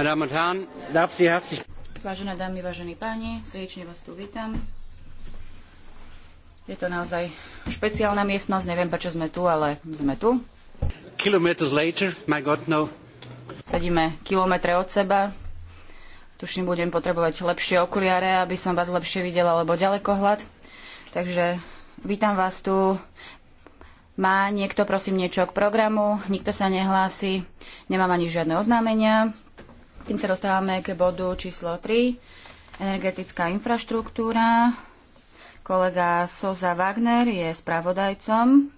Vážené dámy, vážení páni, srdečne vás tu vítam. Je to naozaj špeciálna miestnosť, neviem prečo sme tu, ale sme tu. Later, God, no. Sedíme kilometre od seba. Tuším, budem potrebovať lepšie okuliare, aby som vás lepšie videla, lebo ďalekohľad. Takže vítam vás tu. Má niekto, prosím, niečo k programu? Nikto sa nehlási. Nemám ani žiadne oznámenia. Tým sa dostávame k bodu číslo 3, energetická infraštruktúra. Kolega Soza Wagner je spravodajcom.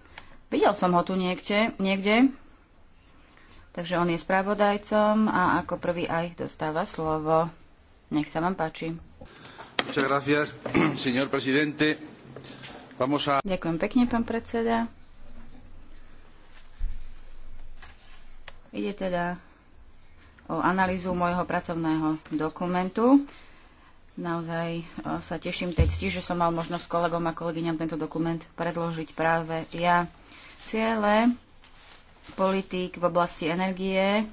Videl som ho tu niekde, niekde. Takže on je spravodajcom a ako prvý aj dostáva slovo. Nech sa vám páči. Gracias, a... Ďakujem pekne, pán predseda. Ide teda o analýzu môjho pracovného dokumentu. Naozaj e, sa teším tej cti, že som mal možnosť kolegom a kolegyňam tento dokument predložiť práve ja. Ciele politík v oblasti energie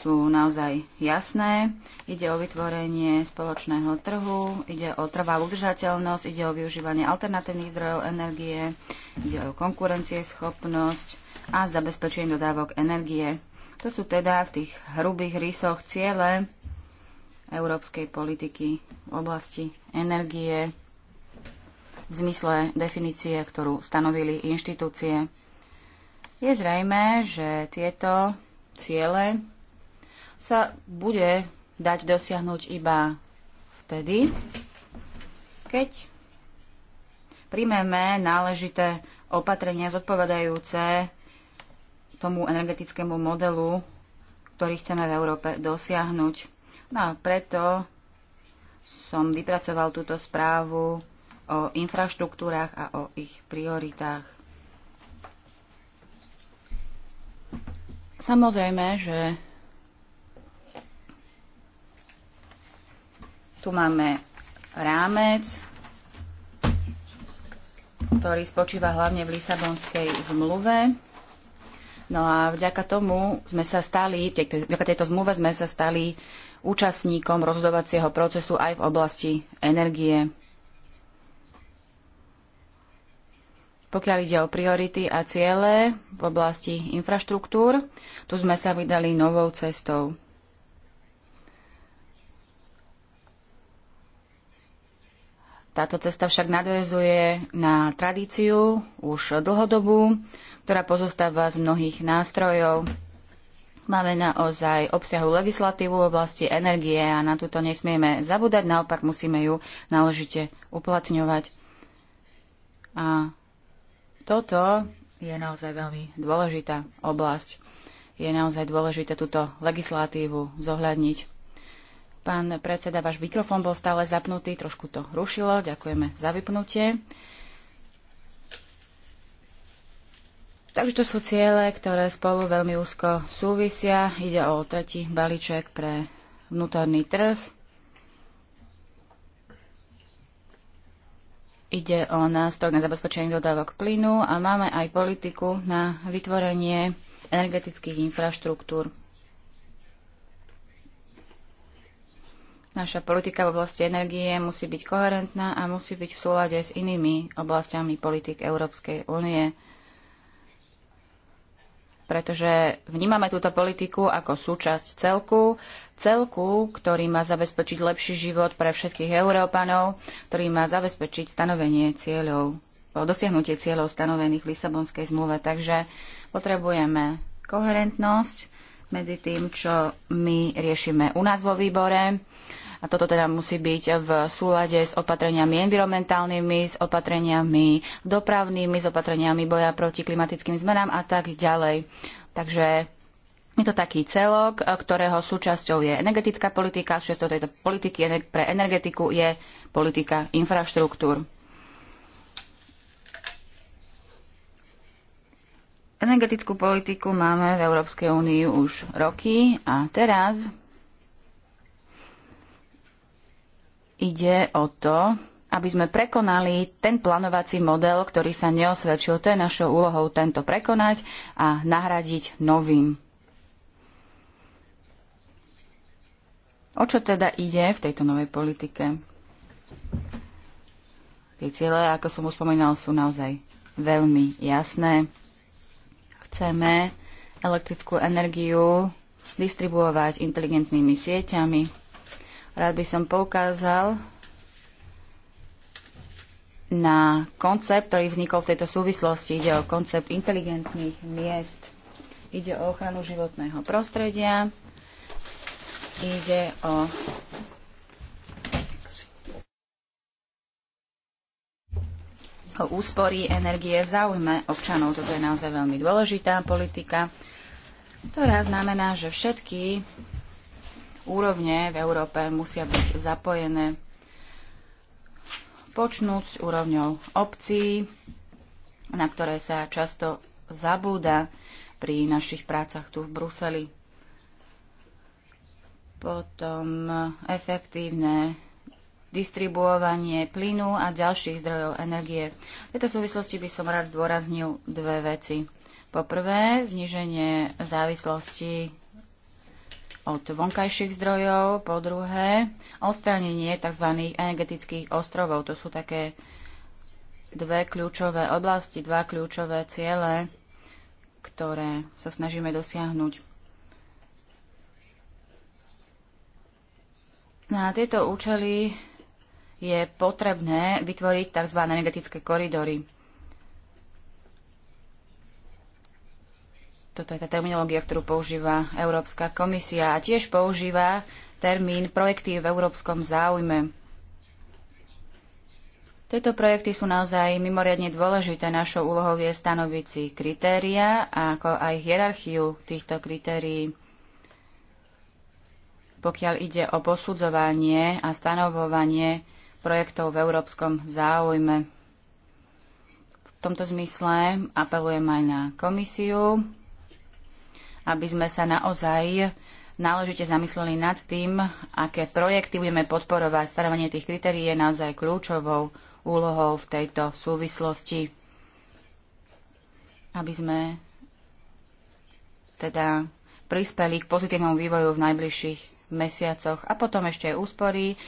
sú naozaj jasné. Ide o vytvorenie spoločného trhu, ide o trvalú udržateľnosť, ide o využívanie alternatívnych zdrojov energie, ide o konkurencieschopnosť a zabezpečenie dodávok energie to sú teda v tých hrubých rysoch ciele európskej politiky v oblasti energie v zmysle definície, ktorú stanovili inštitúcie. Je zrejme, že tieto ciele sa bude dať dosiahnuť iba vtedy, keď príjmeme náležité opatrenia zodpovedajúce tomu energetickému modelu, ktorý chceme v Európe dosiahnuť. No a preto som vypracoval túto správu o infraštruktúrach a o ich prioritách. Samozrejme, že tu máme rámec, ktorý spočíva hlavne v Lisabonskej zmluve. No a vďaka tomu sme sa stali, vďaka tejto zmluve sme sa stali účastníkom rozhodovacieho procesu aj v oblasti energie. Pokiaľ ide o priority a ciele v oblasti infraštruktúr, tu sme sa vydali novou cestou. Táto cesta však nadvezuje na tradíciu už dlhodobú, ktorá pozostáva z mnohých nástrojov. Máme naozaj obsahu legislatívu v oblasti energie a na túto nesmieme zabúdať, naopak musíme ju náležite uplatňovať. A toto je naozaj veľmi dôležitá oblasť. Je naozaj dôležité túto legislatívu zohľadniť. Pán predseda, váš mikrofón bol stále zapnutý, trošku to rušilo. Ďakujeme za vypnutie. Takže to sú ciele, ktoré spolu veľmi úzko súvisia. Ide o tretí balíček pre vnútorný trh. Ide o nástroj na zabezpečenie dodávok plynu a máme aj politiku na vytvorenie energetických infraštruktúr. Naša politika v oblasti energie musí byť koherentná a musí byť v súlade s inými oblastiami politik Európskej únie pretože vnímame túto politiku ako súčasť celku, celku, ktorý má zabezpečiť lepší život pre všetkých Európanov, ktorý má zabezpečiť stanovenie cieľov, dosiahnutie cieľov stanovených v Lisabonskej zmluve. Takže potrebujeme koherentnosť medzi tým, čo my riešime u nás vo výbore a toto teda musí byť v súlade s opatreniami environmentálnymi, s opatreniami dopravnými, s opatreniami boja proti klimatickým zmenám a tak ďalej. Takže je to taký celok, ktorého súčasťou je energetická politika, súčasťou tejto politiky pre energetiku je politika infraštruktúr. Energetickú politiku máme v Európskej únii už roky a teraz Ide o to, aby sme prekonali ten plánovací model, ktorý sa neosvedčil. To je našou úlohou tento prekonať a nahradiť novým. O čo teda ide v tejto novej politike? Tie ciele, ako som už spomínal, sú naozaj veľmi jasné. Chceme elektrickú energiu distribuovať inteligentnými sieťami, Rád by som poukázal na koncept, ktorý vznikol v tejto súvislosti. Ide o koncept inteligentných miest. Ide o ochranu životného prostredia. Ide o o úspory energie v záujme občanov. Toto je naozaj veľmi dôležitá politika, ktorá znamená, že všetky úrovne v Európe musia byť zapojené. Počnúť s úrovňou obcí, na ktoré sa často zabúda pri našich prácach tu v Bruseli. Potom efektívne distribuovanie plynu a ďalších zdrojov energie. V tejto súvislosti by som rád zdôraznil dve veci. Po prvé, zniženie závislosti od vonkajších zdrojov, po druhé odstránenie tzv. energetických ostrovov. To sú také dve kľúčové oblasti, dva kľúčové ciele, ktoré sa snažíme dosiahnuť. No na tieto účely je potrebné vytvoriť tzv. energetické koridory. Toto je tá terminológia, ktorú používa Európska komisia a tiež používa termín projekty v európskom záujme. Tieto projekty sú naozaj mimoriadne dôležité. Našou úlohou je stanoviť si kritéria a ako aj hierarchiu týchto kritérií. Pokiaľ ide o posudzovanie a stanovovanie projektov v európskom záujme. V tomto zmysle apelujem aj na komisiu, aby sme sa naozaj náležite zamysleli nad tým, aké projekty budeme podporovať. Starovanie tých kritérií je naozaj kľúčovou úlohou v tejto súvislosti, aby sme teda prispeli k pozitívnemu vývoju v najbližších mesiacoch. A potom ešte aj úspory,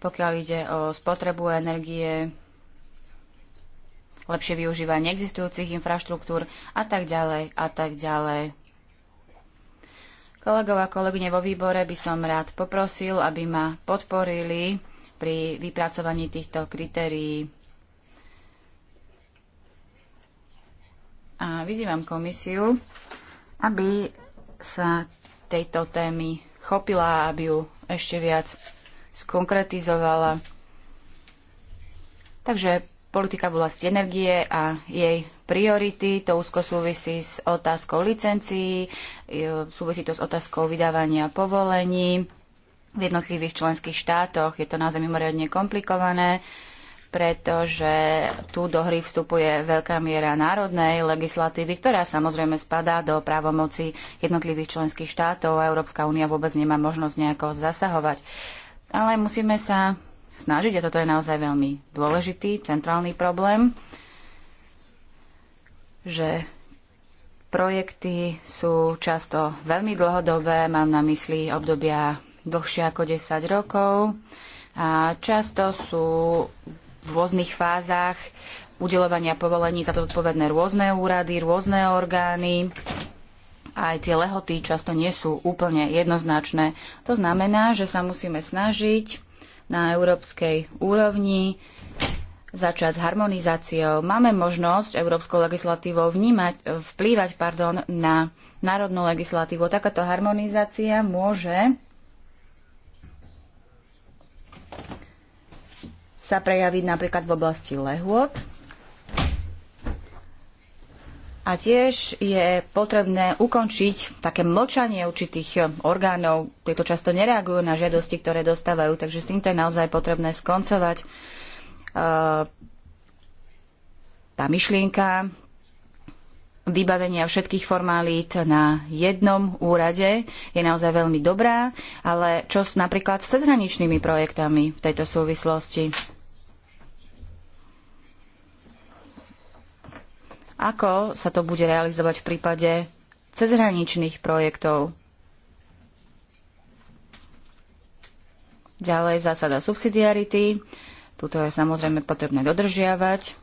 pokiaľ ide o spotrebu energie, lepšie využívanie existujúcich infraštruktúr a tak ďalej a tak ďalej. Kolegov a kolegyne vo výbore by som rád poprosil, aby ma podporili pri vypracovaní týchto kritérií. A vyzývam komisiu, aby sa tejto témy chopila, aby ju ešte viac skonkretizovala. Takže politika v oblasti energie a jej priority. To úzko súvisí s otázkou licencií, e, súvisí to s otázkou vydávania povolení v jednotlivých členských štátoch. Je to naozaj mimoriadne komplikované pretože tu do hry vstupuje veľká miera národnej legislatívy, ktorá samozrejme spadá do právomoci jednotlivých členských štátov a Európska únia vôbec nemá možnosť nejako zasahovať. Ale musíme sa snažiť a toto je naozaj veľmi dôležitý, centrálny problém, že projekty sú často veľmi dlhodobé, mám na mysli obdobia dlhšie ako 10 rokov a často sú v rôznych fázach udelovania povolení za to odpovedné rôzne úrady, rôzne orgány. Aj tie lehoty často nie sú úplne jednoznačné. To znamená, že sa musíme snažiť na európskej úrovni, začať s harmonizáciou. Máme možnosť európskou legislatívou vnímať, vplývať pardon, na národnú legislatívu. Takáto harmonizácia môže sa prejaviť napríklad v oblasti lehôd, a tiež je potrebné ukončiť také mlčanie určitých e, orgánov. Tieto často nereagujú na žiadosti, ktoré dostávajú, takže s týmto je naozaj potrebné skoncovať. E, tá myšlienka vybavenia všetkých formálít na jednom úrade je naozaj veľmi dobrá, ale čo s napríklad s cezhraničnými projektami v tejto súvislosti? Ako sa to bude realizovať v prípade cezhraničných projektov? Ďalej zásada subsidiarity. Tuto je samozrejme potrebné dodržiavať.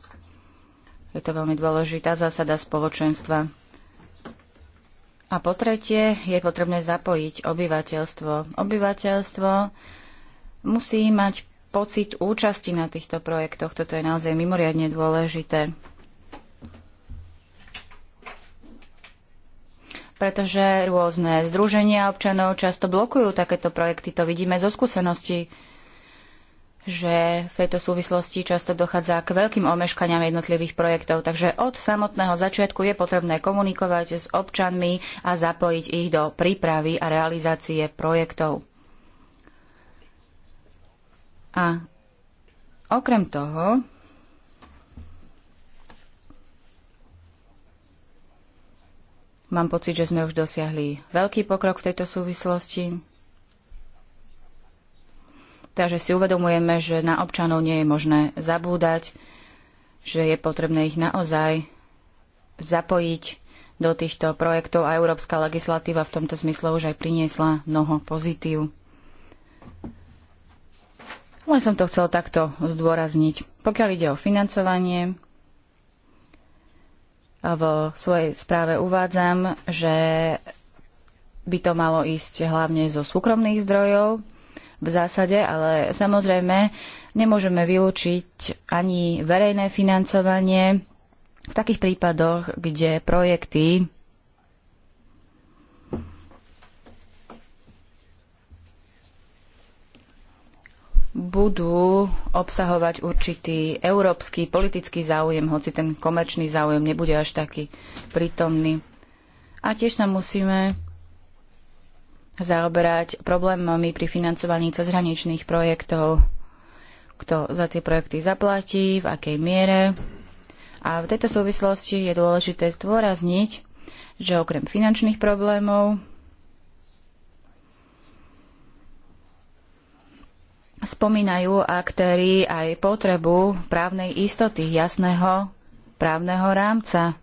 Je to veľmi dôležitá zásada spoločenstva. A po tretie, je potrebné zapojiť obyvateľstvo. Obyvateľstvo musí mať pocit účasti na týchto projektoch. Toto je naozaj mimoriadne dôležité. pretože rôzne združenia občanov často blokujú takéto projekty. To vidíme zo skúsenosti, že v tejto súvislosti často dochádza k veľkým omeškaniam jednotlivých projektov. Takže od samotného začiatku je potrebné komunikovať s občanmi a zapojiť ich do prípravy a realizácie projektov. A okrem toho, Mám pocit, že sme už dosiahli veľký pokrok v tejto súvislosti. Takže si uvedomujeme, že na občanov nie je možné zabúdať, že je potrebné ich naozaj zapojiť do týchto projektov a európska legislatíva v tomto zmysle už aj priniesla mnoho pozitív. Len som to chcel takto zdôrazniť. Pokiaľ ide o financovanie, vo svojej správe uvádzam, že by to malo ísť hlavne zo súkromných zdrojov v zásade, ale samozrejme nemôžeme vylúčiť ani verejné financovanie v takých prípadoch, kde projekty budú obsahovať určitý európsky politický záujem, hoci ten komerčný záujem nebude až taký prítomný. A tiež sa musíme zaoberať problémami pri financovaní cezhraničných projektov, kto za tie projekty zaplatí, v akej miere. A v tejto súvislosti je dôležité zdôrazniť, že okrem finančných problémov spomínajú aktéri aj potrebu právnej istoty, jasného právneho rámca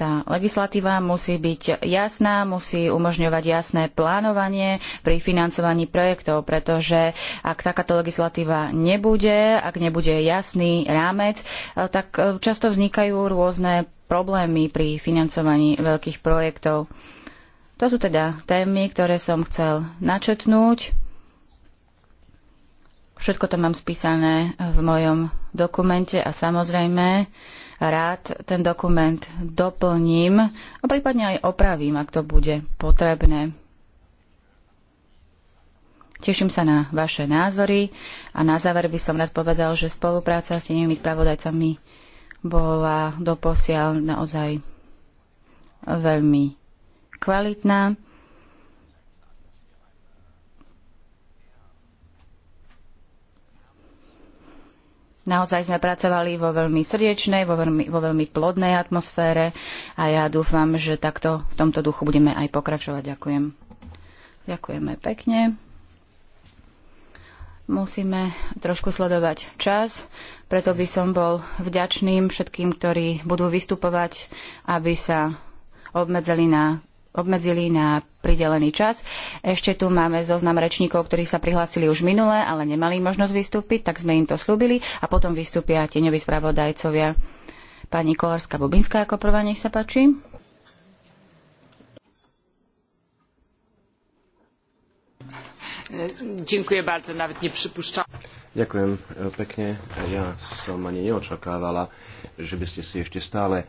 Tá legislatíva musí byť jasná, musí umožňovať jasné plánovanie pri financovaní projektov, pretože ak takáto legislatíva nebude, ak nebude jasný rámec, e, tak e, často vznikajú rôzne problémy pri financovaní veľkých projektov. To sú teda témy, ktoré som chcel načetnúť. Všetko to mám spísané v mojom dokumente a samozrejme, rád ten dokument doplním a prípadne aj opravím, ak to bude potrebné. Teším sa na vaše názory a na záver by som rád povedal, že spolupráca s tenými spravodajcami bola doposiaľ naozaj veľmi kvalitná Naozaj sme pracovali vo veľmi srdečnej, vo veľmi, vo veľmi plodnej atmosfére a ja dúfam, že takto v tomto duchu budeme aj pokračovať. Ďakujem. Ďakujeme pekne. Musíme trošku sledovať čas, preto by som bol vďačným všetkým, ktorí budú vystupovať, aby sa obmedzili na obmedzili na pridelený čas. Ešte tu máme zoznam rečníkov, ktorí sa prihlásili už minule, ale nemali možnosť vystúpiť, tak sme im to slúbili a potom vystúpia tieňoví spravodajcovia. Pani kolárska Bubinská ako prvá, nech sa páči. Ďakujem bardzo, nawet nie przypuszczam. Ďakujem e, pekne. Ja som ani neočakávala, že by ste si ešte stále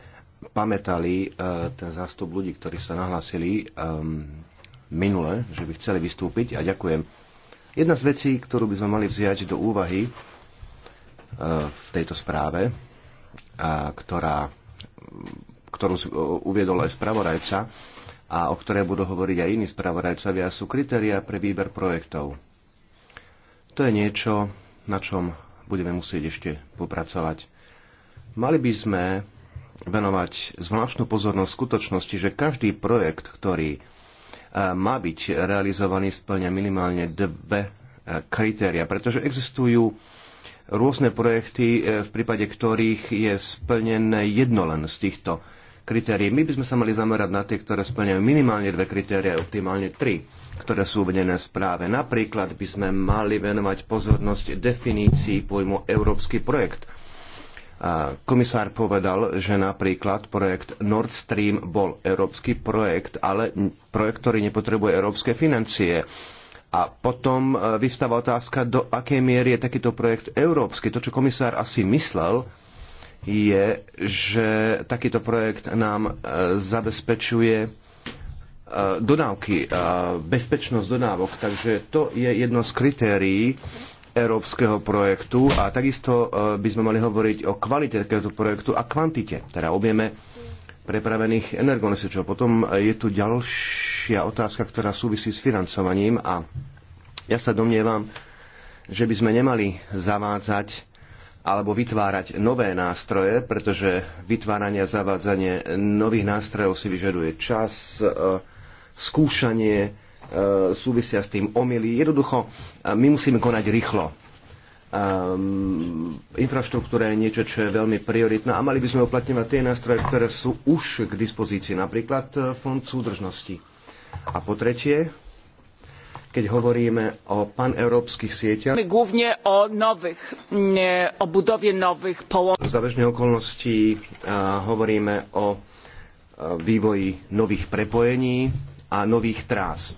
pamätali e, ten zástup ľudí, ktorí sa nahlásili e, minule, že by chceli vystúpiť a ďakujem. Jedna z vecí, ktorú by sme mali vziať do úvahy e, v tejto správe, a ktorá, ktorú uviedol aj spravodajca a o ktoré budú hovoriť aj iní spravodajcovia, sú kritéria pre výber projektov. To je niečo, na čom budeme musieť ešte popracovať. Mali by sme venovať zvláštnu pozornosť skutočnosti, že každý projekt, ktorý e, má byť realizovaný, splňa minimálne dve e, kritéria, pretože existujú rôzne projekty, e, v prípade ktorých je splnené jedno len z týchto kritérií. My by sme sa mali zamerať na tie, ktoré splňajú minimálne dve kritéria, optimálne tri, ktoré sú uvedené v správe. Napríklad by sme mali venovať pozornosť definícii pojmu európsky projekt Komisár povedal, že napríklad projekt Nord Stream bol európsky projekt, ale projekt, ktorý nepotrebuje európske financie. A potom e, vyvstáva otázka, do akej miery je takýto projekt európsky. To, čo komisár asi myslel, je, že takýto projekt nám e, zabezpečuje e, dodávky, bezpečnosť dodávok. Takže to je jedno z kritérií, európskeho projektu a takisto e, by sme mali hovoriť o kvalite takéhoto projektu a kvantite, teda objeme prepravených energonosičov. Potom e, je tu ďalšia otázka, ktorá súvisí s financovaním a ja sa domnievam, že by sme nemali zavádzať alebo vytvárať nové nástroje, pretože vytváranie a zavádzanie nových nástrojov si vyžaduje čas, e, skúšanie, E, súvisia s tým omily. Jednoducho, e, my musíme konať rýchlo. Um, infraštruktúra je niečo, čo je veľmi prioritná a mali by sme uplatňovať tie nástroje, ktoré sú už k dispozícii, napríklad Fond súdržnosti. A po tretie, keď hovoríme o paneurópskych sieťach. hlavne o nowych, o budowie nových połączeń. Za bežnej okolnosti uh, hovoríme o uh, vývoji nových prepojení a nových trás.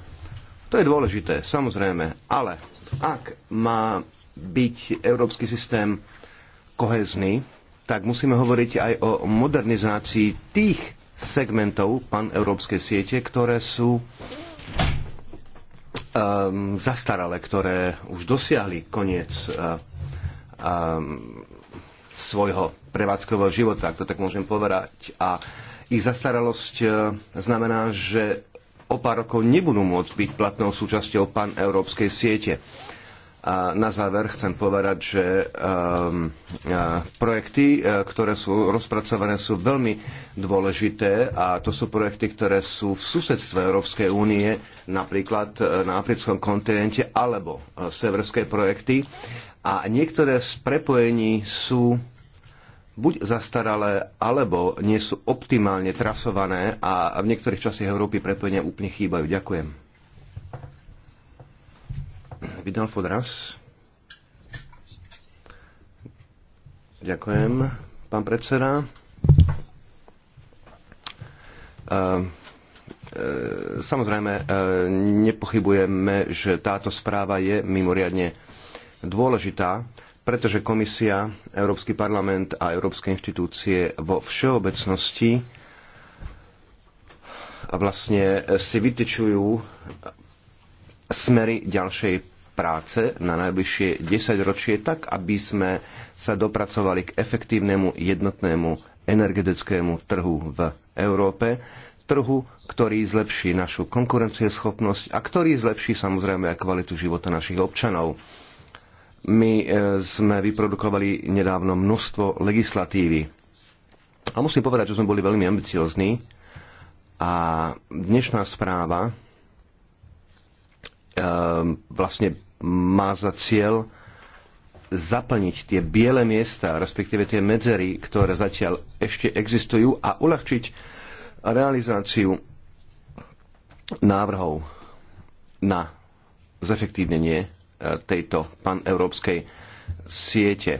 To je dôležité, samozrejme, ale ak má byť európsky systém kohezný, tak musíme hovoriť aj o modernizácii tých segmentov paneurópskej siete, ktoré sú um, zastaralé, ktoré už dosiahli koniec uh, um, svojho prevádzkového života, ak to tak môžem povedať. A ich zastaralosť uh, znamená, že o pár rokov nebudú môcť byť platnou súčasťou paneurópskej siete. A na záver chcem povedať, že um, projekty, e, ktoré sú rozpracované, sú veľmi dôležité a to sú projekty, ktoré sú v susedstve Európskej únie, napríklad e, na africkom kontinente alebo severské projekty. A niektoré z prepojení sú buď zastaralé, alebo nie sú optimálne trasované a v niektorých časoch Európy prepojenia úplne chýbajú. Ďakujem. Vidalfo Dras. Ďakujem, pán predseda. Ehm, ehm, samozrejme, ehm, nepochybujeme, že táto správa je mimoriadne dôležitá pretože komisia, Európsky parlament a európske inštitúcie vo všeobecnosti vlastne si vytyčujú smery ďalšej práce na najbližšie 10 ročie tak, aby sme sa dopracovali k efektívnemu jednotnému energetickému trhu v Európe, trhu, ktorý zlepší našu konkurencieschopnosť a ktorý zlepší samozrejme aj kvalitu života našich občanov. My e, sme vyprodukovali nedávno množstvo legislatívy. A musím povedať, že sme boli veľmi ambiciozní a dnešná správa e, vlastne má za cieľ zaplniť tie biele miesta, respektíve tie medzery, ktoré zatiaľ ešte existujú a uľahčiť realizáciu návrhov na zefektívnenie tejto paneurópskej siete.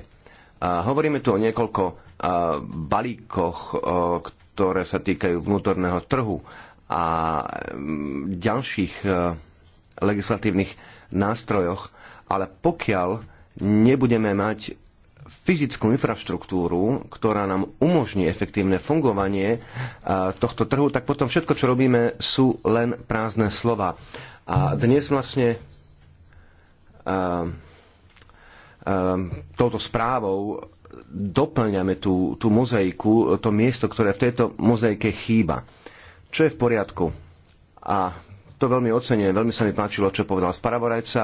A hovoríme tu o niekoľko balíkoch, ktoré sa týkajú vnútorného trhu a ďalších e, legislatívnych nástrojoch, ale pokiaľ nebudeme mať fyzickú infraštruktúru, ktorá nám umožní efektívne fungovanie e, tohto trhu, tak potom všetko, čo robíme, sú len prázdne slova. A dnes vlastne Ehm, ehm, touto správou doplňame tú, tú mozaiku, to miesto, ktoré v tejto mozaike chýba. Čo je v poriadku? A to veľmi ocenujem, veľmi sa mi páčilo, čo povedal Sparavorajca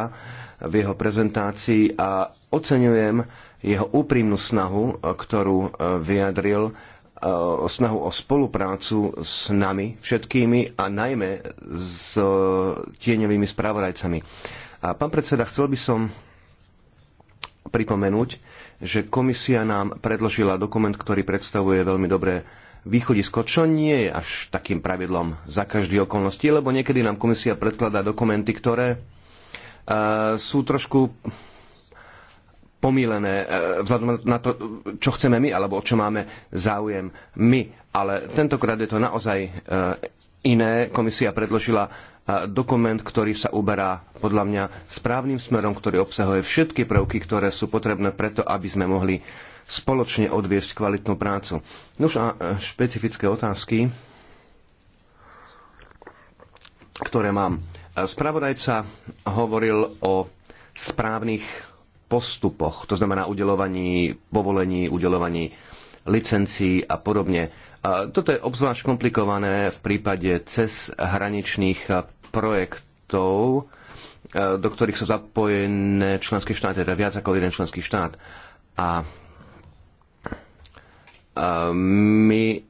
v jeho prezentácii a oceňujem jeho úprimnú snahu, ktorú e, vyjadril, e, snahu o spoluprácu s nami všetkými a najmä s e, tieňovými spravodajcami a pán predseda, chcel by som pripomenúť, že komisia nám predložila dokument, ktorý predstavuje veľmi dobré východisko, čo nie je až takým pravidlom za každý okolnosti, lebo niekedy nám komisia predkladá dokumenty, ktoré uh, sú trošku pomílené e, vzhľadom na to, čo chceme my, alebo o čo máme záujem my. Ale tentokrát je to naozaj e, iné. Komisia predložila dokument, ktorý sa uberá podľa mňa správnym smerom, ktorý obsahuje všetky prvky, ktoré sú potrebné preto, aby sme mohli spoločne odviesť kvalitnú prácu. Nuž a e, špecifické otázky, ktoré mám. E, spravodajca hovoril o správnych postupoch, to znamená udelovaní povolení, udelovaní licencií a podobne. E, toto je obzvlášť komplikované v prípade cez hraničných projektov, e, do ktorých sú zapojené členské štáty, teda viac ako jeden členský štát. A my e,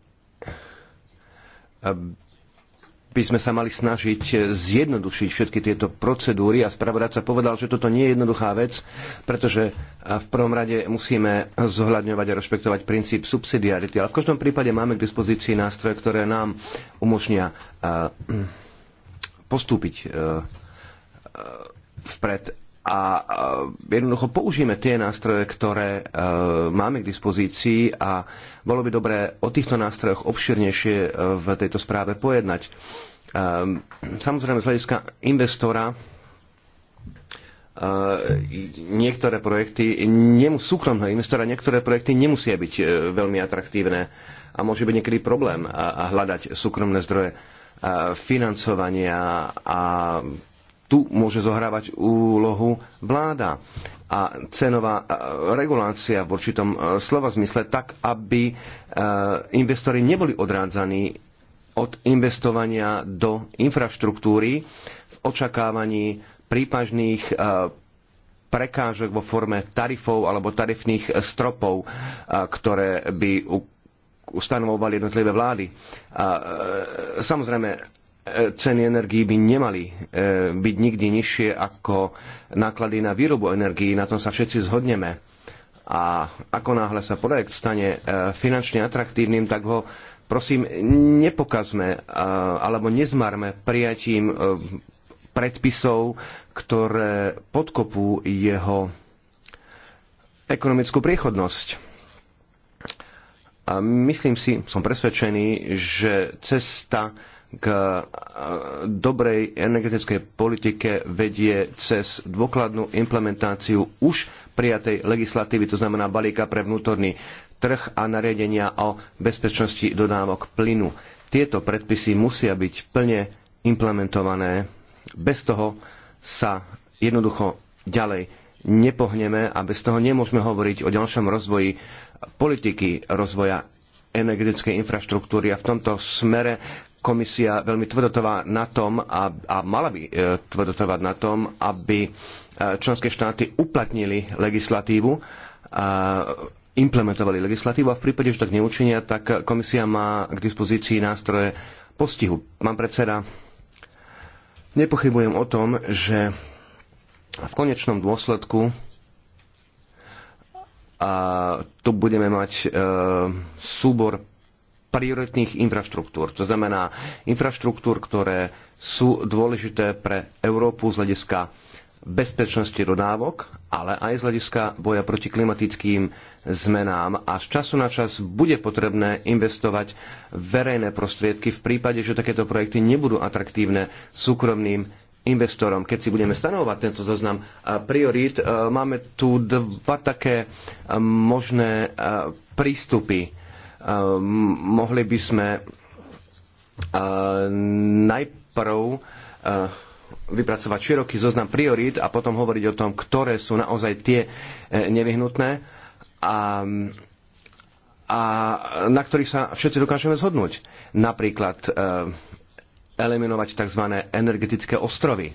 by sme sa mali snažiť zjednodušiť všetky tieto procedúry a spravodajca povedal, že toto nie je jednoduchá vec, pretože e, v prvom rade musíme zohľadňovať a rešpektovať princíp subsidiarity, ale v každom prípade máme k dispozícii nástroje, ktoré nám umožnia uh, postúpiť e, e, vpred a jednoducho použijeme tie nástroje, ktoré e, máme k dispozícii a bolo by dobré o týchto nástrojoch obširnejšie v tejto správe pojednať. Samozrejme, z hľadiska investora niektoré projekty, súkromného investora, niektoré projekty nemusia byť veľmi atraktívne a môže byť niekedy problém hľadať súkromné zdroje financovania a tu môže zohrávať úlohu vláda a cenová e, regulácia v určitom e, slova zmysle tak, aby e, investori neboli odrádzaní od investovania do infraštruktúry v očakávaní prípažných prekážok vo forme tarifov alebo tarifných stropov, ktoré by ustanovovali jednotlivé vlády. A e, samozrejme, e, ceny energií by nemali e, byť nikdy nižšie ako náklady na výrobu energií. Na tom sa všetci zhodneme. A ako náhle sa projekt stane e, finančne atraktívnym, tak ho prosím nepokazme e, alebo nezmarme prijatím e, predpisov, ktoré podkopú jeho ekonomickú priechodnosť a myslím si, som presvedčený, že cesta k e, dobrej energetickej politike vedie cez dôkladnú implementáciu už prijatej legislatívy, to znamená balíka pre vnútorný trh a nariadenia o bezpečnosti dodávok plynu. Tieto predpisy musia byť plne implementované. Bez toho sa jednoducho ďalej nepohneme a bez toho nemôžeme hovoriť o ďalšom rozvoji politiky rozvoja energetickej infraštruktúry a v tomto smere komisia veľmi tvrdotová na tom a, a mala by e, tvrdotovať na tom, aby e, členské štáty uplatnili legislatívu, a e, implementovali legislatívu a v prípade, že tak neučinia, tak komisia má k dispozícii nástroje postihu. Mám predseda, nepochybujem o tom, že v konečnom dôsledku a tu budeme mať e, súbor prioritných infraštruktúr. To znamená infraštruktúr, ktoré sú dôležité pre Európu z hľadiska bezpečnosti dodávok, ale aj z hľadiska boja proti klimatickým zmenám a z času na čas bude potrebné investovať verejné prostriedky v prípade, že takéto projekty nebudú atraktívne súkromným investorom. Keď si budeme stanovať tento zoznam priorít, e, máme tu dva také e, možné e, prístupy. Mohli by sme najprv vypracovať široký zoznam priorít a potom hovoriť o tom, ktoré sú naozaj tie nevyhnutné a, a na ktorých sa všetci dokážeme zhodnúť. Napríklad eliminovať tzv. energetické ostrovy.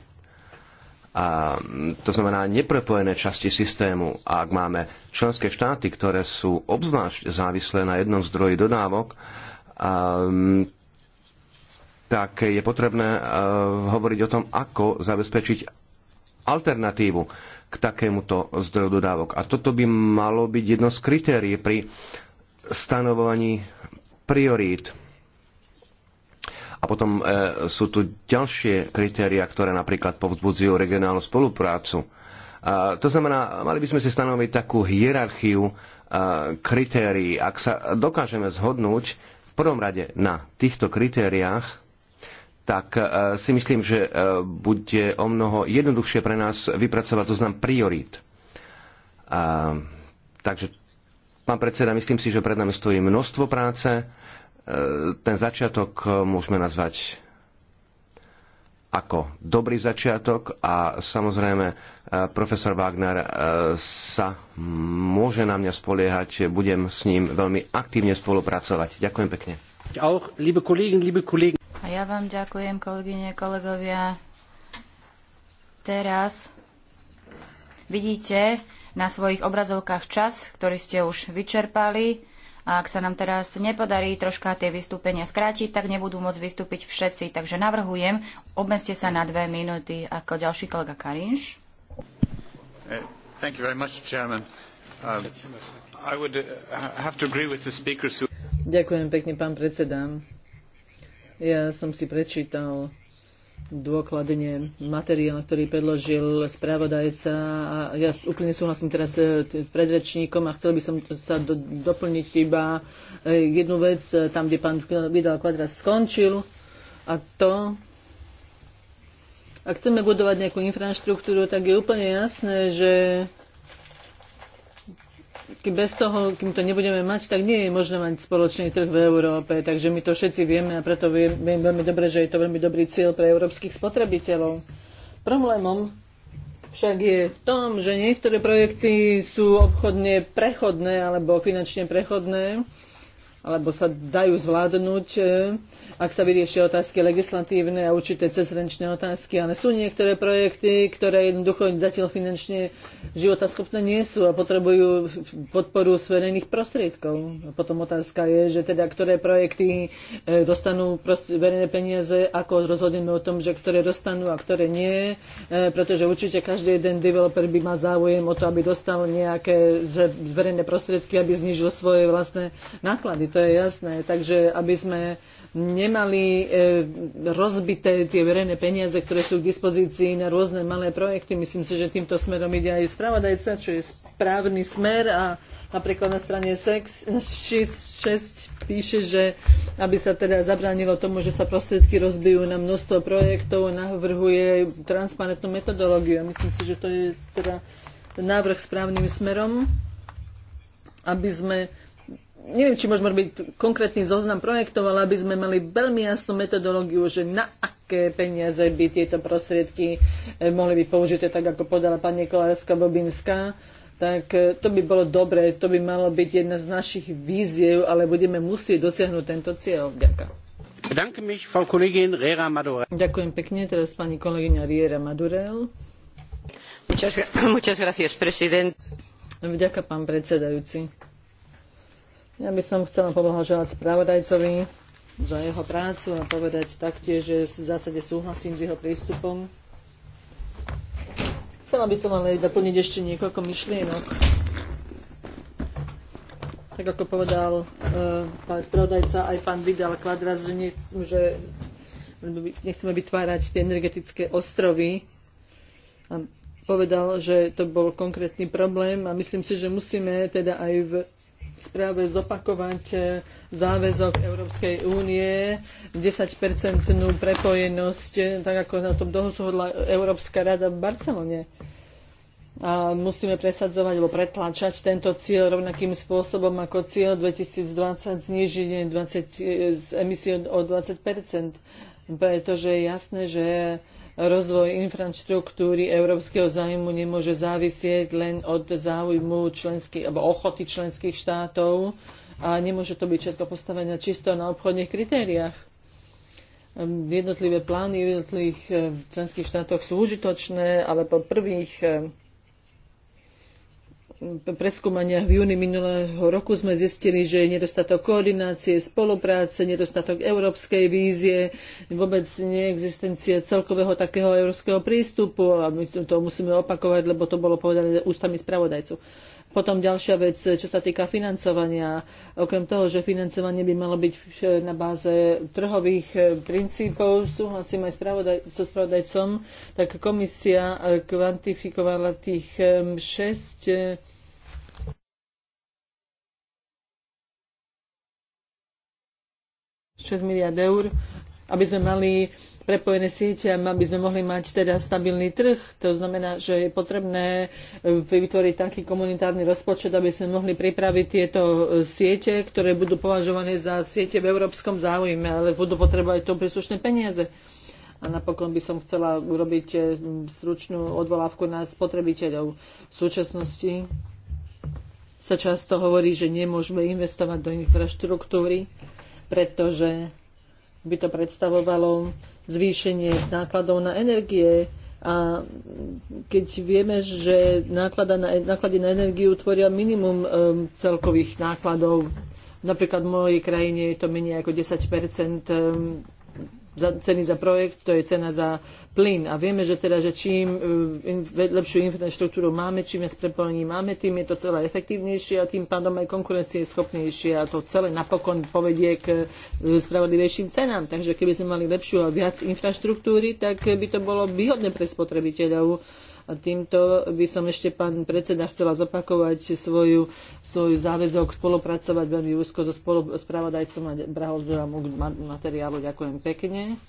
A, to znamená neprepojené časti systému. A ak máme členské štáty, ktoré sú obzvlášť závislé na jednom zdroji dodávok, a, um, tak je potrebné a, uh, hovoriť o tom, ako zabezpečiť alternatívu k takémuto zdroju dodávok. A toto by malo byť jedno z kritérií pri stanovovaní priorít a potom e, sú tu ďalšie kritéria, ktoré napríklad povzbudzujú regionálnu spoluprácu. E, to znamená, mali by sme si stanoviť takú hierarchiu e, kritérií. Ak sa dokážeme zhodnúť v prvom rade na týchto kritériách, tak si myslím, že bude o mnoho jednoduchšie pre nás vypracovať zoznam priorít. E, takže, pán predseda, myslím si, že pred nami stojí množstvo práce. E, ten začiatok e, môžeme nazvať ako dobrý začiatok a samozrejme e, profesor Wagner sa môže na mňa spoliehať, budem s ním veľmi aktívne spolupracovať. Ďakujem pekne. A ja vám ďakujem, kolegyne, kolegovia. Teraz vidíte na svojich obrazovkách čas, ktorý ste už vyčerpali. A ak sa nám teraz nepodarí troška tie vystúpenia skrátiť, tak nebudú môcť vystúpiť všetci. Takže navrhujem, Obmeste sa na dve minúty ako ďalší kolega Karinš. Eh, um, uh, Ďakujem pekne, pán predseda. Ja som si prečítal dôkladne materiál, ktorý predložil spravodajca. A ja úplne súhlasím teraz e, predrečníkom a chcel by som sa do, doplniť iba e, jednu vec, e, tam, kde pán Vidal Kvadras skončil. A to, ak chceme budovať nejakú infraštruktúru, tak je úplne jasné, že bez toho, kým to nebudeme mať, tak nie je možné mať spoločný trh v Európe. Takže my to všetci vieme a preto viem veľmi dobre, že je to veľmi dobrý cieľ pre európskych spotrebiteľov. Problémom však je v tom, že niektoré projekty sú obchodne prechodné alebo finančne prechodné alebo sa dajú zvládnuť, e, ak sa vyriešia otázky legislatívne a určité cezrenčné otázky. Ale sú niektoré projekty, ktoré jednoducho zatiaľ finančne životaschopné nie sú a potrebujú podporu verejných prostriedkov. A potom otázka je, že teda ktoré projekty e, dostanú verejné peniaze, ako rozhodneme o tom, že ktoré dostanú a ktoré nie, e, pretože určite každý jeden developer by mal záujem o to, aby dostal nejaké verejné prostriedky, aby znížil svoje vlastné náklady to je jasné. Takže aby sme nemali e, rozbité tie verejné peniaze, ktoré sú k dispozícii na rôzne malé projekty. Myslím si, že týmto smerom ide aj spravodajca, čo je správny smer a napríklad na strane 6, píše, že aby sa teda zabránilo tomu, že sa prostriedky rozbijú na množstvo projektov, navrhuje transparentnú metodológiu. myslím si, že to je teda návrh správnym smerom, aby sme neviem, či môžeme robiť konkrétny zoznam projektov, ale aby sme mali veľmi jasnú metodológiu, že na aké peniaze by tieto prostriedky eh, mohli byť použité, tak ako podala pani Kolárska-Bobinská tak eh, to by bolo dobré, to by malo byť jedna z našich víziev, ale budeme musieť dosiahnuť tento cieľ. Ďakujem. Ďakujem pekne, teraz pani kolegyňa Riera Madurel. Muchas, gracias, president. pán predsedajúci. Ja by som chcela poblahoželať spravodajcovi za jeho prácu a povedať taktiež, že v zásade súhlasím s jeho prístupom. Chcela by som ale doplniť ešte niekoľko myšlienok. Tak ako povedal e, pán spravodajca, aj pán Vidal Kvadras, že, nechcem, že nechceme vytvárať tie energetické ostrovy. A povedal, že to bol konkrétny problém a myslím si, že musíme teda aj v správe zopakovať e, záväzok Európskej únie, 10-percentnú prepojenosť, e, tak ako na tom dohodla Európska rada v Barcelone. A musíme presadzovať alebo pretlačať tento cieľ rovnakým spôsobom ako cieľ 2020 zníženie 20, z emisie o 20 pretože je jasné, že rozvoj infraštruktúry európskeho zájmu nemôže závisieť len od záujmu členských, alebo ochoty členských štátov a nemôže to byť všetko postavené čisto na obchodných kritériách ehm, jednotlivé plány v jednotlivých ehm, členských štátoch sú užitočné, ale po prvých ehm, Hm, preskúmaniach v júni minulého roku sme zistili, že je nedostatok koordinácie, spolupráce, nedostatok európskej vízie, vôbec neexistencia celkového takého európskeho prístupu a my to musíme opakovať, lebo to bolo povedané ústami spravodajcov. Potom ďalšia vec, čo sa týka financovania. Okrem toho, že financovanie by malo byť na báze trhových eh, princípov, súhlasím aj spravodaj, so spravodajcom, tak komisia eh, kvantifikovala tých 6 eh, 6 miliard eur aby sme mali prepojené siete, aby sme mohli mať teda stabilný trh. To znamená, že je potrebné e, vytvoriť taký komunitárny rozpočet, aby sme mohli pripraviť tieto e, siete, ktoré budú považované za siete v európskom záujme, ale budú potrebovať to príslušné peniaze. A napokon by som chcela urobiť e, stručnú odvolávku na spotrebiteľov. V súčasnosti sa často hovorí, že nemôžeme investovať do infraštruktúry, pretože by to predstavovalo zvýšenie nákladov na energie. A keď vieme, že náklada na, e- náklady na energiu tvoria minimum um, celkových nákladov, napríklad v mojej krajine je to menej ako 10 um, za, ceny za projekt, to je cena za plyn. A vieme, že teda, že čím eh, lepšiu infraštruktúru máme, čím viac prepojení máme, tým je to celé efektívnejšie a tým pádom aj konkurencie je schopnejšie a to celé napokon povedie k eh, spravodlivejším cenám. Takže keby sme mali lepšiu a viac infraštruktúry, tak by to bolo výhodné pre spotrebiteľov a týmto by som ešte, pán predseda, chcela zopakovať svoju, záväzok spolupracovať veľmi úzko so spravodajcom a brahodrom materiálu. Ďakujem pekne.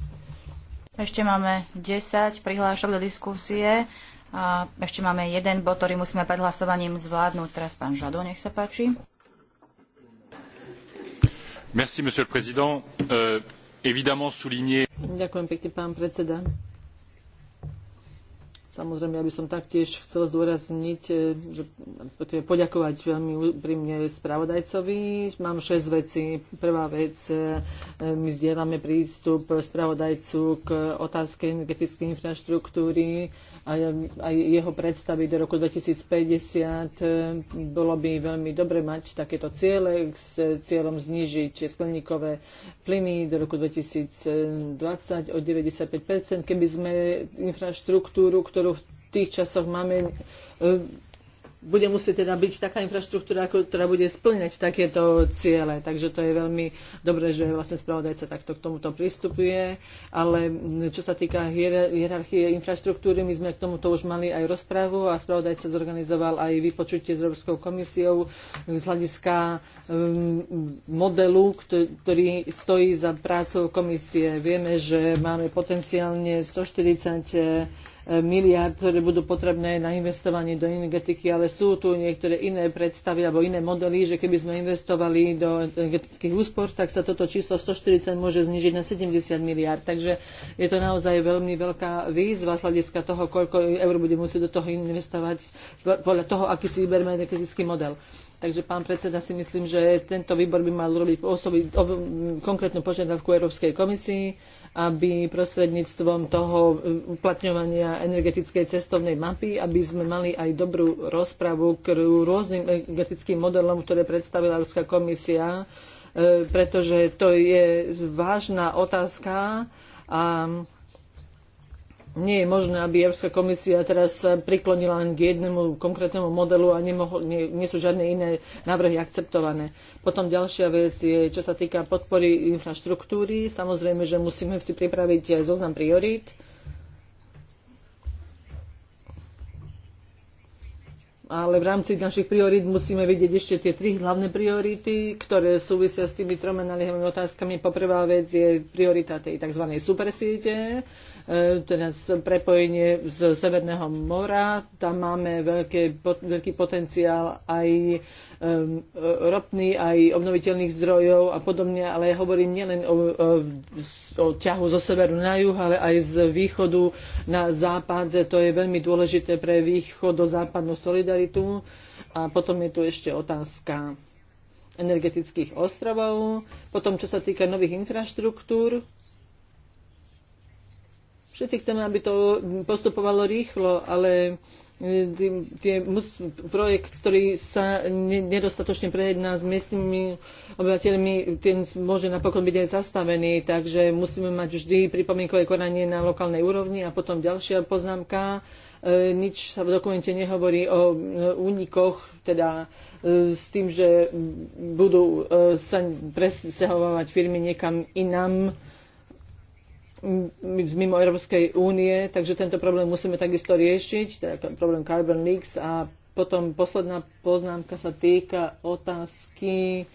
Ešte máme 10 prihlášok do diskusie. A ešte máme jeden bod, ktorý musíme pred hlasovaním zvládnuť. Teraz pán Žado, nech sa páči. Merci, monsieur le président. Euh, évidemment souligner... Ďakujem pekne, pán predseda. Samozrejme, ja by som taktiež chcel zdôrazniť, e, že poďakovať veľmi úprimne spravodajcovi. Mám 6 vecí. Prvá vec, e, e, my zdieľame prístup spravodajcu k otázke energetickej infraštruktúry a aj jeho predstavy do roku 2050. Bolo by veľmi dobre mať takéto ciele s cieľom znížiť skleníkové plyny do roku 2020 o 95%, keby sme infraštruktúru, ktorú ktorú v tých časoch máme, e, bude musieť teda byť taká infraštruktúra, ktorá bude splňať takéto ciele. Takže to je veľmi dobré, že vlastne spravodajca takto k tomuto pristupuje. Ale čo sa týka hierarchie infraštruktúry, my sme k tomuto už mali aj rozprávu a spravodajca zorganizoval aj vypočutie s Európskou komisiou z hľadiska modelu, ktorý stojí za prácou komisie. Vieme, že máme potenciálne 140 miliard, ktoré budú potrebné na investovanie do energetiky, ale sú tu niektoré iné predstavy alebo iné modely, že keby sme investovali do energetických úspor, tak sa toto číslo 140 môže znižiť na 70 miliard. Takže je to naozaj veľmi veľká výzva z hľadiska toho, koľko eur bude musieť do toho investovať podľa toho, aký si vyberme energetický model. Takže pán predseda si myslím, že tento výbor by mal robiť osobi, ob, konkrétnu požiadavku Európskej komisii aby prostredníctvom toho eh, uplatňovania energetickej cestovnej mapy, aby sme mali aj dobrú rozpravu k rôznym energetickým modelom, ktoré predstavila Európska komisia, eh, pretože to je vážna otázka a nie je možné, aby Európska komisia teraz priklonila len k jednému konkrétnemu modelu a nemohol, nie, nie sú žiadne iné návrhy akceptované. Potom ďalšia vec je, čo sa týka podpory infraštruktúry. Samozrejme, že musíme si pripraviť aj zoznam priorít. ale v rámci našich priorít musíme vidieť ešte tie tri hlavné priority, ktoré súvisia s tými troma naliehavými otázkami. Poprvá vec je priorita tej tzv. supersiete, E, teda prepojenie z Severného mora. Tam máme veľké, veľký potenciál aj ropný, aj obnoviteľných zdrojov a podobne, ale ja hovorím nielen o, o, o ťahu zo severu na juh, ale aj z východu na západ. To je veľmi dôležité pre východozápadnú solidaritu. A potom je tu ešte otázka energetických ostrovov. Potom, čo sa týka nových infraštruktúr, Všetci chceme, aby to postupovalo rýchlo, ale e, tie mus, projekt, ktorý sa nedostatočne prejedná s miestnymi obyvateľmi, ten môže napokon byť aj zastavený, takže musíme mať vždy pripomienkové konanie na lokálnej úrovni a potom ďalšia poznámka. E, nič sa v dokumente nehovorí o e, únikoch, teda s tým, že budú sa presahovať firmy niekam inam. Z mimo Európskej únie, takže tento problém musíme takisto riešiť, to je problém Carbon Leaks a potom posledná poznámka sa týka otázky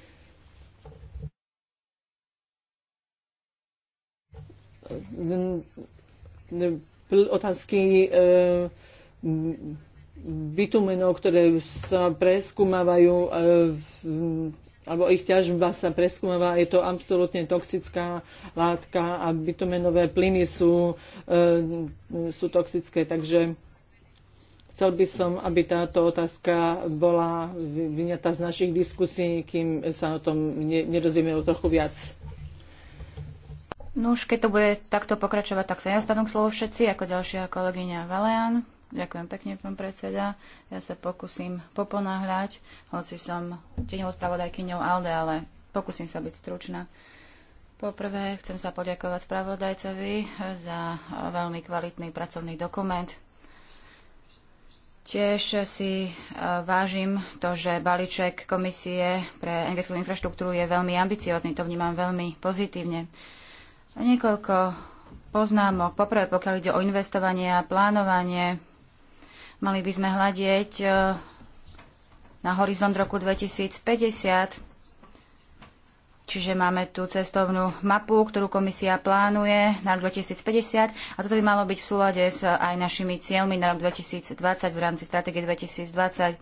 otázky e, bitumenov, ktoré sa preskúmavajú e, alebo ich ťažba sa preskúmava, je to absolútne toxická látka a bitumenové plyny sú, e, sú toxické, takže chcel by som, aby táto otázka bola vyňatá z našich diskusí, kým sa o tom nerozvieme o trochu viac. No už keď to bude takto pokračovať, tak sa ja stanú k slovo všetci, ako ďalšia kolegyňa Valean. Ďakujem pekne, pán predseda. Ja sa pokúsim poponáhľať, hoci som tieňovou spravodajkyňou ALDE, ale pokúsim sa byť stručná. Poprvé chcem sa poďakovať spravodajcovi za veľmi kvalitný pracovný dokument. Tiež si e, vážim to, že balíček komisie pre energetickú infraštruktúru je veľmi ambiciózny, to vnímam veľmi pozitívne. Niekoľko poznámok. Poprvé, pokiaľ ide o investovanie a plánovanie, Mali by sme hľadieť e, na horizont roku 2050, čiže máme tú cestovnú mapu, ktorú komisia plánuje na rok 2050 a toto by malo byť v súlade s e, aj našimi cieľmi na rok 2020 v rámci stratégie 2020.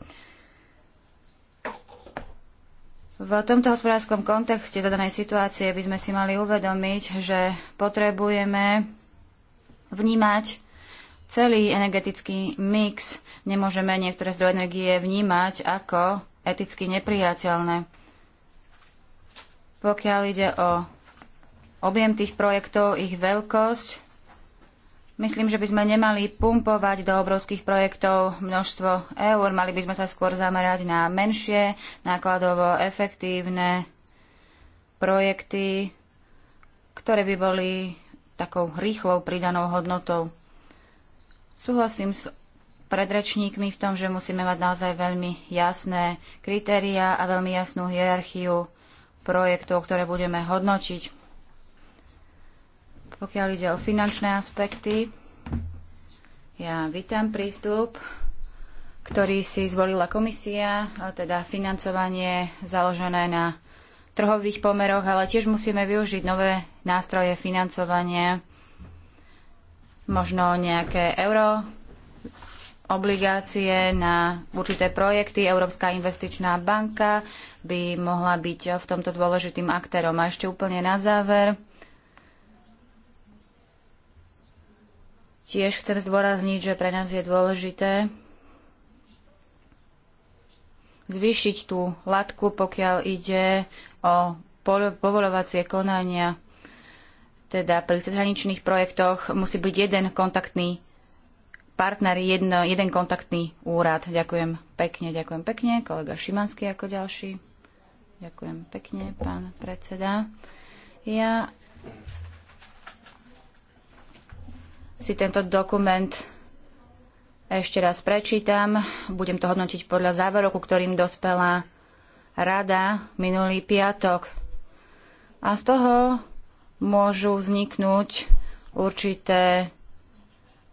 V tomto hospodárskom kontexte zadanej situácie by sme si mali uvedomiť, že potrebujeme vnímať celý energetický mix. Nemôžeme niektoré zdroje energie vnímať ako eticky nepriateľné. Pokiaľ ide o objem tých projektov, ich veľkosť, myslím, že by sme nemali pumpovať do obrovských projektov množstvo eur. Mali by sme sa skôr zamerať na menšie, nákladovo efektívne projekty, ktoré by boli takou rýchlou pridanou hodnotou. Súhlasím s predrečníkmi v tom, že musíme mať naozaj veľmi jasné kritéria a veľmi jasnú hierarchiu projektov, ktoré budeme hodnočiť. Pokiaľ ide o finančné aspekty, ja vítam prístup, ktorý si zvolila komisia, teda financovanie založené na trhových pomeroch, ale tiež musíme využiť nové nástroje financovania možno nejaké euro obligácie na určité projekty. Európska investičná banka by mohla byť v tomto dôležitým aktérom. A ešte úplne na záver. Tiež chcem zdôrazniť, že pre nás je dôležité zvýšiť tú latku, pokiaľ ide o povolovacie konania teda pri cezhraničných projektoch musí byť jeden kontaktný partner, jedno, jeden kontaktný úrad. Ďakujem pekne, ďakujem pekne. Kolega Šimanský ako ďalší. Ďakujem pekne, pán predseda. Ja si tento dokument ešte raz prečítam. Budem to hodnotiť podľa záveroku, ku ktorým dospela rada minulý piatok. A z toho môžu vzniknúť určité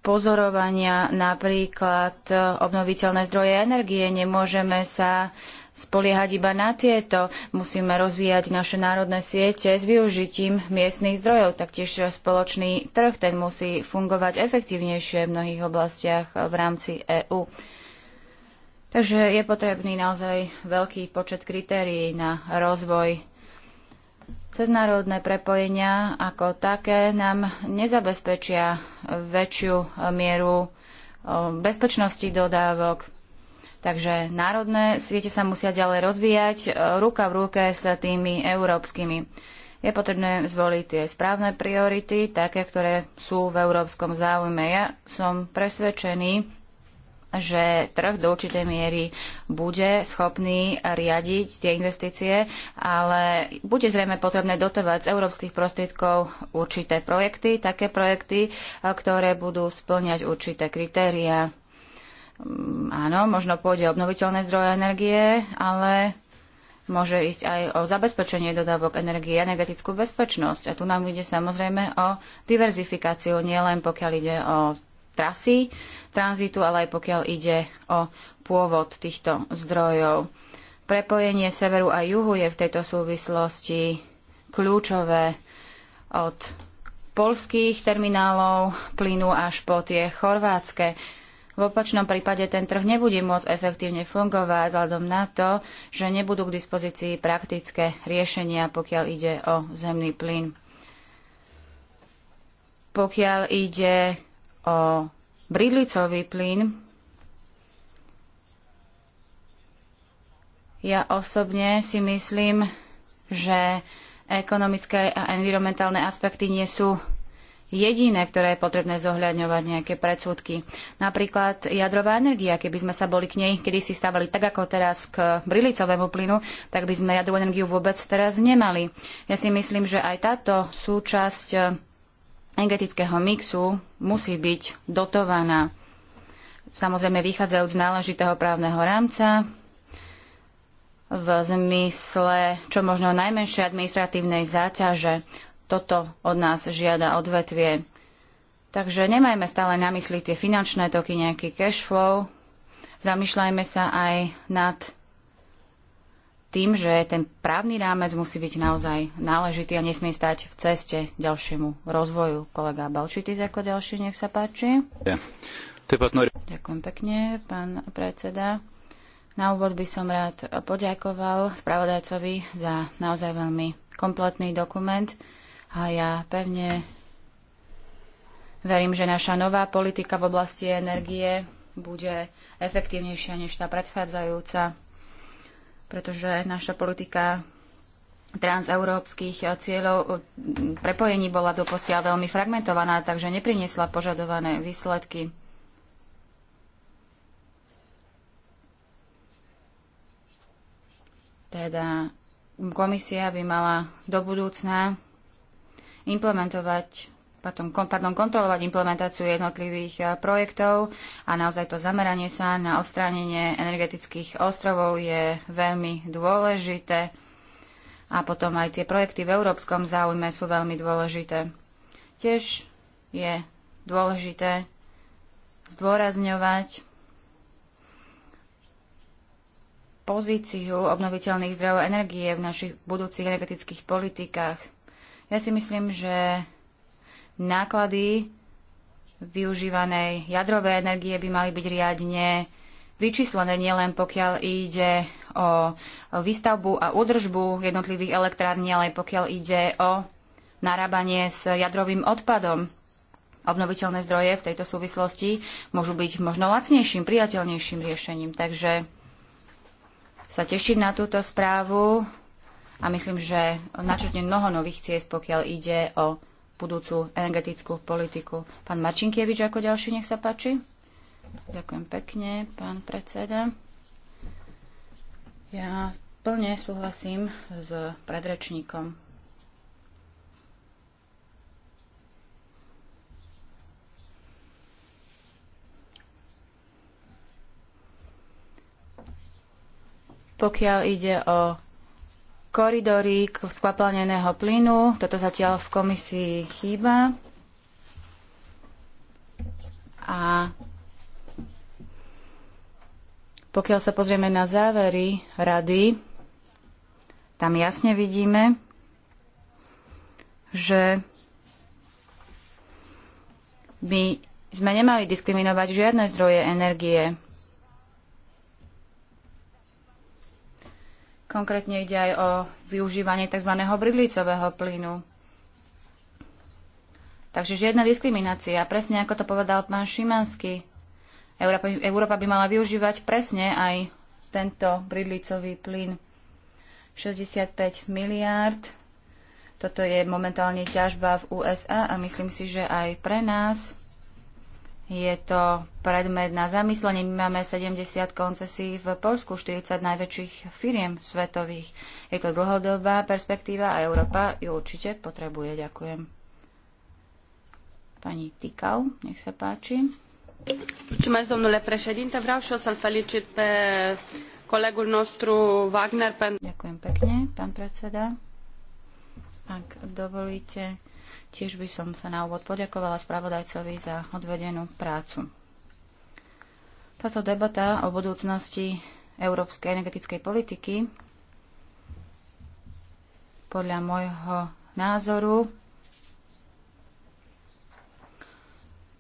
pozorovania, napríklad e, obnoviteľné zdroje energie. Nemôžeme sa spoliehať iba na tieto. Musíme rozvíjať naše národné siete s využitím miestnych zdrojov. Taktiež spoločný trh, ten musí fungovať efektívnejšie v mnohých oblastiach v rámci EÚ. Takže je potrebný naozaj veľký počet kritérií na rozvoj Ceznárodné prepojenia ako také nám nezabezpečia väčšiu mieru bezpečnosti dodávok. Takže národné siete sa musia ďalej rozvíjať ruka v ruke s tými európskymi. Je potrebné zvoliť tie správne priority, také, ktoré sú v európskom záujme. Ja som presvedčený, že trh do určitej miery bude schopný riadiť tie investície, ale bude zrejme potrebné dotovať z európskych prostriedkov určité projekty, také projekty, e, ktoré budú splňať určité kritéria. Mm, áno, možno pôjde o obnoviteľné zdroje energie, ale môže ísť aj o zabezpečenie dodávok energie, a energetickú bezpečnosť. A tu nám ide samozrejme o diverzifikáciu, nielen pokiaľ ide o trasy tranzitu, ale aj pokiaľ ide o pôvod týchto zdrojov. Prepojenie severu a juhu je v tejto súvislosti kľúčové od polských terminálov plynu až po tie chorvátske. V opačnom prípade ten trh nebude môcť efektívne fungovať vzhľadom na to, že nebudú k dispozícii praktické riešenia, pokiaľ ide o zemný plyn. Pokiaľ ide o bridlicový plyn, ja osobne si myslím, že ekonomické a environmentálne aspekty nie sú jediné, ktoré je potrebné zohľadňovať nejaké predsudky. Napríklad jadrová energia, keby sme sa boli k nej kedy si stávali tak ako teraz k brilicovému plynu, tak by sme jadrovú energiu vôbec teraz nemali. Ja si myslím, že aj táto súčasť energetického mixu musí byť dotovaná. Samozrejme vychádza z náležitého právneho rámca v zmysle čo možno najmenšej administratívnej záťaže. Toto od nás žiada odvetvie. Takže nemajme stále na mysli tie finančné toky, nejaký cash flow. Zamýšľajme sa aj nad tým, že ten právny rámec musí byť naozaj náležitý a nesmie stať v ceste ďalšiemu rozvoju. Kolega Balčitis ako ďalší, nech sa páči. Ja. Ďakujem pekne, pán predseda. Na úvod by som rád poďakoval spravodajcovi za naozaj veľmi kompletný dokument a ja pevne verím, že naša nová politika v oblasti energie bude efektívnejšia než tá predchádzajúca pretože naša politika transeurópskych cieľov eh, prepojení bola doposiaľ veľmi fragmentovaná, takže nepriniesla požadované výsledky. Teda komisia by mala do budúcna implementovať potom, pardon, kontrolovať implementáciu jednotlivých eh, projektov a naozaj to zameranie sa na odstránenie energetických ostrovov je veľmi dôležité a potom aj tie projekty v európskom záujme sú veľmi dôležité. Tiež je dôležité zdôrazňovať pozíciu obnoviteľných zdrojov energie v našich budúcich energetických politikách. Ja si myslím, že náklady využívanej jadrovej energie by mali byť riadne vyčíslené nielen pokiaľ ide o výstavbu a údržbu jednotlivých elektrární, ale aj pokiaľ ide o narábanie s jadrovým odpadom. Obnoviteľné zdroje v tejto súvislosti môžu byť možno lacnejším, priateľnejším riešením. Takže sa teším na túto správu a myslím, že načrtne mnoho nových ciest, pokiaľ ide o budúcu energetickú politiku. Pán Marčinkievič ako ďalší, nech sa páči. Ďakujem pekne, pán predseda. Ja plne súhlasím s predrečníkom. Pokiaľ ide o koridorík skvapalneného plynu. Toto zatiaľ v komisii chýba. A pokiaľ sa pozrieme na závery rady, tam jasne vidíme, že by sme nemali diskriminovať žiadne zdroje energie Konkrétne ide aj o využívanie tzv. bridlicového plynu. Takže žiadna diskriminácia, presne ako to povedal pán Šimanský. Európa, Európa by mala využívať presne aj tento bridlicový plyn. 65 miliárd. Toto je momentálne ťažba v USA a myslím si, že aj pre nás je to predmet na zamyslenie. My máme 70 koncesí v Polsku, 40 najväčších firiem svetových. Je to dlhodobá perspektíva a Európa ju určite potrebuje. Ďakujem. Pani Tikau, nech sa páči. Mulțumesc, domnule președinte. Vreau și eu să-l felicit pe colegul nostru Wagner pentru... Ďakujem pekne, pán predseda. Ak dovolíte, Tiež by som sa na úvod poďakovala spravodajcovi za odvedenú prácu. Táto debata o budúcnosti európskej energetickej politiky podľa môjho názoru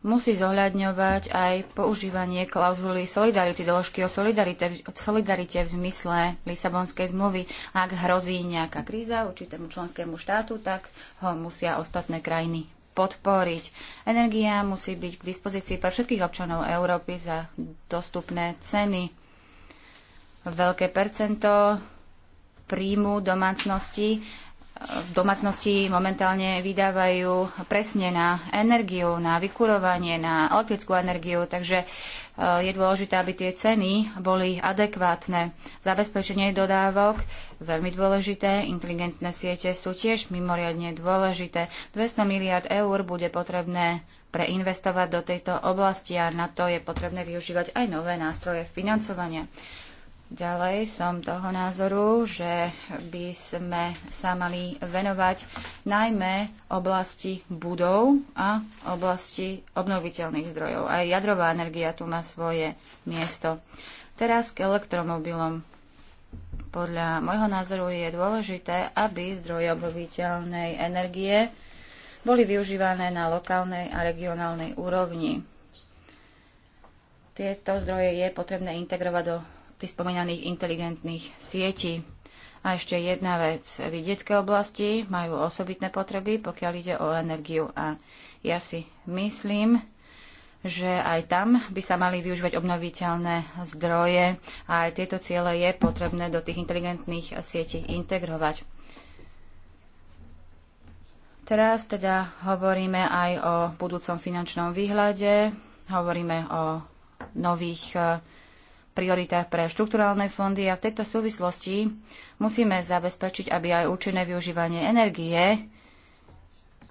musí zohľadňovať aj používanie klauzuly solidarity, doložky o solidarite, solidarite v zmysle Lisabonskej zmluvy. Ak hrozí nejaká kríza určitému členskému štátu, tak ho musia ostatné krajiny podporiť. Energia musí byť k dispozícii pre všetkých občanov Európy za dostupné ceny. Veľké percento príjmu domácnosti v domácnosti momentálne vydávajú presne na energiu, na vykurovanie, na elektrickú energiu, takže e, je dôležité, aby tie ceny boli adekvátne. Zabezpečenie dodávok, veľmi dôležité, inteligentné siete sú tiež mimoriadne dôležité. 200 miliard eur bude potrebné preinvestovať do tejto oblasti a na to je potrebné využívať aj nové nástroje financovania. Ďalej som toho názoru, že by sme sa mali venovať najmä oblasti budov a oblasti obnoviteľných zdrojov. Aj jadrová energia tu má svoje miesto. Teraz k elektromobilom. Podľa môjho názoru je dôležité, aby zdroje obnoviteľnej energie boli využívané na lokálnej a regionálnej úrovni. Tieto zdroje je potrebné integrovať do tých spomínaných inteligentných sietí. A ešte jedna vec. Vidiecké oblasti majú osobitné potreby, pokiaľ ide o energiu. A ja si myslím, že aj tam by sa mali využívať obnoviteľné zdroje a aj tieto ciele je potrebné do tých inteligentných sietí integrovať. Teraz teda hovoríme aj o budúcom finančnom výhľade, hovoríme o nových prioritách pre štrukturálne fondy a v tejto súvislosti musíme zabezpečiť, aby aj účinné využívanie energie,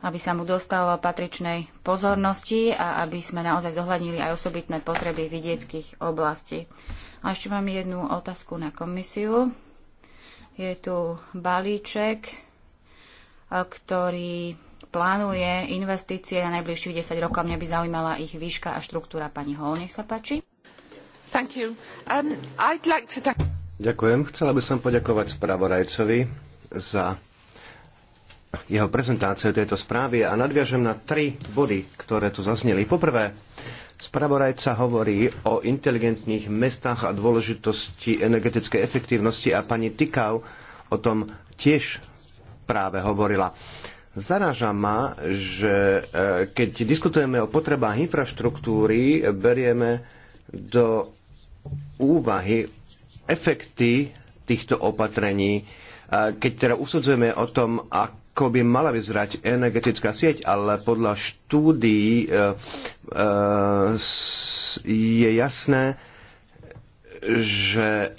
aby sa mu dostalo patričnej pozornosti a aby sme naozaj zohľadnili aj osobitné potreby vidieckých oblastí. A ešte mám jednu otázku na komisiu. Je tu balíček, ktorý plánuje investície na najbližších 10 rokov. Mňa by zaujímala ich výška a štruktúra. Pani Hol, nech sa páči. Um, Ďakujem. Chcela by som poďakovať spravodajcovi za jeho prezentáciu tejto správy a nadviažem na tri body, ktoré tu zazneli. Poprvé, Spravodajca hovorí o inteligentných mestách a dôležitosti energetickej efektívnosti a pani Tikau o tom tiež práve hovorila. Zarážam ma, že e, keď diskutujeme o potrebách infraštruktúry, berieme do úvahy efekty týchto opatrení, keď teda usudzujeme o tom, ako by mala vyzerať energetická sieť, ale podľa štúdií e, e, je jasné, že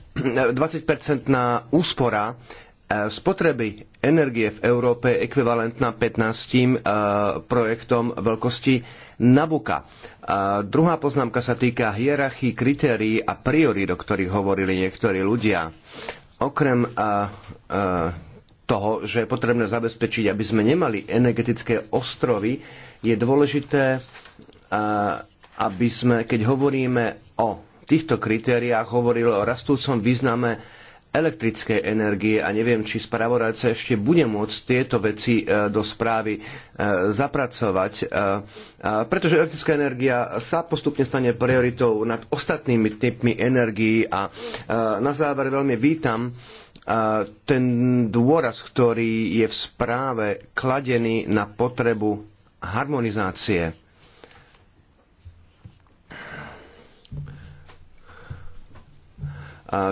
20-percentná úspora e, spotreby energie v Európe je ekvivalentná 15 eh, projektom veľkosti Nabuka. A eh, druhá poznámka sa týka hierarchii kritérií a priory, o ktorých hovorili niektorí ľudia. Okrem a, eh, a, toho, že je potrebné zabezpečiť, aby sme nemali energetické ostrovy, je dôležité, aby sme, keď hovoríme o týchto kritériách, hovorili o rastúcom význame elektrickej energie a neviem, či spravodajca ešte bude môcť tieto veci e, do správy e, zapracovať, e, pretože elektrická energia sa postupne stane prioritou nad ostatnými typmi energií a na záver veľmi vítam ten dôraz, ktorý je v správe kladený na potrebu harmonizácie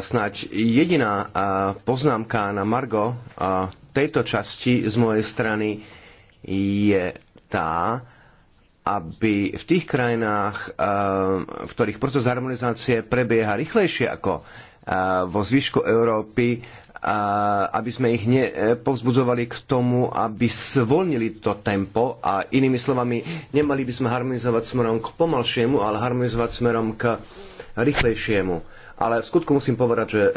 snáď jediná poznámka na Margo tejto časti z mojej strany je tá, aby v tých krajinách, v ktorých proces harmonizácie prebieha rýchlejšie ako vo zvyšku Európy, aby sme ich nepovzbudzovali k tomu, aby zvolnili to tempo a inými slovami, nemali by sme harmonizovať smerom k pomalšiemu, ale harmonizovať smerom k rýchlejšiemu ale v skutku musím povedať, že e,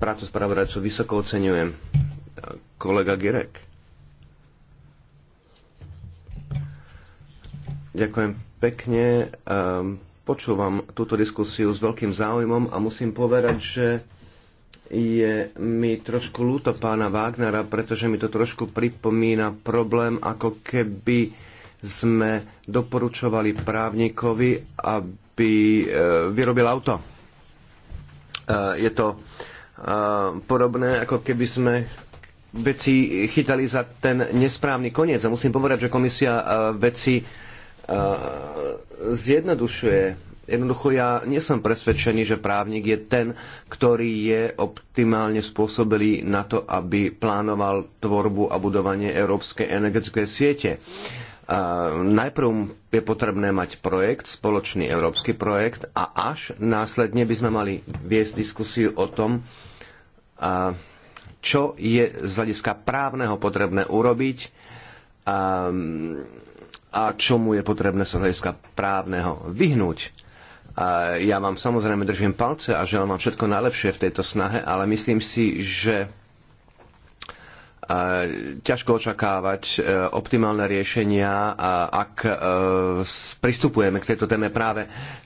prácu spravodajcu vysoko oceňujem. E, kolega Girek. Ďakujem pekne. E, počúvam túto diskusiu s veľkým záujmom a musím povedať, že je mi trošku ľúto pána Wagnera, pretože mi to trošku pripomína problém, ako keby sme doporučovali právnikovi, aby vyrobil auto. Je to podobné, ako keby sme veci chytali za ten nesprávny koniec. A musím povedať, že komisia veci zjednodušuje. Jednoducho ja nie som presvedčený, že právnik je ten, ktorý je optimálne spôsobilý na to, aby plánoval tvorbu a budovanie európskej energetickej siete. Uh, najprv je potrebné mať projekt, spoločný európsky projekt a až následne by sme mali viesť diskusiu o tom, čo je z hľadiska právneho potrebné urobiť a čomu je potrebné sa z hľadiska právneho vyhnúť. Ja vám samozrejme držím palce a želám vám všetko najlepšie v tejto snahe, ale myslím si, že ťažko očakávať e, optimálne riešenia, ak e, pristupujeme k tejto téme práve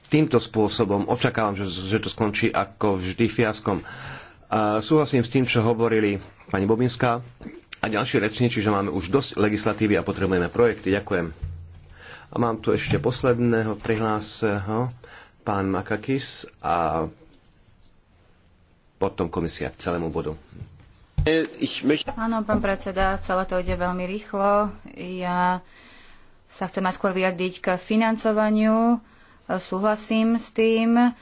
týmto spôsobom. Očakávam, že to skončí ako vždy fiaskom. E, súhlasím s tým, čo hovorili pani Bobinská a ďalší rečni, čiže máme už dosť legislatívy a potrebujeme projekty. Ďakujem. A mám tu ešte posledného prihláseho, pán Makakis a potom komisia k celému bodu. Áno, pán predseda, celé to ide veľmi rýchlo. Ja sa chcem aj skôr vyjadriť k financovaniu. Súhlasím s tým.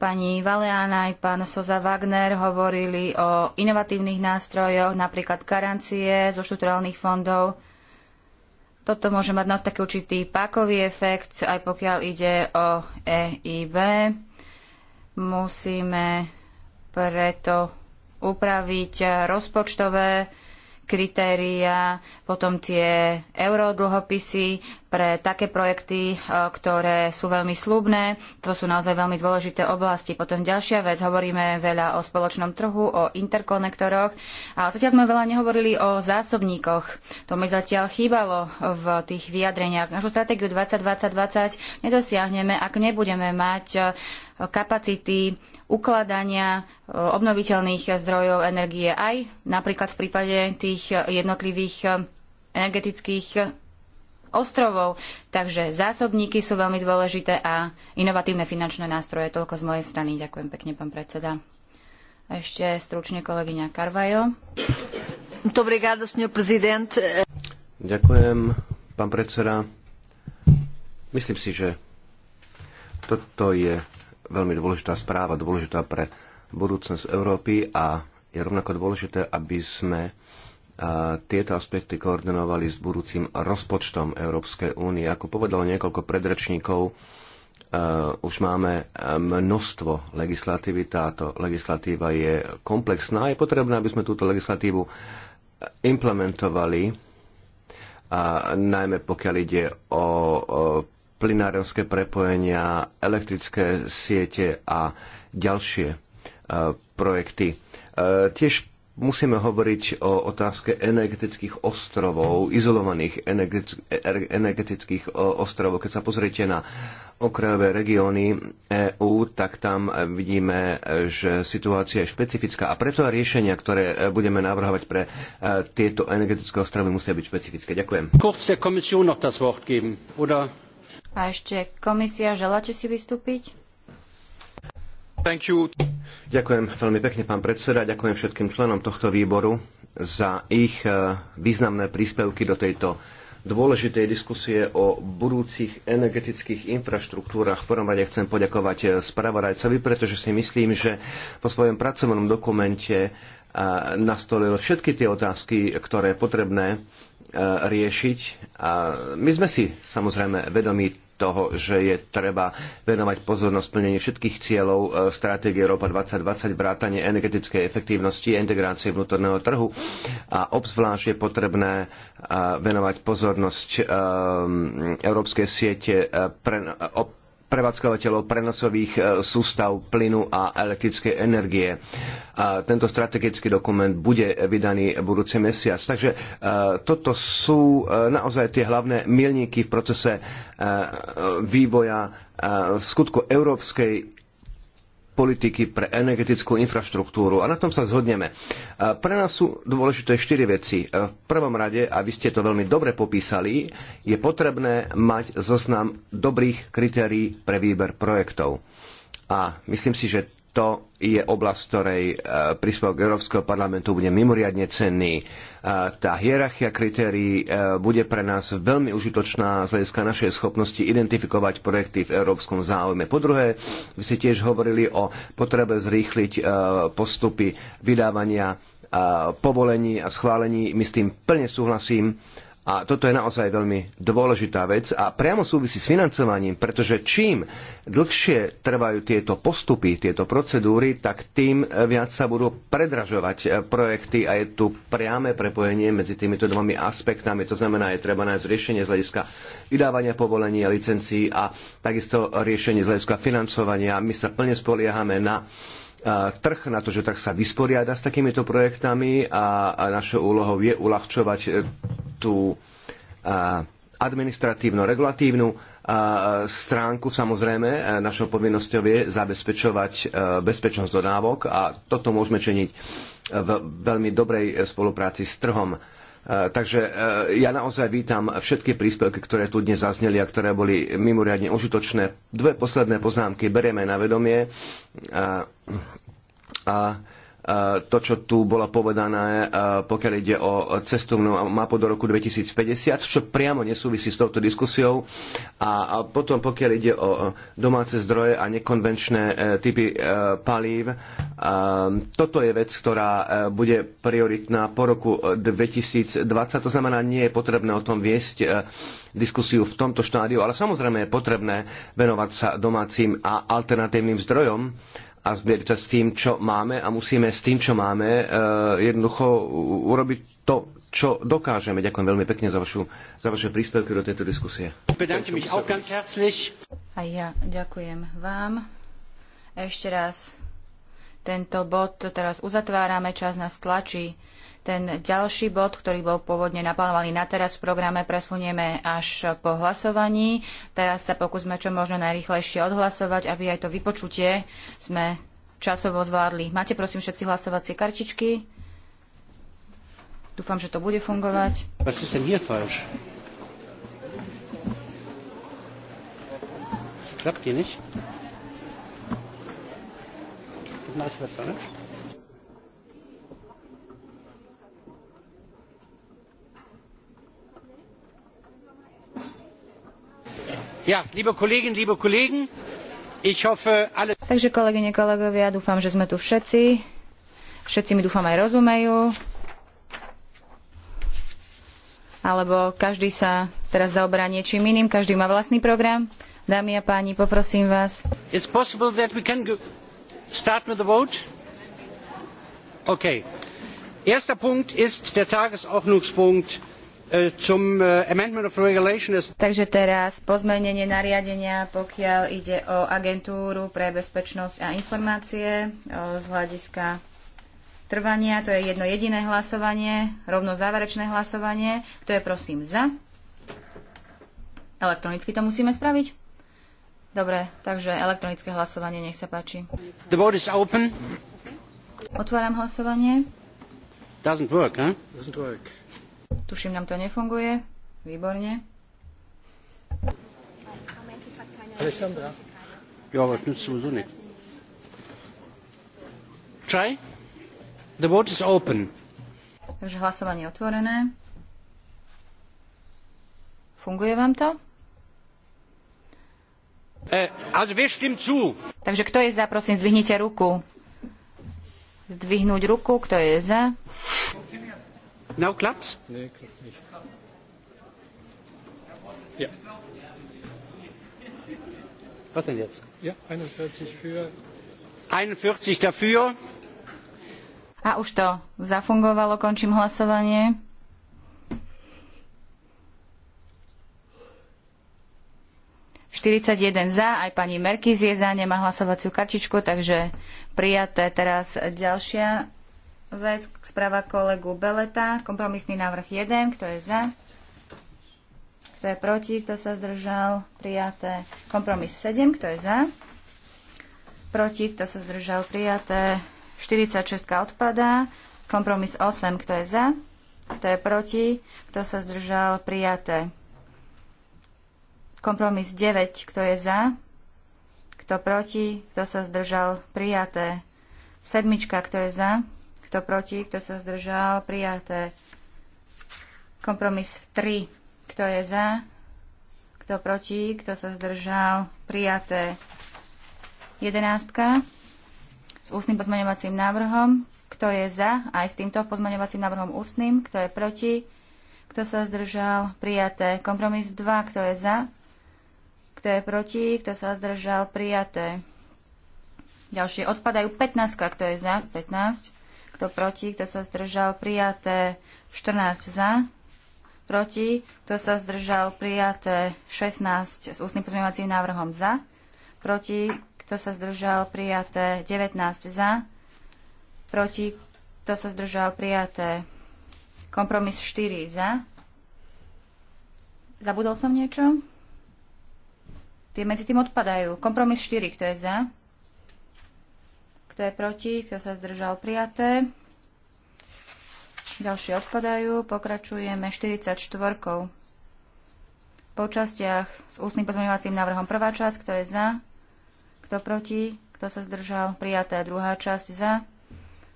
Pani Valeana, aj pán Soza Wagner hovorili o inovatívnych nástrojoch, napríklad garancie zo štrukturálnych fondov. Toto môže mať nás taký určitý pákový efekt, aj pokiaľ ide o EIB. Musíme preto upraviť rozpočtové kritéria, potom tie eurodlhopisy pre také projekty, e, ktoré sú veľmi slúbne. To sú naozaj veľmi dôležité oblasti. Potom ďalšia vec, hovoríme veľa o spoločnom trhu, o interkonektoroch. A zatiaľ sme veľa nehovorili o zásobníkoch. To mi zatiaľ chýbalo v tých vyjadreniach. Našu stratégiu 2020-2020 nedosiahneme, ak nebudeme mať e, kapacity ukladania e, obnoviteľných zdrojov energie aj napríklad v prípade tých jednotlivých e, energetických e, ostrovov. Takže zásobníky sú veľmi dôležité a inovatívne finančné nástroje. Toľko z mojej strany. Ďakujem pekne, pán predseda. Ešte stručne kolegyňa Karvajo. Ďakujem, pán predseda. Myslím si, že toto je veľmi dôležitá správa, dôležitá pre budúcnosť Európy a je rovnako dôležité, aby sme tieto aspekty koordinovali s budúcim rozpočtom Európskej únie. Ako povedalo niekoľko predrečníkov, už máme množstvo legislatívy. Táto legislatíva je komplexná. Je potrebné, aby sme túto legislatívu implementovali, a najmä pokiaľ ide o plynárovské prepojenia, elektrické siete a ďalšie e, projekty. E, Tiež musíme hovoriť o otázke energetických ostrovov, izolovaných er-, energetických e, ostrovov. Keď sa pozriete na okrajové regióny EÚ, tak tam vidíme, že situácia je špecifická a preto aj riešenia, ktoré e, budeme navrhovať pre e, tieto energetické ostrovy, musia byť špecifické. Ďakujem. A ešte komisia, želáte si vystúpiť? Ďakujem veľmi pekne, pán predseda. Ďakujem všetkým členom tohto výboru za ich e, významné príspevky do tejto dôležitej diskusie o budúcich energetických infraštruktúrach. V prvom rade chcem poďakovať e, spravodajcovi, pretože si myslím, že po svojom pracovnom dokumente e, nastolil všetky tie otázky, ktoré je potrebné E, riešiť. A my sme si samozrejme vedomi toho, že je treba venovať pozornosť plneniu všetkých cieľov e, stratégie Európa 2020, vrátanie energetickej efektívnosti, integrácie vnútorného trhu a obzvlášť je potrebné e, venovať pozornosť európskej siete pre, prevádzkovateľov prenosových e, sústav plynu a elektrickej energie. A tento strategický dokument bude vydaný budúci mesiac. Takže e, toto sú e, naozaj tie hlavné milníky v procese vývoja v skutku európskej politiky pre energetickú infraštruktúru. A na tom sa zhodneme. Pre nás sú dôležité štyri veci. V prvom rade, a vy ste to veľmi dobre popísali, je potrebné mať zoznam dobrých kritérií pre výber projektov. A myslím si, že to je oblasť, ktorej e, príspevok Európskeho parlamentu bude mimoriadne cenný. E, tá hierarchia kritérií e, bude pre nás veľmi užitočná z hľadiska našej schopnosti identifikovať projekty v európskom záujme. Po druhé, vy ste tiež hovorili o potrebe zrýchliť postupy vydávania povolení a schválení. My s tým plne súhlasím a toto je naozaj veľmi dôležitá vec a priamo súvisí s financovaním, pretože čím dlhšie trvajú tieto postupy, tieto procedúry, tak tým viac sa budú predražovať eh, projekty a je tu priame prepojenie medzi týmito dvomi aspektami. To znamená, je treba nájsť riešenie z hľadiska vydávania povolení a licencií a takisto riešenie z hľadiska financovania. My sa plne spoliehame na trh, na to, že trh sa vysporiada s takýmito projektami a, a našou úlohou je uľahčovať e, tú administratívno-regulatívnu stránku. Samozrejme, e, našou povinnosťou je zabezpečovať e, bezpečnosť dodávok a toto môžeme činiť v veľmi dobrej spolupráci s trhom. E, takže e, ja naozaj vítam všetky príspevky, ktoré tu dnes zazneli a ktoré boli mimoriadne užitočné. Dve posledné poznámky berieme na vedomie. E, a, a to, čo tu bolo povedané, pokiaľ ide o cestovnú mapu do roku 2050, čo priamo nesúvisí s touto diskusiou. A potom, pokiaľ ide o domáce zdroje a nekonvenčné e, typy e, palív, e, toto je vec, ktorá bude prioritná po roku 2020. To znamená, nie je potrebné o tom viesť diskusiu v tomto štádiu, ale samozrejme je potrebné venovať sa domácim a alternatívnym zdrojom a zmieriť sa s tým, čo máme a musíme s tým, čo máme, eh, jednoducho urobiť to, čo dokážeme. Ďakujem veľmi pekne za, vašu, za vaše príspevky do tejto diskusie. A ja ďakujem vám. Ešte raz tento bod teraz uzatvárame, čas nás tlačí. Ten ďalší bod, ktorý bol pôvodne naplánovaný na teraz v programe, presunieme až po hlasovaní. Teraz sa pokúsme čo možno najrychlejšie odhlasovať, aby aj to vypočutie sme časovo zvládli. Máte prosím všetci hlasovacie kartičky? Dúfam, že to bude fungovať. klappt hier nicht. Das mache ich was falsch. Takže kolegyne, kolegovia, dúfam, že sme tu všetci. Všetci mi dúfam aj rozumejú. Alebo každý sa teraz zaoberá niečím iným, každý má vlastný program. Dámy a páni, poprosím vás. It's possible that we can start with the vote? Okay. Erster Punkt ist der Tagesordnungspunkt Eh, eh, takže teraz pozmenenie nariadenia, pokiaľ ide o agentúru pre bezpečnosť a informácie z hľadiska trvania. To je jedno jediné hlasovanie, rovno záverečné hlasovanie. Kto je prosím za? Elektronicky to musíme spraviť. Dobre, takže elektronické hlasovanie, nech sa páči. The vote is open. Otváram hlasovanie. Doesn't work, huh? Doesn't work. Tuším, nám to nefunguje. Výborne. Alessandra. Ja, was nützt sowieso nicht. Try. The vote is open. Takže hlasovanie otvorené. Funguje vám to? E, also wer stimmt zu? Takže kto je za, prosím, zdvihnite ruku. Zdvihnúť ruku, kto je za? Now Nee, klappt nicht. Ja. Was denn jetzt? Ja, 41 für. 41 dafür. A už to zafungovalo, končím hlasovanie. Štyridsaťjeden za, aj pani Merkiz je za, nemá hlasovaciu kartičku, takže prijaté teraz ďalšia vec, správa kolegu Beleta, kompromisný návrh 1, kto je za, kto je proti, kto sa zdržal, prijaté. Kompromis 7, kto je za, proti, kto sa zdržal, prijaté. 46 odpadá, kompromis 8, kto je za, kto je proti, kto sa zdržal, prijaté. Kompromis 9, kto je za, kto proti, kto sa zdržal, prijaté. Sedmička, kto je za, kto proti? Kto sa zdržal? Prijaté. Kompromis 3. Kto je za? Kto proti? Kto sa zdržal? Prijaté. Jedenástka s ústnym pozmaňovacím návrhom. Kto je za? Aj s týmto pozmaňovacím návrhom ústnym. Kto je proti? Kto sa zdržal? Prijaté. Kompromis 2. Kto je za? Kto je proti? Kto sa zdržal? Prijaté. Ďalšie odpadajú 15. Kto je za? 15. Kto proti? Kto sa zdržal? Prijaté 14 za. Proti? Kto sa zdržal? Prijaté 16 s ústnym pozmeňovacím návrhom za. Proti? Kto sa zdržal? Prijaté 19 za. Proti? Kto sa zdržal? Prijaté kompromis 4 za. Zabudol som niečo? Tie medzi tým odpadajú. Kompromis 4, kto je za? Kto je proti? Kto sa zdržal? Prijaté. Ďalšie odpadajú. Pokračujeme 44. Po častiach s ústnym pozmeňovacím návrhom prvá časť. Kto je za? Kto proti? Kto sa zdržal? Prijaté. Druhá časť za.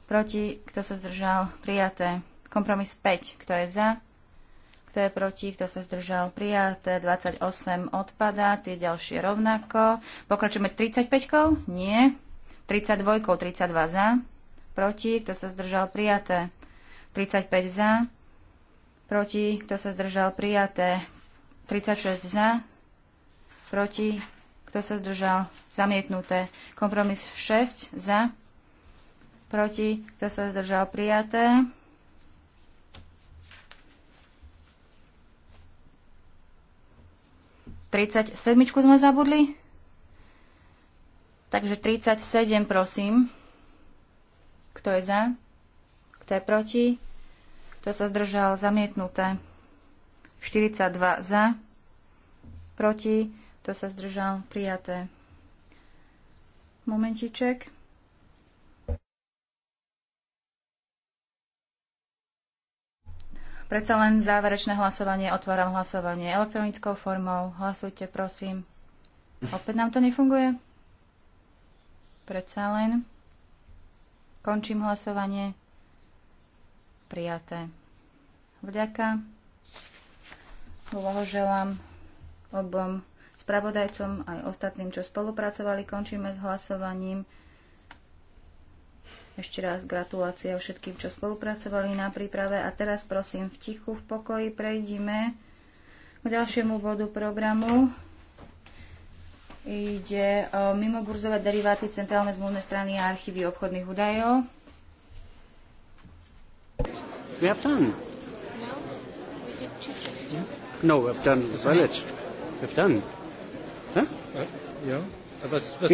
Proti? Kto sa zdržal? Prijaté. Kompromis 5. Kto je za? Kto je proti? Kto sa zdržal? Prijaté. 28 odpadá. Tie ďalšie rovnako. Pokračujeme 35. Nie. 32, 32 za, proti, kto sa zdržal prijaté, 35 za, proti, kto sa zdržal prijaté, 36 za, proti, kto sa zdržal zamietnuté, kompromis 6 za, proti, kto sa zdržal prijaté, Tridsať sedmičku sme zabudli? Takže 37, prosím. Kto je za? Kto je proti? Kto sa zdržal? Zamietnuté. 42 za. Proti. Kto sa zdržal? Prijaté. Momentiček. Predsa len záverečné hlasovanie. Otváram hlasovanie elektronickou formou. Hlasujte, prosím. Opäť nám to nefunguje? Predsa len. Končím hlasovanie. Prijaté. Vďaka. Blahoželám obom spravodajcom aj ostatným, čo spolupracovali. Končíme s hlasovaním. Ešte raz gratulácia všetkým, čo spolupracovali na príprave. A teraz prosím v tichu, v pokoji prejdime k ďalšiemu bodu programu. Ide o mimoburzové deriváty, centrálne zmluvnej strany a archívy obchodných údajov. We have done. No, we have done the no, village. We have done. Huh? Uh, yeah. Uh, was... No,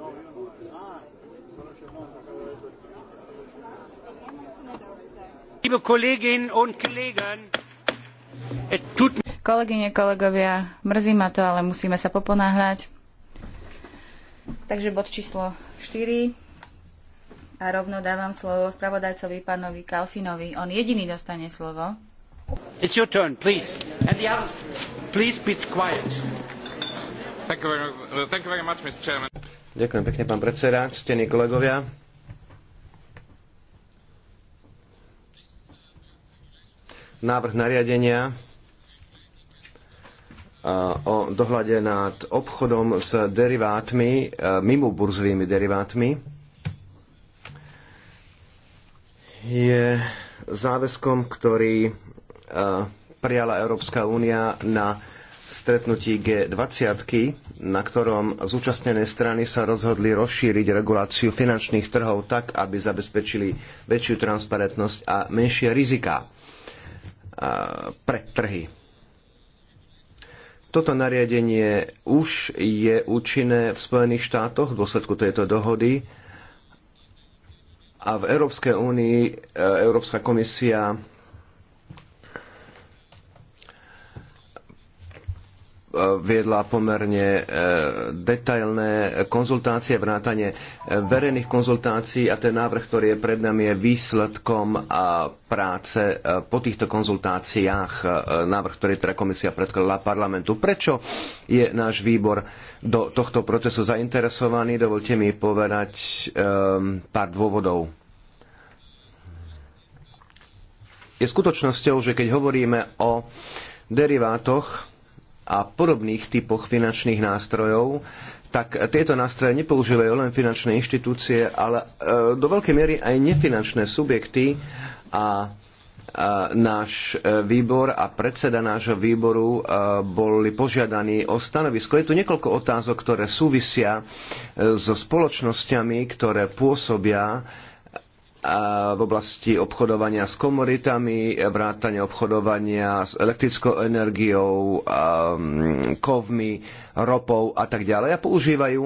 no, io no. Ah, conosce molto. Liebe Kolleginnen und Kollegen, Kolegyne, kolegovia, mrzí ma to, ale musíme sa poponáhľať. Takže bod číslo 4. A rovno dávam slovo spravodajcovi pánovi Kalfinovi. On jediný dostane slovo. It's your turn, please. And the others, please be quiet. Thank you very, thank you very much, Mr. Chairman. Ďakujem pekne, pán predseda, ctení kolegovia. návrh nariadenia o dohľade nad obchodom s derivátmi, mimo burzovými derivátmi, je záväzkom, ktorý prijala Európska únia na stretnutí G20, na ktorom zúčastnené strany sa rozhodli rozšíriť reguláciu finančných trhov tak, aby zabezpečili väčšiu transparentnosť a menšie riziká pre trhy. Toto nariadenie už je účinné v Spojených štátoch v dôsledku tejto dohody a v Európskej únii e, Európska komisia viedla pomerne e, detailné konzultácie, vrátanie e, verejných konzultácií a ten návrh, ktorý je pred nami, je výsledkom e, práce po týchto konzultáciách, návrh, ktorý teda komisia predkladala parlamentu. Prečo je náš výbor do tohto procesu zainteresovaný? Dovolte mi povedať pár dôvodov. je skutočnosťou, že keď hovoríme o derivátoch, a podobných typoch finančných nástrojov, tak tieto nástroje nepoužívajú len finančné inštitúcie, ale e, do veľkej miery aj nefinančné subjekty a e, náš e, výbor a predseda nášho výboru boli požiadaní o stanovisko. Je tu niekoľko otázok, ktoré súvisia so spoločnosťami, ktoré pôsobia v oblasti obchodovania s komoritami, vrátania obchodovania s elektrickou energiou, um, kovmi, ropou a tak ďalej. A používajú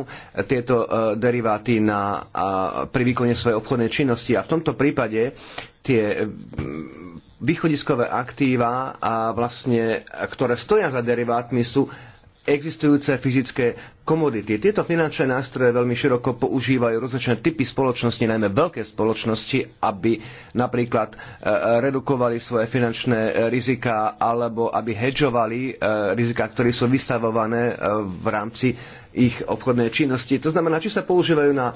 tieto uh, deriváty na, uh, pri výkone svojej obchodnej činnosti. A v tomto prípade tie mm, východiskové aktíva, a vlastne, ktoré stoja za derivátmi, sú existujúce fyzické komodity. Tieto finančné nástroje veľmi široko používajú rozličné typy spoločnosti, najmä veľké spoločnosti, aby napríklad e, redukovali svoje finančné e, rizika alebo aby hedžovali e, rizika, ktoré sú vystavované v rámci ich obchodnej činnosti. To znamená, či sa používajú na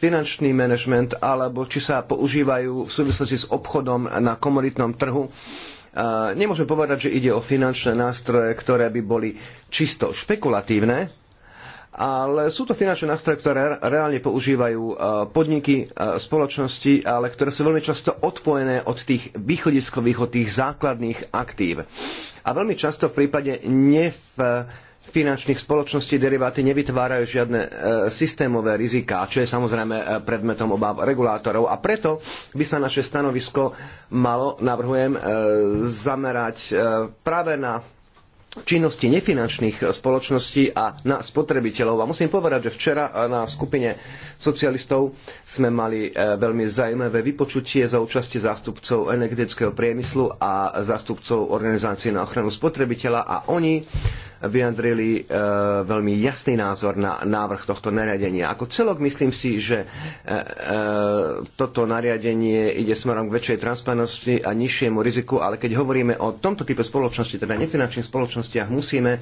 finančný manažment alebo či sa používajú v súvislosti s obchodom na komoditnom trhu nemôžeme povedať, že ide o finančné nástroje, ktoré by boli čisto špekulatívne, ale sú to finančné nástroje, ktoré reálne používajú podniky, spoločnosti, ale ktoré sú veľmi často odpojené od tých východiskových, od tých základných aktív. A veľmi často v prípade nef finančných spoločností deriváty nevytvárajú žiadne e, systémové riziká, čo je samozrejme e, predmetom obáv regulátorov. A preto by sa naše stanovisko malo, navrhujem, e, zamerať práve na činnosti nefinančných spoločností a na spotrebiteľov. A musím povedať, že včera na skupine socialistov sme mali veľmi zaujímavé vypočutie za účasti zástupcov energetického priemyslu a zástupcov organizácie na ochranu spotrebiteľa a oni vyjadrili e, veľmi jasný názor na návrh tohto nariadenia. Ako celok myslím si, že e, e, toto nariadenie ide smerom k väčšej transparentnosti a nižšiemu riziku, ale keď hovoríme o tomto type spoločnosti, teda nefinančných spoločnostiach, musíme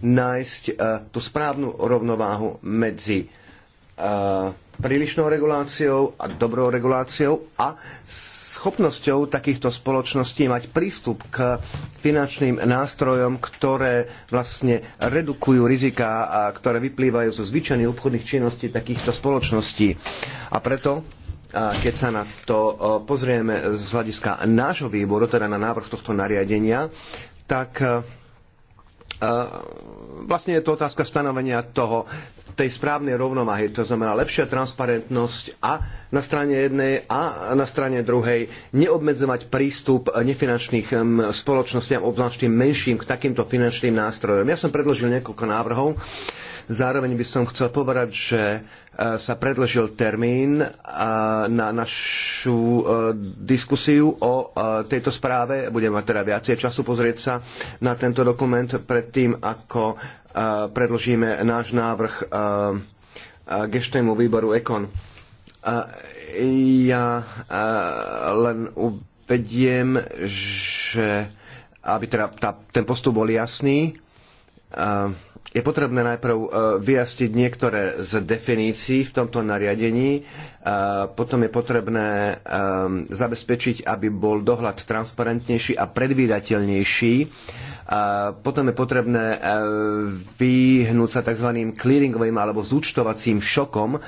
nájsť tú správnu rovnováhu medzi prílišnou reguláciou a dobrou reguláciou a s schopnosťou takýchto spoločností mať prístup k finančným nástrojom, ktoré vlastne redukujú riziká a ktoré vyplývajú zo zvyčajných obchodných činností takýchto spoločností. A preto keď sa na to pozrieme z hľadiska nášho výboru, teda na návrh tohto nariadenia, tak e, e, vlastne je to otázka stanovenia toho tej správnej rovnováhy, to znamená lepšia transparentnosť a na strane jednej a na strane druhej neobmedzovať prístup nefinančných spoločnostiam, obzvlášť menším, k takýmto finančným nástrojom. Ja som predložil niekoľko návrhov, zároveň by som chcel povedať, že e, sa predložil termín e, na našu e, diskusiu o tejto správe. Budeme mať teda viacej času pozrieť sa na tento dokument predtým, ako predložíme náš návrh geštnému výboru EKON. Ja len uvediem, že aby teda tá, ten postup bol jasný, je potrebné najprv e, vyjasniť niektoré z definícií v tomto nariadení, potom je potrebné e, zabezpečiť, aby bol dohľad transparentnejší a predvídateľnejší potom je potrebné e, vyhnúť sa tzv. clearingovým alebo zúčtovacím šokom e,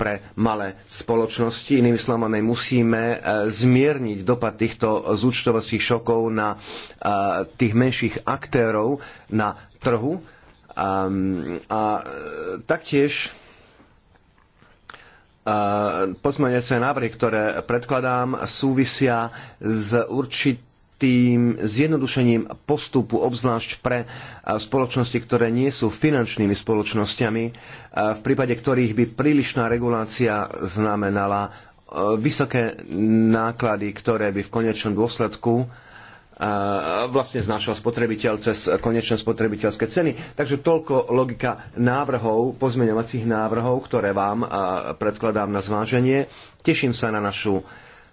pre malé spoločnosti. Inými slovami, musíme e, zmierniť dopad týchto zúčtovacích šokov na tých menších aktérov na trhu. A, a taktiež pozmeňujúce návrhy, ktoré predkladám, súvisia s určitým tým zjednodušením postupu, obzvlášť pre e, spoločnosti, ktoré nie sú finančnými spoločnosťami, e, v prípade ktorých by prílišná regulácia znamenala e, vysoké náklady, ktoré by v konečnom dôsledku vlastne znášal spotrebiteľ cez konečné spotrebiteľské ceny. Takže toľko logika návrhov, pozmeňovacích návrhov, ktoré vám predkladám na zváženie. Teším sa na našu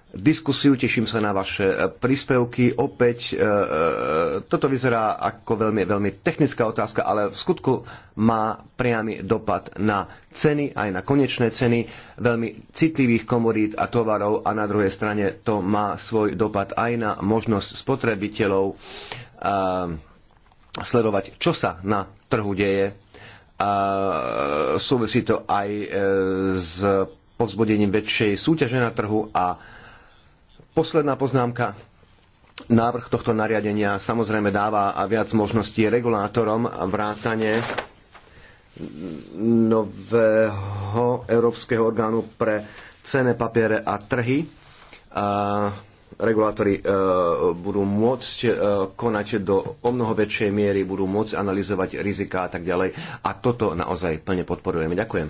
diskusiu, teším sa na vaše e, príspevky. Opäť, e, e, toto vyzerá ako veľmi, veľmi technická otázka, ale v skutku má priamy dopad na ceny, aj na konečné ceny veľmi citlivých komodít a tovarov a na druhej strane to má svoj dopad aj na možnosť spotrebiteľov sledovať, čo sa na trhu deje. súvisí to aj s povzbudením väčšej súťaže na trhu a Posledná poznámka. Návrh tohto nariadenia samozrejme dáva a viac možností regulátorom vrátane nového Európskeho orgánu pre cenné papiere a trhy. A regulátori e, budú môcť e, konať do o mnoho väčšej miery, budú môcť analyzovať rizika a tak ďalej. A toto naozaj plne podporujeme. Ďakujem.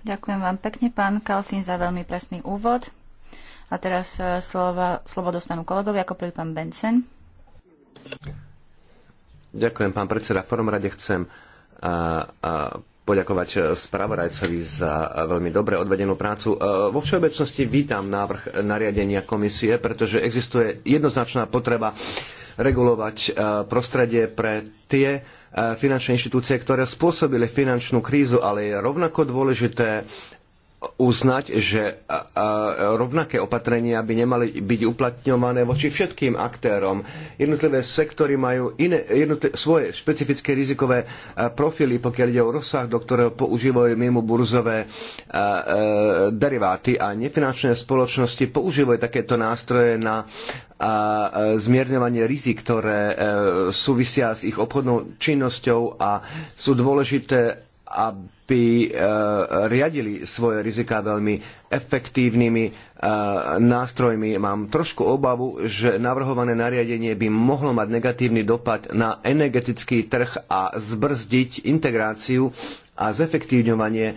Ďakujem vám pekne, pán Kalcín, za veľmi presný úvod. A teraz e, slova, slovo dostanú kolegovi, ako prvý pán Benson. Ďakujem, pán predseda. V prvom rade chcem a, a poďakovať e, spravodajcovi za e, veľmi dobre odvedenú prácu. Vo všeobecnosti vítam návrh nariadenia komisie, pretože existuje jednoznačná potreba regulovať prostredie pre tie finančné inštitúcie, ktoré spôsobili finančnú krízu, ale je rovnako dôležité uznať, že rovnaké opatrenia by nemali byť uplatňované voči všetkým aktérom. Jednotlivé sektory majú iné, svoje špecifické rizikové profily, pokiaľ ide o rozsah, do ktorého používajú mimo burzové deriváty a nefinančné spoločnosti používajú takéto nástroje na a zmierňovanie rizik, ktoré e, súvisia s ich obchodnou činnosťou a sú dôležité a by eh, riadili svoje riziká veľmi efektívnymi eh, nástrojmi. Mám trošku obavu, že navrhované nariadenie by mohlo mať negatívny dopad na energetický trh a zbrzdiť integráciu a zefektívňovanie eh,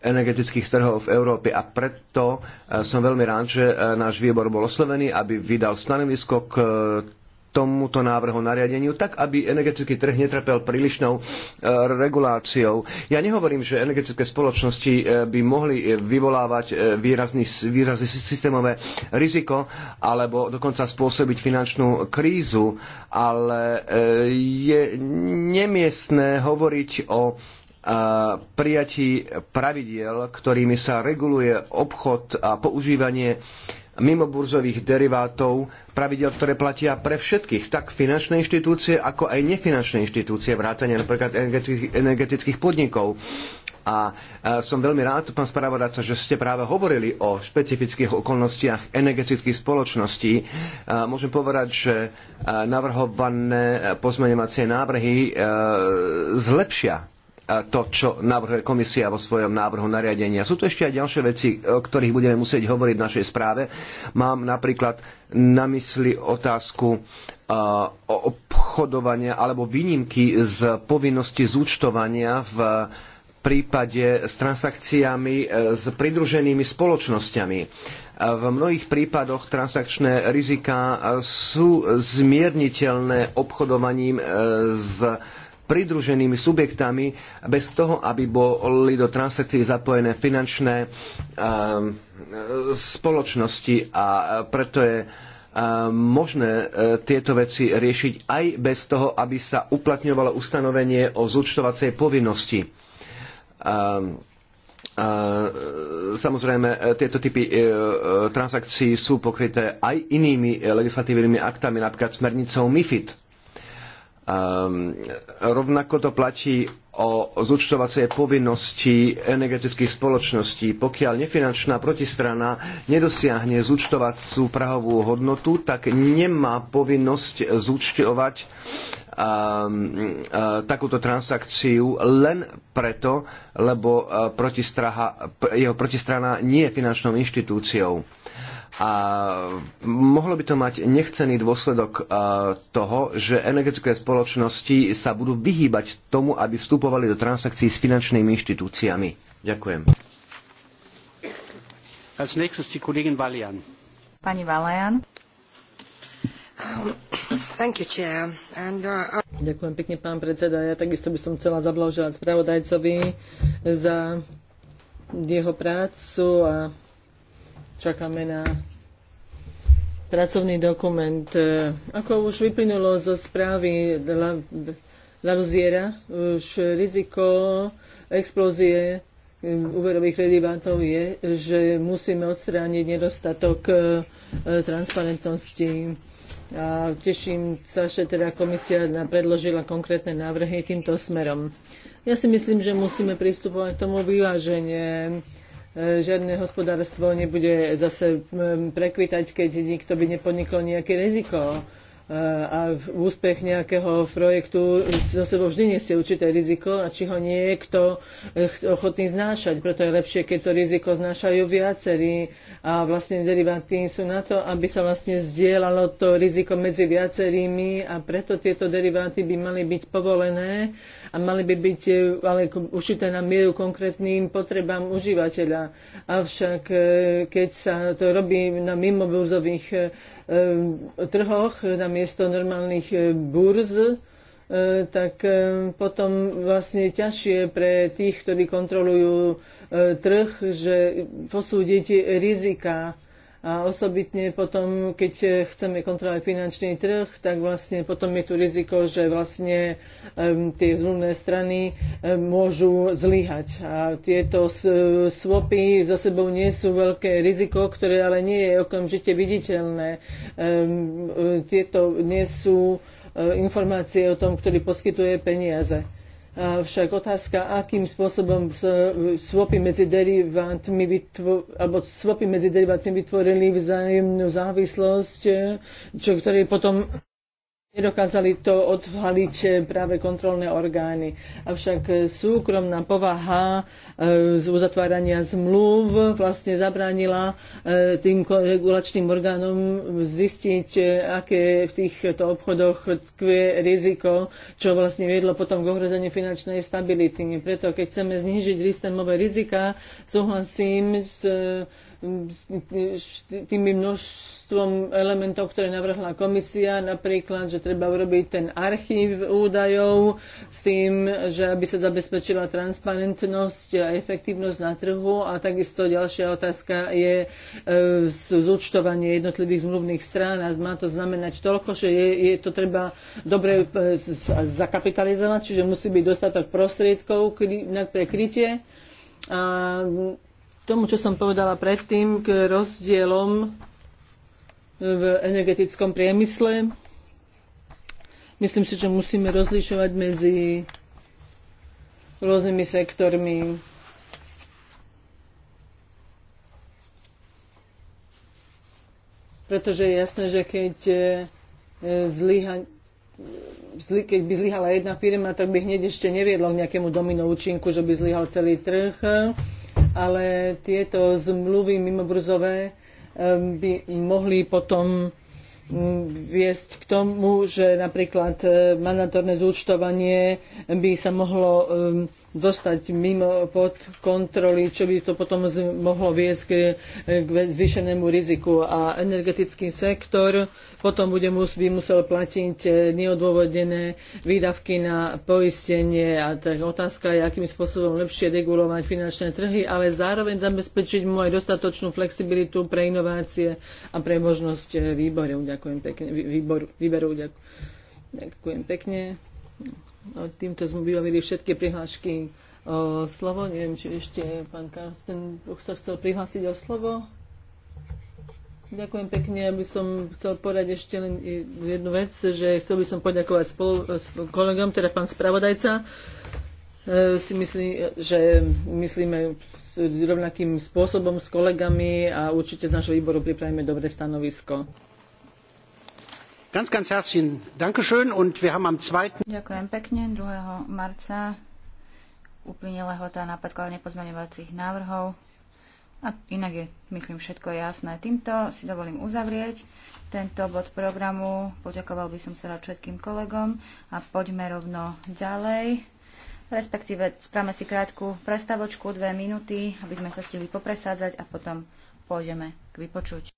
energetických trhov v Európe a preto som veľmi rád, že náš výbor bol oslovený, aby vydal stanovisko k tomuto návrhu nariadeniu, tak aby energetický trh netrpel prílišnou e, reguláciou. Ja nehovorím, že energetické spoločnosti e, by mohli e, vyvolávať výrazný, výrazný systémové riziko alebo dokonca spôsobiť finančnú krízu, ale je nemiestné hovoriť o prijatí pravidiel, ktorými sa reguluje obchod a používanie mimoburzových derivátov, pravidel, ktoré platia pre všetkých, tak finančné inštitúcie, ako aj nefinančné inštitúcie, vrátane napríklad energetických podnikov. A som veľmi rád, pán spravodajca, že ste práve hovorili o špecifických okolnostiach energetických spoločností. Môžem povedať, že navrhované pozmeňovacie návrhy zlepšia to, čo navrhuje komisia vo svojom návrhu nariadenia. Sú tu ešte aj ďalšie veci, o ktorých budeme musieť hovoriť v našej správe. Mám napríklad na mysli otázku obchodovania alebo výnimky z povinnosti zúčtovania v prípade s transakciami e, s pridruženými spoločnosťami. V mnohých prípadoch transakčné riziká sú zmierniteľné obchodovaním e, s pridruženými subjektami bez toho, aby boli do transakcií zapojené finančné eh, spoločnosti a preto je eh, možné eh, tieto veci riešiť aj bez toho, aby sa uplatňovalo ustanovenie o zúčtovacej povinnosti. Samozrejme, tieto typy transakcií sú pokryté aj inými legislatívnymi aktami, napríklad smernicou MIFID Um, rovnako to platí o zúčtovacie povinnosti energetických spoločností. Pokiaľ nefinančná protistrana nedosiahne zúčtovacú prahovú hodnotu, tak nemá povinnosť zúčtovať uh, takúto transakciu len preto, lebo e, jeho protistrana nie je finančnou inštitúciou a mohlo by to mať nechcený dôsledok e, toho, že energetické spoločnosti sa budú vyhýbať tomu, aby vstupovali do transakcií s finančnými inštitúciami. Ďakujem. Als nächstes die Kollegin Valian. Pani Valian. You, And, uh, uh, Ďakujem pekne, pán predseda. Ja takisto by som chcela zablahoželať spravodajcovi za jeho prácu a Čakáme na pracovný dokument. E, ako už vyplynulo zo správy Laruziera, už riziko explózie e, úverových derivátov je, že musíme odstrániť nedostatok e, transparentnosti. A teším sa, že teda komisia predložila konkrétne návrhy týmto smerom. Ja si myslím, že musíme pristupovať k tomu vyváženie E, žiadne hospodárstvo nebude zase prekvitať, keď nikto by nepodnikol nejaké riziko. E, a úspech nejakého projektu za sebou vždy nesie určité riziko a či ho niekto e, ochotný znášať. Preto je lepšie, keď to riziko znášajú viacerí a vlastne deriváty sú na to, aby sa vlastne zdieľalo to riziko medzi viacerými a preto tieto deriváty by mali byť povolené a mali by byť e, ale určité na mieru konkrétnym potrebám užívateľa. Avšak e, keď sa to robí na mimobúzových e, trhoch namiesto normálnych burz, tak potom vlastne ťažšie pre tých, ktorí kontrolujú trh, že posúdiť rizika a osobitne potom, keď e, chceme kontrolovať finančný trh, tak vlastne potom je tu riziko, že vlastne um, tie zmluvné strany um, môžu zlyhať. A tieto e, swapy za sebou nie sú veľké riziko, ktoré ale nie je okamžite viditeľné. Um, tieto nie sú informácie o tom, ktorý poskytuje peniaze. Však otázka, akým spôsobom swapy medzi derivátmi vytvo- alebo swapy medzi derivátmi vytvorili vzájomnú závislosť, čo, ktorej potom Nedokázali to odhaliť eh, práve kontrolné orgány. Avšak eh, súkromná povaha eh, z uzatvárania zmluv vlastne zabránila tým regulačným orgánom zistiť, aké v týchto obchodoch tkvie riziko, čo vlastne viedlo potom k ohrozeniu finančnej stability. Preto, keď chceme znížiť systémové rizika, súhlasím s tými množstvom elementov, ktoré navrhla komisia, napríklad, že treba urobiť ten archív údajov s tým, že aby sa zabezpečila transparentnosť a efektívnosť na trhu a takisto ďalšia otázka je e, zúčtovanie jednotlivých zmluvných strán a má to znamenať toľko, že je, je to treba dobre e, zakapitalizovať, čiže musí byť dostatok prostriedkov pre krytie a tomu, čo som povedala predtým, k rozdielom v energetickom priemysle. Myslím si, že musíme rozlišovať medzi rôznymi sektormi. Pretože je jasné, že keď, e, zlyha, zly, keď by zlyhala jedna firma, tak by hneď ešte neviedlo k nejakému domino účinku, že by zlyhal celý trh ale tieto zmluvy mimobrzové by mohli potom mm, viesť k tomu, že napríklad eh, mandatórne zúčtovanie by sa mohlo dostať mimo pod kontroly, čo by to potom mohlo viesť k, k zvýšenému riziku. A energetický sektor potom bude mus- by musel platiť e, neodôvodené výdavky na poistenie. A tak otázka je, akým spôsobom lepšie regulovať finančné trhy, ale zároveň zabezpečiť mu aj dostatočnú flexibilitu pre inovácie a pre možnosť e, výboru. Ďakujem pekne. Výboru, výberu, ďakujem. ďakujem pekne. No, týmto sme vybavili všetky prihlášky o slovo. Neviem, či ešte pán Karsten sa chcel prihlásiť o slovo. Ďakujem pekne. aby som chcel povedať ešte len jednu vec, že chcel by som poďakovať spolu, kolegom, teda pán spravodajca. E, si myslí, že myslíme rovnakým spôsobom s kolegami a určite z našho výboru pripravíme dobré stanovisko. Ganz, ganz herzlichen Dankeschön und wir haben am Ďakujem pekne. 2. marca uplynie lehota na predkladanie pozmeňovacích návrhov. A inak je, myslím, všetko jasné. Týmto si dovolím uzavrieť tento bod programu. Poďakoval by som sa rád všetkým kolegom a poďme rovno ďalej. Respektíve spravme si krátku prestavočku, dve minúty, aby sme sa stihli popresádzať a potom pôjdeme k vypočuť.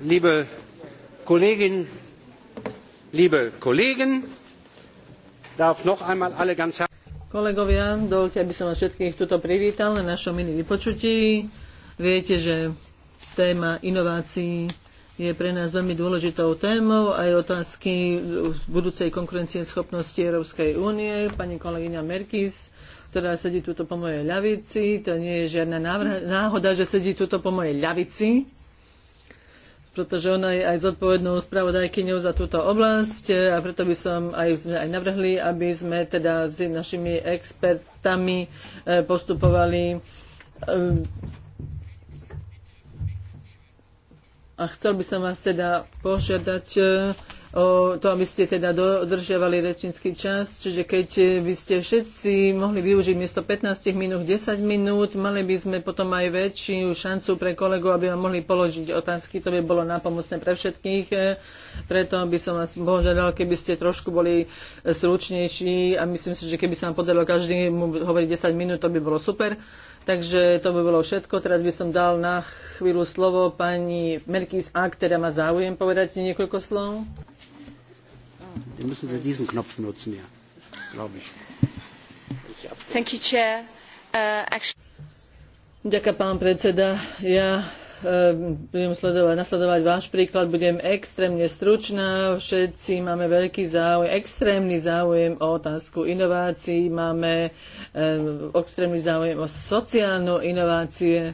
Liebe Kolleginnen, liebe Kollegen, darf noch einmal alle ganz herzlich. Kolegovia, dovolte, aby som vás všetkých tuto privítal na našom mini vypočutí. Viete, že téma inovácií je pre nás veľmi dôležitou témou aj otázky budúcej konkurencie schopnosti Európskej únie. Pani kolegyňa Merkis, ktorá sedí tuto po mojej ľavici, to nie je žiadna náhoda, že sedí tuto po mojej ľavici, pretože ona je aj zodpovednou spravodajkyňou za túto oblasť a preto by som aj, aj navrhli, aby sme teda s našimi expertami eh, postupovali eh, A chcel by som vás teda požiadať e, o to, aby ste teda dodržiavali rečnícky čas, čiže keď by ste všetci mohli využiť miesto 15 minút 10 minút, mali by sme potom aj väčšiu šancu pre kolegov, aby vám mohli položiť otázky, to by bolo napomocné pre všetkých, e, preto by som vás požiadal, keby ste trošku boli stručnejší a myslím si, že keby sa vám podarilo každému hovoriť 10 minút, to by bolo super. Takže to by bolo všetko. Teraz by som dal na chvíľu slovo pani Merkis A, ktorá má záujem povedať niekoľko slov. Uh, Ďakujem, pán predseda. Ja Ehm, budem sledovať, nasledovať váš príklad, budem extrémne stručná. Všetci máme veľký záujem, extrémny záujem o otázku inovácií, máme ehm, extrémny záujem o sociálnu inovácie,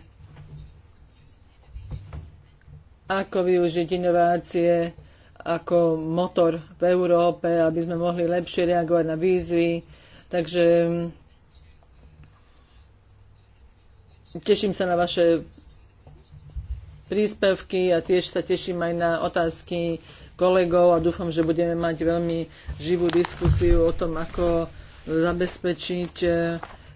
ako využiť inovácie ako motor v Európe, aby sme mohli lepšie reagovať na výzvy. Takže ehm, teším sa na vaše príspevky a tiež sa teším aj na otázky kolegov a dúfam, že budeme mať veľmi živú diskusiu o tom, ako zabezpečiť e,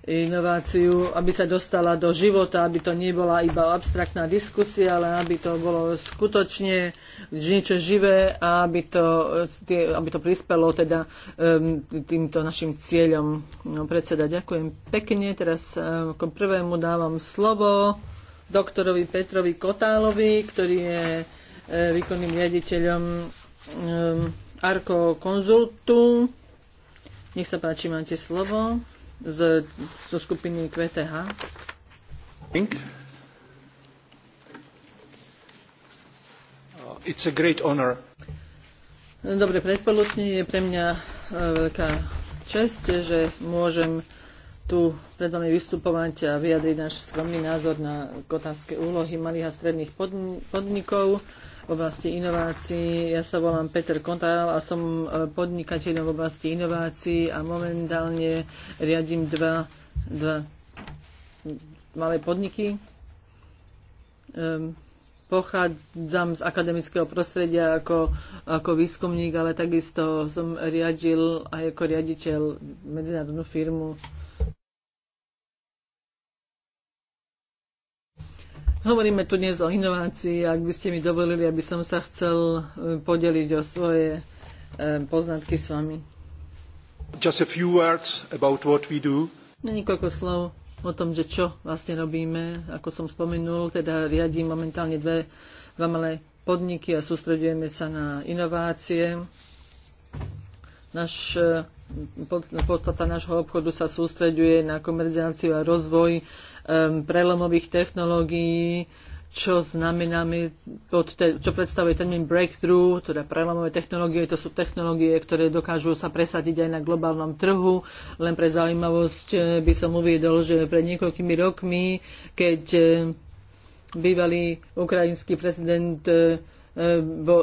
inováciu, aby sa dostala do života, aby to nebola iba abstraktná diskusia, ale aby to bolo skutočne niečo živé a aby to, e, aby to prispelo teda týmto našim cieľom. No, predseda, ďakujem pekne. Teraz e, ako prvému dávam slovo doktorovi Petrovi Kotálovi, ktorý je e, výkonným riaditeľom Arko Konzultu. Nech sa páči, máte slovo z, zo skupiny QTH. It's a great honor. Dobre, predpoludne je pre mňa e, veľká čest, že môžem tu pred vami vystupovať a vyjadriť náš skromný názor na otázke úlohy malých a stredných podnikov v oblasti inovácií. Ja sa volám Peter Kontál a som e, podnikateľom v oblasti inovácií a momentálne riadím dva, dva malé podniky. Ehm, pochádzam z akademického prostredia ako, ako výskumník, ale takisto som riadil aj ako riaditeľ medzinárodnú firmu Hovoríme tu dnes o inovácii a ak by ste mi dovolili, aby som sa chcel e, podeliť o svoje e, poznatky s vami. Just a few words about what we do. Niekoľko slov o tom, že čo vlastne robíme. Ako som spomenul, teda riadím momentálne dve, dva malé podniky a sústredujeme sa na inovácie. Naš, e, podstata nášho obchodu sa sústreďuje na komerciáciu a rozvoj prelomových technológií, čo znamená, čo predstavuje termín breakthrough, teda prelomové technológie, to sú technológie, ktoré dokážu sa presadiť aj na globálnom trhu. Len pre zaujímavosť eh, by som uviedol, že pred niekoľkými rokmi, keď eh, bývalý ukrajinský prezident eh,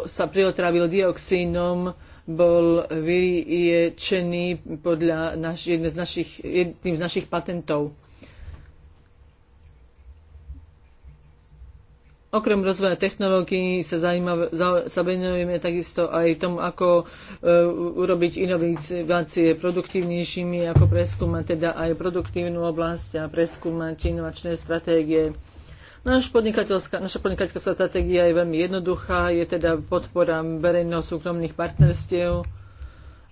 sa priotravil dioxínom, bol vyriečený podľa naš, jedným z našich patentov. Okrem rozvoja technológií sa, sa venujeme takisto aj tomu, ako e, urobiť inovácie produktívnejšími, ako preskúmať teda aj produktívnu oblasť a preskúmať inovačné stratégie. Naš podnikateľská, naša podnikateľská stratégia je veľmi jednoduchá, je teda podpora verejno-súkromných partnerstiev.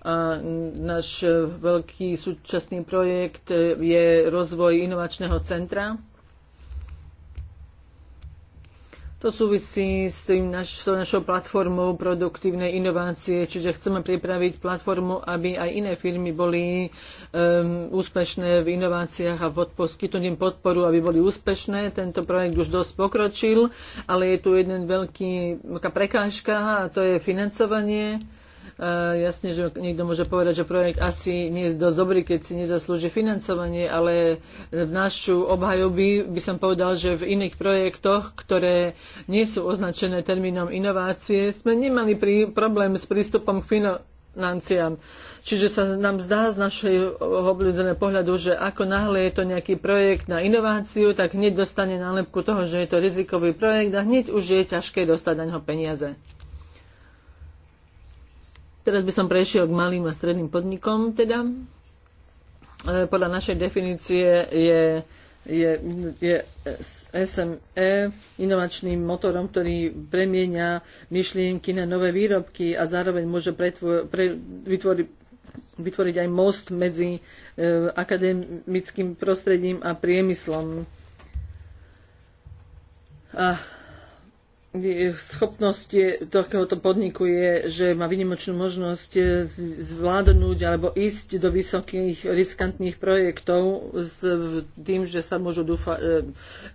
A náš veľký súčasný projekt je rozvoj inovačného centra To súvisí s tým naš, našou platformou produktívnej inovácie, čiže chceme pripraviť platformu, aby aj iné firmy boli um, úspešné v inováciách a pod poskytnutím podporu, aby boli úspešné. Tento projekt už dosť pokročil, ale je tu jeden veľký prekážka a to je financovanie jasne, že niekto môže povedať, že projekt asi nie je dosť dobrý, keď si nezaslúži financovanie, ale v našu obhajoby by som povedal, že v iných projektoch, ktoré nie sú označené termínom inovácie, sme nemali prí, problém s prístupom k financiám. Čiže sa nám zdá z našej obľúdeného pohľadu, že ako náhle je to nejaký projekt na inováciu, tak hneď dostane nálepku toho, že je to rizikový projekt a hneď už je ťažké dostať na ňo peniaze. Teraz by som prešiel k malým a stredným podnikom. Teda. E, podľa našej definície je, je, je SME inovačným motorom, ktorý premienia myšlienky na nové výrobky a zároveň môže pretvor, pre, vytvoriť vytvoriť aj most medzi e, akademickým prostredím a priemyslom. A schopnosť takéhoto podniku je, že má vynimočnú možnosť eh, zvládnuť alebo ísť do vysokých riskantných projektov s tým, že sa môžu, dúfa, eh,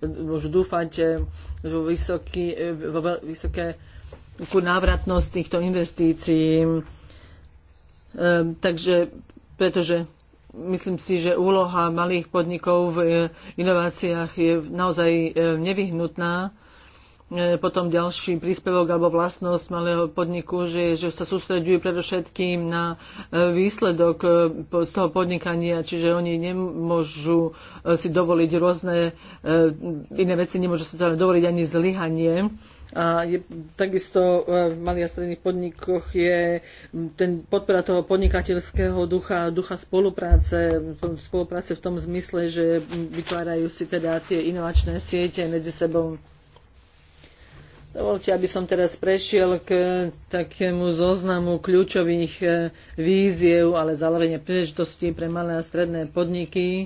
môžu dúfať eh, vo, vysoký, vo vysoké návratnosť týchto investícií. Ehm, takže, pretože myslím si, že úloha malých podnikov v inováciách je naozaj nevyhnutná E, potom ďalší príspevok alebo vlastnosť malého podniku, že, že sa sústreďujú predovšetkým na e, výsledok e, z toho podnikania, čiže oni nemôžu si dovoliť rôzne iné veci, nemôžu si teda dovoliť ani zlyhanie. A je, takisto v malých a stredných podnikoch je ten podpora toho podnikateľského ducha, ducha spolupráce, spolupráce v tom zmysle, že vytvárajú si teda tie inovačné siete medzi sebou. Dovolte, aby som teraz prešiel k takému zoznamu kľúčových e, víziev, ale zároveň príležitostí pre malé a stredné podniky, e,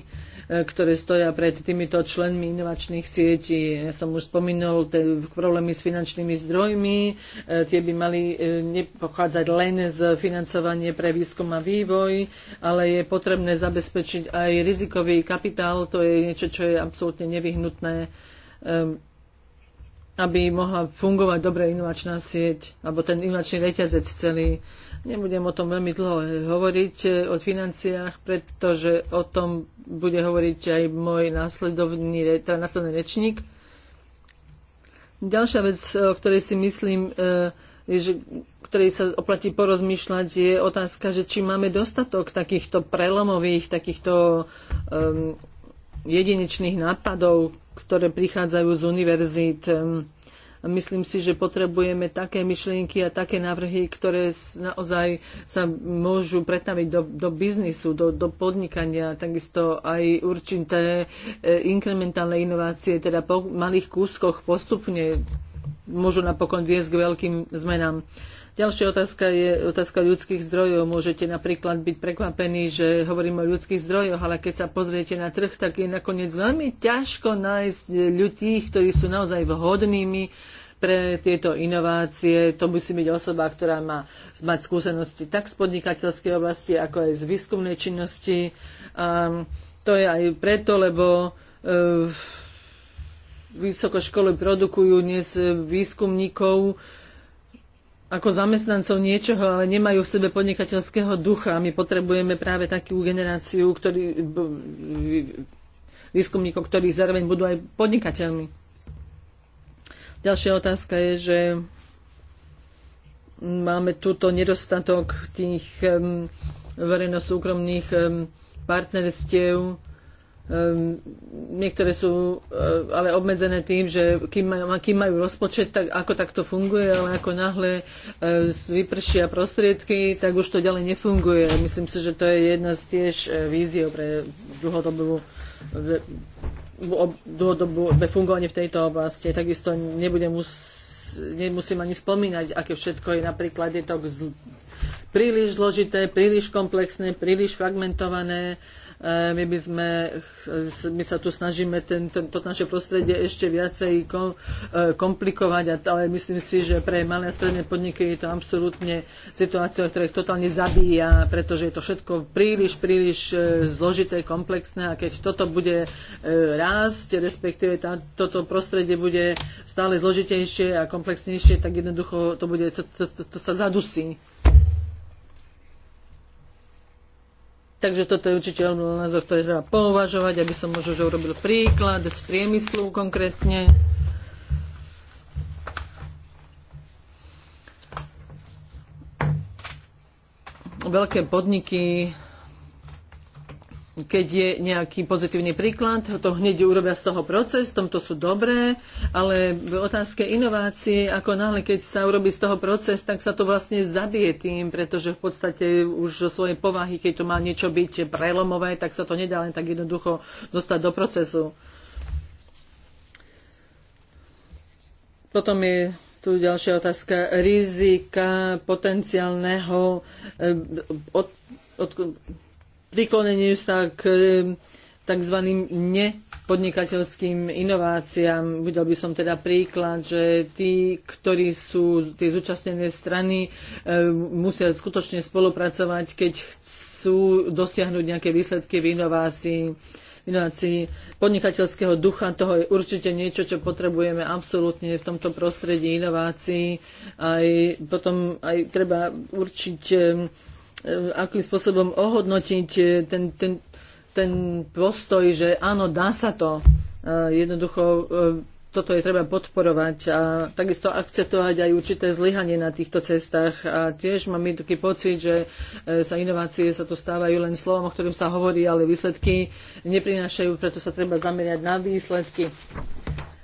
ktoré stoja pred týmito členmi inovačných sietí. Ja som už spomínal tie problémy s finančnými zdrojmi. E, tie by mali nepochádzať len z financovanie pre výskum a vývoj, ale je potrebné zabezpečiť aj rizikový kapitál. To je niečo, čo je absolútne nevyhnutné aby mohla fungovať dobre inovačná sieť, alebo ten inovačný reťazec celý. Nebudem o tom veľmi dlho hovoriť e, o financiách, pretože o tom bude hovoriť aj môj následovný, teda následný rečník. Ďalšia vec, e, o ktorej si myslím, e, je, že, ktorej sa oplatí porozmýšľať, je otázka, že či máme dostatok takýchto prelomových, takýchto um, jedinečných nápadov, ktoré prichádzajú z univerzít. Myslím si, že potrebujeme také myšlienky a také návrhy, ktoré naozaj sa môžu pretaviť do, do biznisu, do, do podnikania, takisto aj určité e, inkrementálne inovácie, teda po malých kúskoch postupne môžu napokon viesť k veľkým zmenám. Ďalšia otázka je otázka ľudských zdrojov. Môžete napríklad byť prekvapení, že hovoríme o ľudských zdrojoch, ale keď sa pozriete na trh, tak je nakoniec veľmi ťažko nájsť ľudí, ktorí sú naozaj vhodnými pre tieto inovácie. To musí byť osoba, ktorá má mať skúsenosti tak z podnikateľskej oblasti, ako aj z výskumnej činnosti. A to je aj preto, lebo uh, vysokoškoly produkujú dnes výskumníkov, ako zamestnancov niečoho, ale nemajú v sebe podnikateľského ducha. My potrebujeme práve takú generáciu ktorý, výskumníkov, ktorí zároveň budú aj podnikateľmi. Ďalšia otázka je, že máme túto nedostatok tých um, verejno-súkromných um, partnerstiev Ehm, niektoré sú eh, ale obmedzené tým, že kým, kým majú rozpočet, tak ako takto funguje, ale ako náhle eh, vypršia prostriedky, tak už to ďalej nefunguje. Myslím si, že to je jedna z tiež eh, víziev pre dlhodobú dlhodobé fungovanie v tejto oblasti. Takisto nebudem mus, nemusím ani spomínať, aké všetko je napríklad je to príliš zložité, príliš komplexné, príliš fragmentované. Uh, Eh, my, by sme, my sa tu snažíme tento, to naše prostredie ešte viacej eh, komplikovať, ale myslím si, že pre malé a stredné podniky je to absolútne situácia, ktorá ich totálne zabíja, pretože je to všetko príliš, príliš eh, zložité, komplexné a keď toto bude rásť, respektíve tá, toto prostredie bude stále zložitejšie a komplexnejšie, tak jednoducho to, bude, to, to, to sa zadusí. Takže toto je určite názor, ktorý treba považovať, aby som možno že urobil príklad z priemyslu konkrétne. Veľké podniky keď je nejaký pozitívny príklad, to hneď urobia z toho proces, tomto sú dobré, ale v otázke inovácie, ako náhle, keď sa urobí z toho proces, tak sa to vlastne zabije tým, pretože v podstate už zo svojej povahy, keď to má niečo byť prelomové, tak sa to nedá len tak jednoducho dostať do procesu. Potom je tu ďalšia otázka rizika potenciálneho eh, od, od, prikloneniu sa k tzv. nepodnikateľským inováciám. Videl by som teda príklad, že tí, ktorí sú tie zúčastnené strany, musia skutočne spolupracovať, keď chcú dosiahnuť nejaké výsledky v inovácii inovácií podnikateľského ducha. Toho je určite niečo, čo potrebujeme absolútne v tomto prostredí inovácií. Aj potom aj treba určiť E, akým spôsobom ohodnotiť e, ten, ten, ten postoj, že áno, dá sa to. E, jednoducho toto je treba podporovať a takisto akceptovať aj určité zlyhanie na týchto cestách. A tiež mám taký pocit, že sa inovácie sa to stávajú len slovom, o ktorom sa hovorí, ale výsledky neprinášajú, preto sa treba zamerať na výsledky.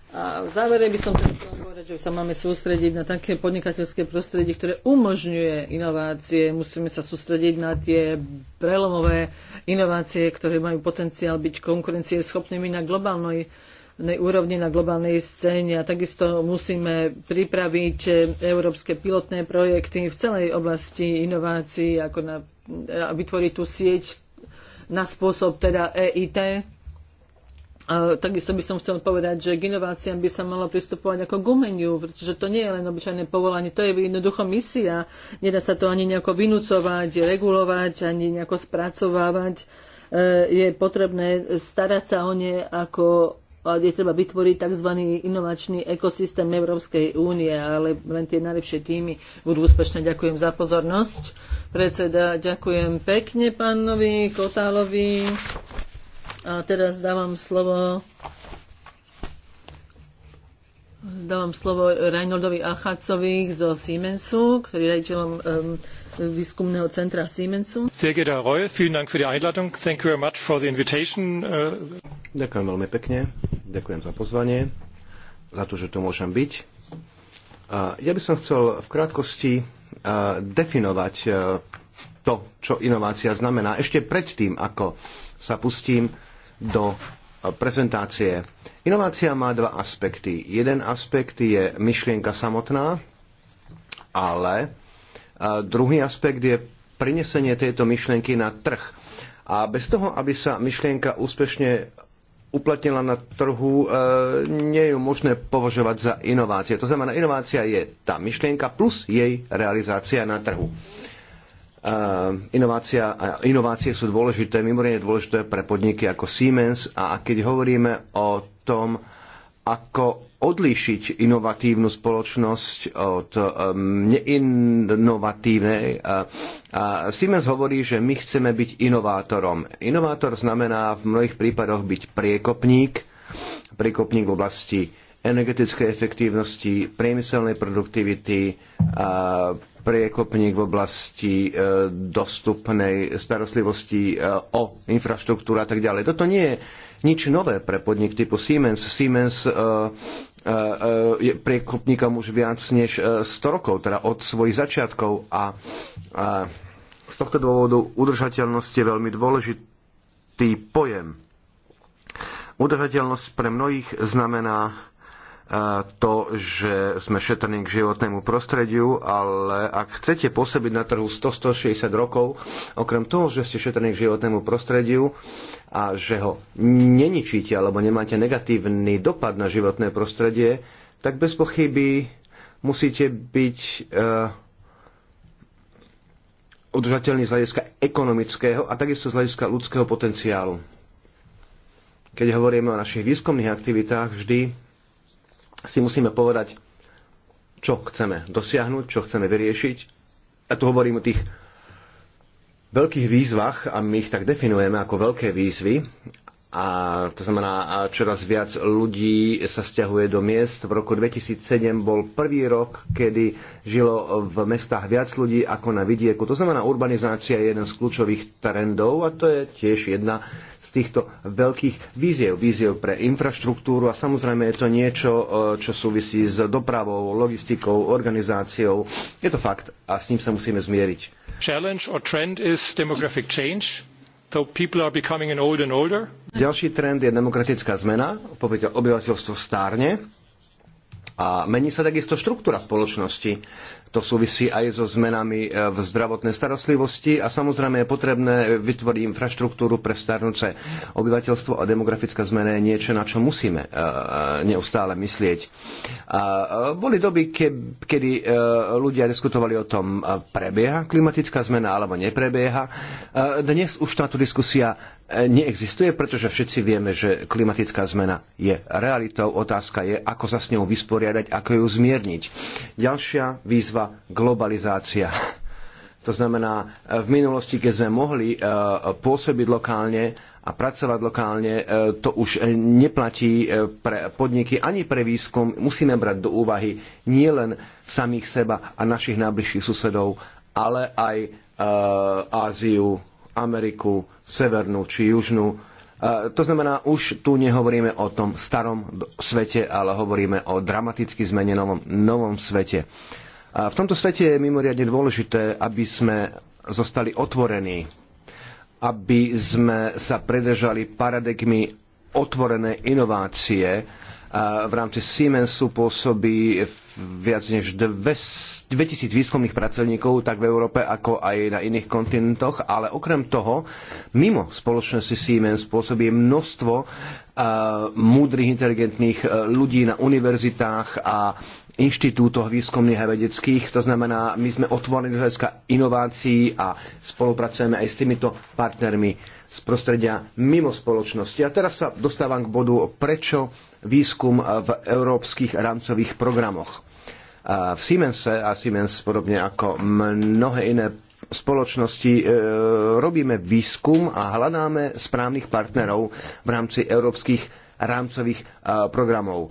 A v závere by som chcel povedať, že sa máme sústrediť na také podnikateľské prostredie, ktoré umožňuje inovácie. Musíme sa sústrediť na tie prelomové inovácie, ktoré majú potenciál byť konkurencieschopnými na globálnej úrovni, na globálnej scéne. A takisto musíme pripraviť európske pilotné projekty v celej oblasti inovácií, ako na, vytvoriť tú sieť na spôsob teda EIT, takisto by som chcel povedať, že k inováciám by sa malo pristupovať ako k umeniu, pretože to nie je len obyčajné povolanie, to je jednoducho misia. Nedá sa to ani nejako vynúcovať, regulovať, ani nejako spracovávať. E, je potrebné starať sa o ne ako je treba vytvoriť tzv. inovačný ekosystém Európskej únie, ale len tie najlepšie týmy budú úspešné. Ďakujem za pozornosť. Predseda, ďakujem pekne pánovi Kotálovi. A teraz dávam slovo Dávam slovo Reinoldovi Achacovi zo Siemensu, ktorý je riaditeľom výskumného centra Siemensu. Äh. Ďakujem veľmi pekne, ďakujem za pozvanie, za to, že tu môžem byť. Ja by som chcel v krátkosti äh, definovať äh, to, čo inovácia znamená, ešte predtým, ako sa pustím do prezentácie. Inovácia má dva aspekty. Jeden aspekt je myšlienka samotná, ale e, druhý aspekt je prinesenie tejto myšlienky na trh. A bez toho, aby sa myšlienka úspešne uplatnila na trhu, e, nie je ju možné považovať za inovácie. To znamená, inovácia je tá myšlienka plus jej realizácia na trhu. Ehm, inovácia, inovácie sú dôležité, mimoriadne dôležité pre podniky ako Siemens a keď hovoríme o tom, ako odlíšiť inovatívnu spoločnosť od ehm, neinovatívnej. A Siemens hovorí, že my chceme byť inovátorom. Inovátor znamená v mnohých prípadoch byť priekopník, priekopník v oblasti energetickej efektívnosti, priemyselnej produktivity, priekopník v oblasti e, dostupnej starostlivosti e, o infraštruktúru a tak ďalej. Toto nie je nič nové pre podnik typu Siemens. Siemens e, je priekopníkom už viac než 100 rokov, teda od svojich začiatkov a z tohto dôvodu udržateľnosť je veľmi dôležitý pojem. Udržateľnosť pre mnohých znamená to, že sme šetrní k životnému prostrediu, ale ak chcete pôsobiť na trhu 100-160 rokov, okrem toho, že ste šetrní k životnému prostrediu a že ho neničíte alebo nemáte negatívny dopad na životné prostredie, tak bez pochyby musíte byť uh, eh, udržateľní z hľadiska ekonomického a takisto z hľadiska ľudského potenciálu. Keď hovoríme o našich výskumných aktivitách, vždy si musíme povedať, čo chceme dosiahnuť, čo chceme vyriešiť. A tu hovorím o tých veľkých výzvach a my ich tak definujeme ako veľké výzvy a to znamená, čoraz viac ľudí sa stiahuje do miest. V roku 2007 bol prvý rok, kedy žilo v mestách viac ľudí ako na vidieku. To znamená, urbanizácia je jeden z kľúčových trendov a to je tiež jedna z týchto veľkých víziev. Víziev pre infraštruktúru a samozrejme je to niečo, e, čo súvisí s dopravou, logistikou, organizáciou. Je to fakt a s ním sa musíme zmieriť. Challenge or trend is demographic change so people are becoming an and older. Ďalší trend je demokratická zmena, obyvateľstvo stárne a mení sa takisto štruktúra spoločnosti. To súvisí aj so zmenami e, v zdravotnej starostlivosti a samozrejme je potrebné vytvoriť infraštruktúru pre starnúce obyvateľstvo a demografická zmena je niečo, na čo musíme e, e, neustále myslieť. Boli doby, kedy ľudia diskutovali o tom, prebieha klimatická zmena alebo neprebieha. Dnes už táto diskusia E, neexistuje, pretože všetci vieme, že klimatická zmena je realitou. Otázka je, ako sa s ňou vysporiadať, ako ju zmierniť. Ďalšia výzva globalizácia. To znamená, e, v minulosti, keď sme mohli e, pôsobiť lokálne a pracovať lokálne, to už neplatí pre podniky ani pre výskum. Musíme brať do úvahy nielen samých seba a našich najbližších susedov, ale aj Áziu, Ameriku, severnú či južnú. To znamená, už tu nehovoríme o tom starom svete, ale hovoríme o dramaticky zmenenom novom svete. A v tomto svete je mimoriadne dôležité, aby sme zostali otvorení, aby sme sa predržali paradigmy otvorené inovácie, v rámci Siemensu pôsobí viac než 2000 výskumných pracovníkov tak v Európe ako aj na iných kontinentoch, ale okrem toho mimo spoločnosti Siemens pôsobí množstvo uh, múdrych, inteligentných ľudí na univerzitách a inštitútoch výskumných a vedeckých. To znamená, my sme otvorení z hľadiska inovácií a spolupracujeme aj s týmito partnermi z prostredia mimo spoločnosti. A teraz sa dostávam k bodu, prečo výskum v európskych rámcových programoch. V Siemense a Siemens podobne ako mnohé iné spoločnosti e, robíme výskum a hľadáme správnych partnerov v rámci európskych rámcových e, programov. E,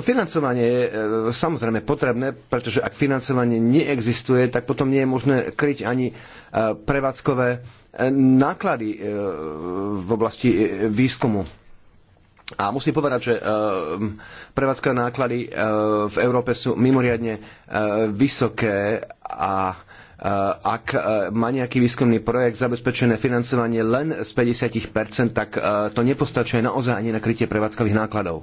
financovanie je e, samozrejme potrebné, pretože ak financovanie neexistuje, tak potom nie je možné kryť ani e, prevádzkové e, náklady e, v oblasti e, výskumu a musím povedať, že ehm, prevádzkové náklady ehm, v Európe sú mimoriadne ehm, vysoké a ak má nejaký výskumný projekt zabezpečené financovanie len z 50%, tak to nepostačuje naozaj ani na krytie prevádzkových nákladov.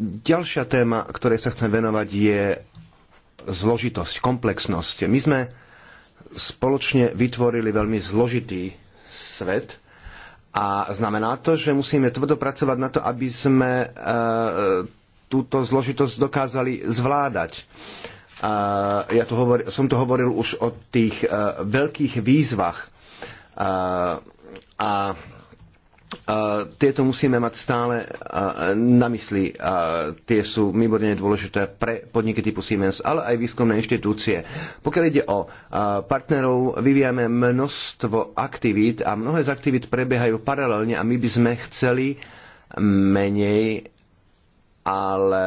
Ďalšia téma, ktorej sa chcem venovať, je zložitosť, komplexnosť. My sme spoločne vytvorili veľmi zložitý svet, a znamená to, že musíme tvrdo pracovať na to, aby sme e, túto zložitosť dokázali zvládať. E, ja to hovor, som to hovoril už o tých e, veľkých výzvach a tieto musíme mať stále na mysli. A tie sú mimoriadne dôležité pre podniky typu Siemens, ale aj výskumné inštitúcie. Pokiaľ ide o partnerov, vyvíjame množstvo aktivít a mnohé z aktivít prebiehajú paralelne a my by sme chceli menej ale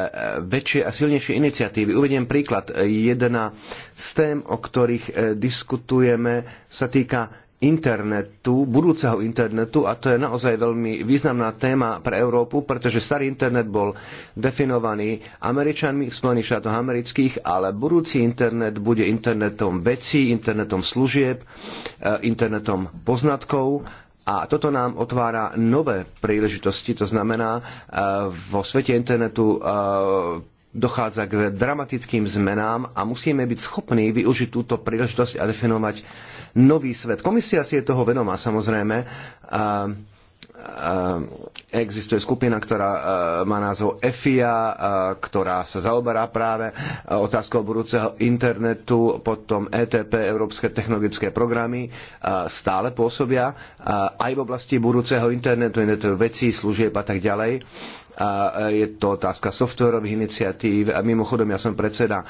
väčšie a silnejšie iniciatívy. Uvediem príklad. Jedna z tém, o ktorých e, diskutujeme, sa týka internetu, budúceho internetu a to je naozaj veľmi významná téma pre Európu, pretože starý internet bol definovaný Američanmi v Spojených štátoch amerických, ale budúci internet bude internetom vecí, internetom služieb, e, internetom poznatkov a toto nám otvára nové príležitosti, to znamená, e, vo svete internetu e, dochádza k dramatickým zmenám a musíme byť schopní využiť túto príležitosť a definovať nový svet. Komisia si je toho vedomá samozrejme. A, existuje skupina, ktorá má názov EFIA, ktorá sa zaoberá práve otázkou budúceho internetu, potom ETP, Európske technologické programy, stále pôsobia aj v oblasti budúceho internetu, internetu vecí, služieb a tak ďalej a e, je to otázka softverových iniciatív. A mimochodom, ja som predseda e,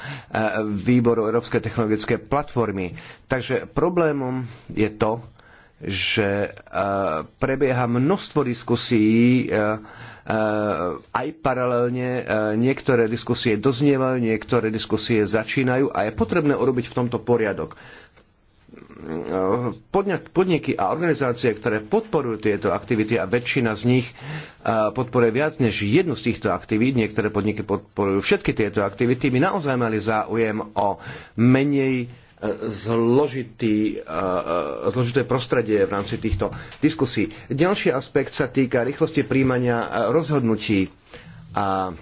výboru Európskej technologické platformy. Takže problémom je to, že e, prebieha množstvo diskusí aj paralelne niektoré diskusie doznievajú, niektoré diskusie začínajú a je potrebné urobiť v tomto poriadok podniky a organizácie, ktoré podporujú tieto aktivity a väčšina z nich eh, podporuje viac než jednu z týchto aktivít, niektoré podniky podporujú všetky tieto aktivity, by naozaj mali záujem o menej eh, zložitý, eh, zložité prostredie v rámci týchto diskusí. Ďalší aspekt sa týka rýchlosti príjmania rozhodnutí a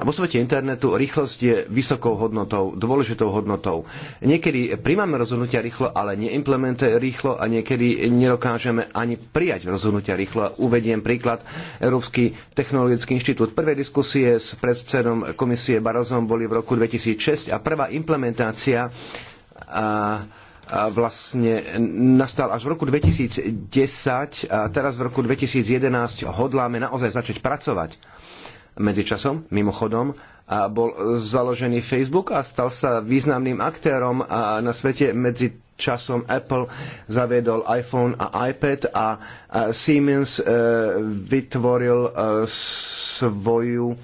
vo svete internetu rýchlosť je vysokou hodnotou, dôležitou hodnotou. Niekedy príjmame rozhodnutia rýchlo, ale neimplementuje rýchlo a niekedy nedokážeme ani prijať rozhodnutia rýchlo. Uvediem príklad. Európsky technologický inštitút. Prvé diskusie s predsedom komisie Barozom boli v roku 2006 a prvá implementácia a, vlastne nastal až v roku 2010 a teraz v roku 2011 hodláme naozaj začať pracovať Medzičasom, mimochodom, bol založený Facebook a stal sa významným aktérom na svete medzi časom Apple zaviedol iPhone a iPad a Siemens e, vytvoril e, svoju e,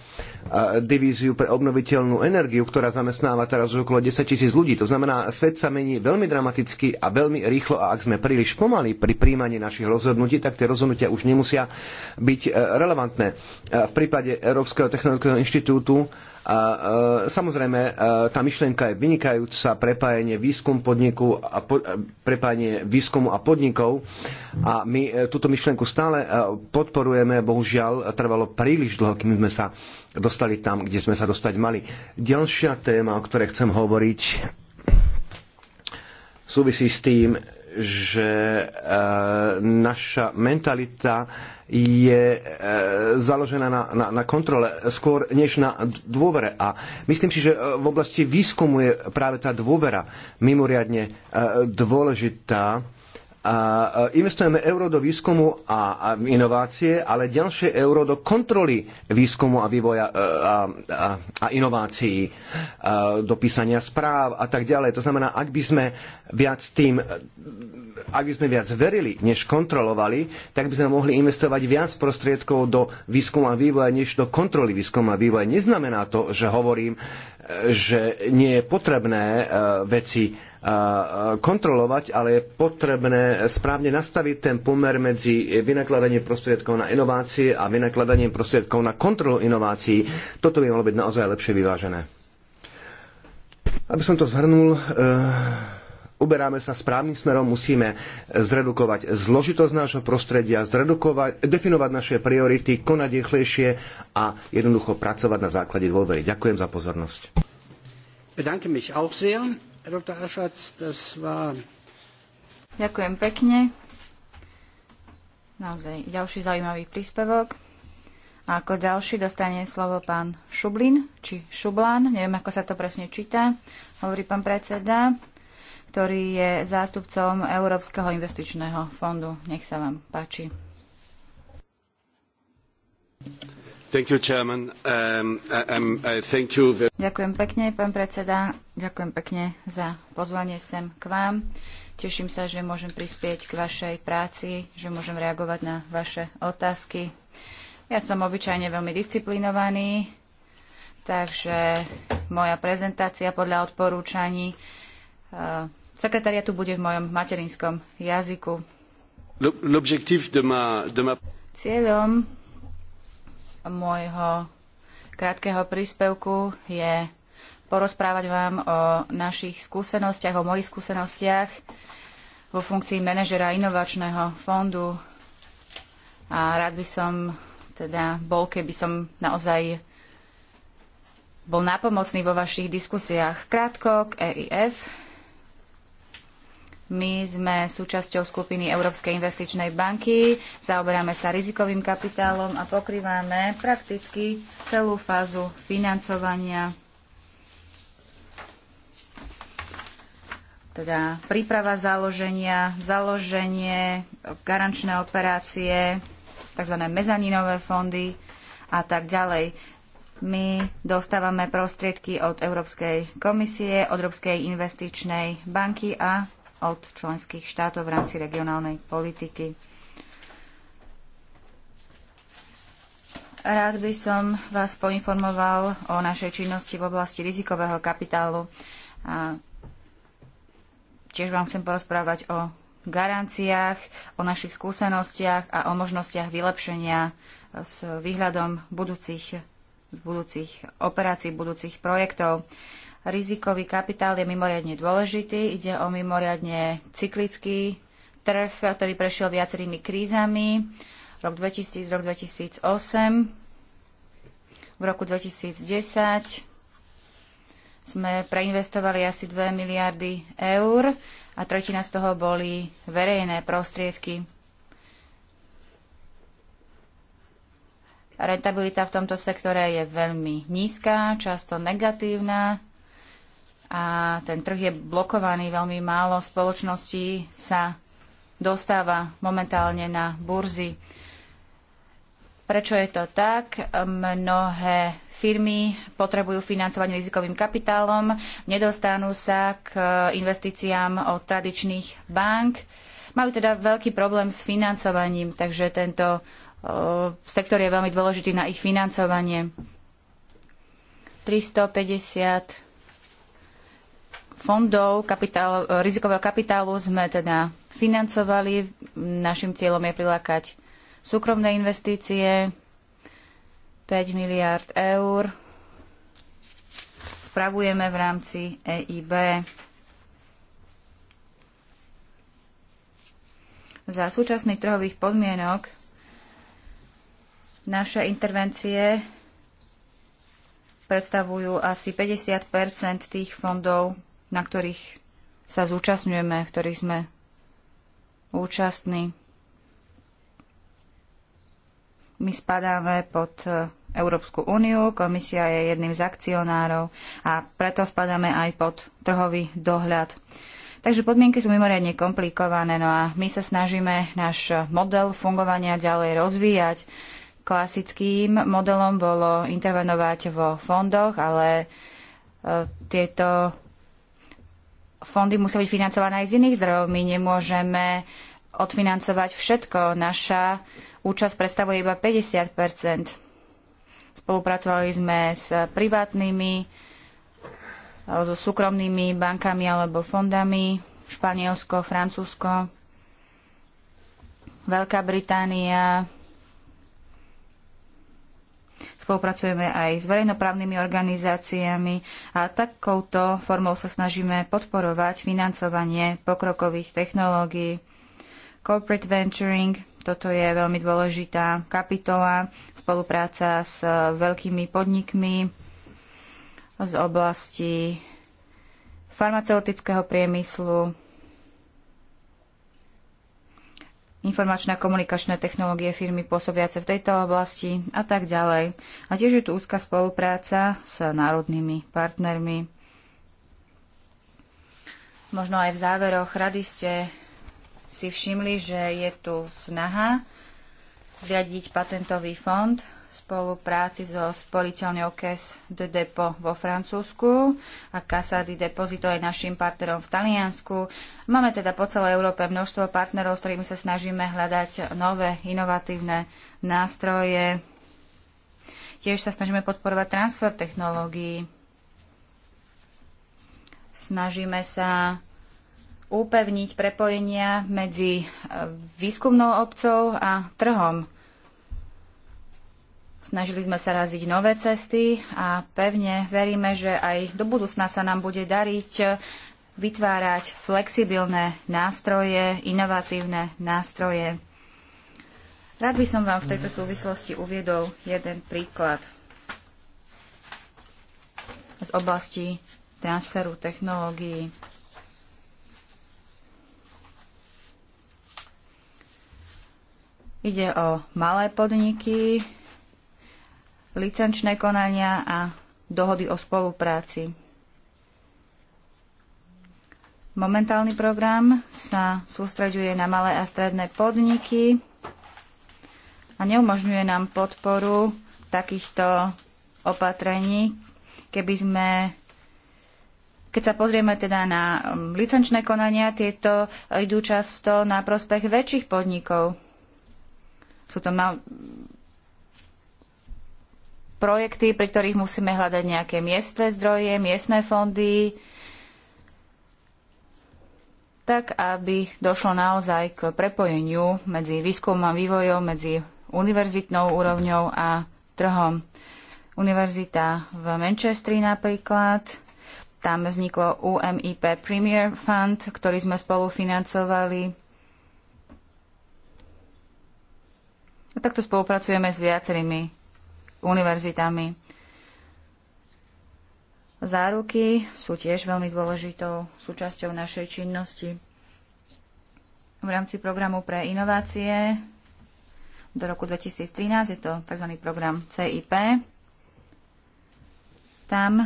divíziu pre obnoviteľnú energiu, ktorá zamestnáva teraz už okolo 10 tisíc ľudí. To znamená, svet sa mení veľmi dramaticky a veľmi rýchlo a ak sme príliš pomalí pri príjmaní našich rozhodnutí, tak tie rozhodnutia už nemusia byť relevantné. V prípade Európskeho technologického inštitútu a e, samozrejme, e, tá myšlienka je vynikajúca, prepájanie výskum podniku a po, e, prepájanie výskumu a podnikov. A my túto myšlienku stále podporujeme, bohužiaľ trvalo príliš dlho, kým sme sa dostali tam, kde sme sa dostať mali. Ďalšia téma, o ktorej chcem hovoriť, súvisí s tým, že e, naša mentalita je e, založená na, na, na kontrole skôr než na dôvere. A myslím si, že e, v oblasti výskumu je práve tá dôvera mimoriadne e, dôležitá a e, investujeme euro do výskumu a inovácie, ale ďalšie euro do kontroly výskumu a vývoja e, a, a, a inovácií, a e, do písania správ a tak ďalej. To znamená, ak by sme viac tým, ak by sme viac verili, než kontrolovali, tak by sme mohli investovať viac prostriedkov do výskumu a vývoja, než do kontroly výskumu a vývoja. Neznamená to, že hovorím, že nie je potrebné veci kontrolovať, ale je potrebné správne nastaviť ten pomer medzi vynakladaním prostriedkov na inovácie a vynakladaním prostriedkov na kontrolu inovácií. Toto by malo byť naozaj lepšie vyvážené. Aby som to zhrnul, e, uberáme sa správnym smerom, musíme zredukovať zložitosť nášho prostredia, zredukovať, definovať naše priority, konať rýchlejšie a jednoducho pracovať na základe dôvery. Ďakujem za pozornosť. Bedanke mich auch sehr. Herr Dr. Aschatz, das war... Ďakujem pekne. Naozaj ďalší zaujímavý príspevok. A ako ďalší dostane slovo pán Šublin, či Šublán, neviem, ako sa to presne číta, hovorí pán predseda, ktorý je zástupcom Európskeho investičného fondu. Nech sa vám páči. Um, um, uh, Ďakujem pekne, pán predseda. Ďakujem pekne za pozvanie sem k vám. Teším sa, že môžem prispieť k vašej práci, že môžem reagovať na vaše otázky. Ja som obyčajne veľmi disciplinovaný, takže moja prezentácia podľa odporúčaní uh, sekretariatu bude v mojom materinskom jazyku. Cieľom môjho krátkeho príspevku je porozprávať vám o našich skúsenostiach, o mojich skúsenostiach vo funkcii manažera inovačného fondu. A rád by som teda bol, keby som naozaj bol nápomocný vo vašich diskusiách. Krátko k EIF. My sme súčasťou skupiny Európskej investičnej banky, zaoberáme sa rizikovým kapitálom a pokrývame prakticky celú fázu financovania. Teda príprava založenia, založenie, garančné operácie, tzv. mezaninové fondy a tak ďalej. My dostávame prostriedky od Európskej komisie, od Európskej investičnej banky a od členských štátov v rámci regionálnej politiky. Rád by som vás poinformoval o našej činnosti v oblasti rizikového kapitálu a tiež vám chcem porozprávať o garanciách, o našich skúsenostiach a o možnostiach vylepšenia s výhľadom budúcich, budúcich operácií, budúcich projektov. Rizikový kapitál je mimoriadne dôležitý, ide o mimoriadne cyklický trh, ktorý prešiel viacerými krízami. Rok 2000, rok 2008, v roku 2010 sme preinvestovali asi 2 miliardy eur a tretina z toho boli verejné prostriedky. Rentabilita v tomto sektore je veľmi nízka, často negatívna a ten trh je blokovaný, veľmi málo spoločností sa dostáva momentálne na burzy. Prečo je to tak? Mnohé firmy potrebujú financovanie rizikovým kapitálom, nedostanú sa k investíciám od tradičných bank, majú teda veľký problém s financovaním, takže tento sektor je veľmi dôležitý na ich financovanie. 350 fondov kapitál, rizikového kapitálu sme teda financovali. Našim cieľom je prilákať súkromné investície 5 miliard eur. Spravujeme v rámci EIB. Za súčasných trhových podmienok naše intervencie predstavujú asi 50 tých fondov, na ktorých sa zúčastňujeme, v ktorých sme účastní. My spadáme pod e, Európsku úniu, komisia je jedným z akcionárov a preto spadáme aj pod trhový dohľad. Takže podmienky sú mimoriadne komplikované, no a my sa snažíme náš model fungovania ďalej rozvíjať. Klasickým modelom bolo intervenovať vo fondoch, ale e, tieto fondy musia byť financované aj z iných zdrojov. My nemôžeme odfinancovať všetko. Naša účasť predstavuje iba 50 Spolupracovali sme s privátnymi, so súkromnými bankami alebo fondami, Španielsko, Francúzsko, Veľká Británia, spolupracujeme aj s verejnoprávnymi organizáciami a takouto formou sa snažíme podporovať financovanie pokrokových technológií. Corporate venturing, toto je veľmi dôležitá kapitola, spolupráca s veľkými podnikmi z oblasti farmaceutického priemyslu, informačné a komunikačné technológie firmy pôsobiace v tejto oblasti a tak ďalej. A tiež je tu úzka spolupráca s národnými partnermi. Možno aj v záveroch rady ste si všimli, že je tu snaha zriadiť patentový fond spolupráci so sporiteľňou KES de Depo vo Francúzsku a Casa Depozito Deposito je našim partnerom v Taliansku. Máme teda po celej Európe množstvo partnerov, s ktorými sa snažíme hľadať nové inovatívne nástroje. Tiež sa snažíme podporovať transfer technológií. Snažíme sa upevniť prepojenia medzi e, výskumnou obcov a trhom. Snažili sme sa raziť nové cesty a pevne veríme, že aj do budúcna sa nám bude dariť vytvárať flexibilné nástroje, inovatívne nástroje. Rád by som vám v tejto súvislosti uviedol jeden príklad z oblasti transferu technológií. Ide o malé podniky, licenčné konania a dohody o spolupráci. Momentálny program sa sústreďuje na malé a stredné podniky a neumožňuje nám podporu takýchto opatrení, keby sme keď sa pozrieme teda na um, licenčné konania, tieto idú často na prospech väčších podnikov. Sú to mal, projekty, pri ktorých musíme hľadať nejaké miestne zdroje, miestne fondy, tak aby došlo naozaj k prepojeniu medzi výskumom a vývojom, medzi univerzitnou úrovňou a trhom. Univerzita v Manchestri napríklad, tam vzniklo UMIP Premier Fund, ktorý sme spolufinancovali. A takto spolupracujeme s viacerými univerzitami. Záruky sú tiež veľmi dôležitou súčasťou našej činnosti. V rámci programu pre inovácie do roku 2013 je to tzv. program CIP. Tam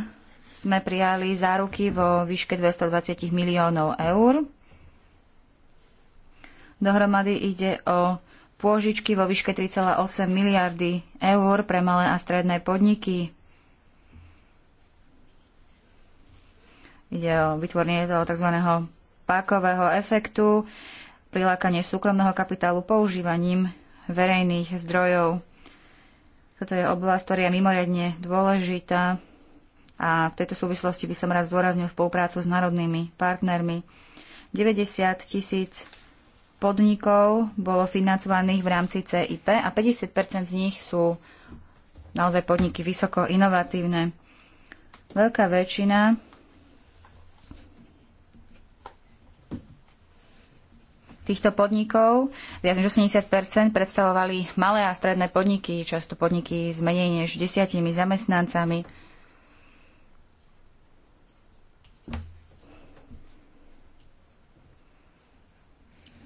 sme prijali záruky vo výške 220 miliónov eur. Dohromady ide o pôžičky vo výške 3,8 miliardy eur pre malé a stredné podniky. Ide o vytvorenie toho tzv. pákového efektu, prilákanie súkromného kapitálu používaním verejných zdrojov. Toto je oblasť, ktorá je mimoriadne dôležitá a v tejto súvislosti by som raz zdôraznil spoluprácu s národnými partnermi. 90 tisíc podnikov bolo financovaných v rámci CIP a 50 z nich sú naozaj podniky vysoko inovatívne. Veľká väčšina týchto podnikov, viac než 80 predstavovali malé a stredné podniky, často podniky s menej než desiatimi zamestnancami.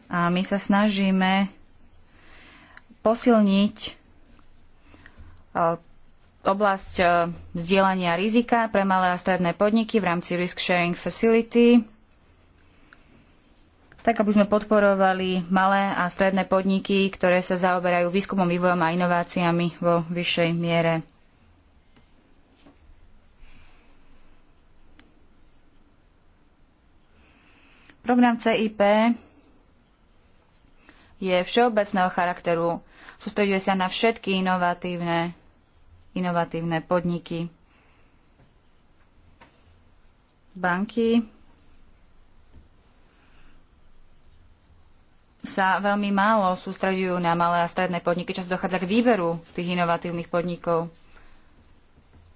A my sa snažíme posilniť e, oblasť e, vzdielania rizika pre malé a stredné podniky v rámci Risk Sharing Facility, tak aby sme podporovali malé a stredné podniky, ktoré sa zaoberajú výskumom, vývojom a inováciami vo vyššej miere. Program CIP je všeobecného charakteru. Sústreduje sa na všetky inovatívne, inovatívne podniky. Banky sa veľmi málo sústredujú na malé a stredné podniky, čas dochádza k výberu tých inovatívnych podnikov.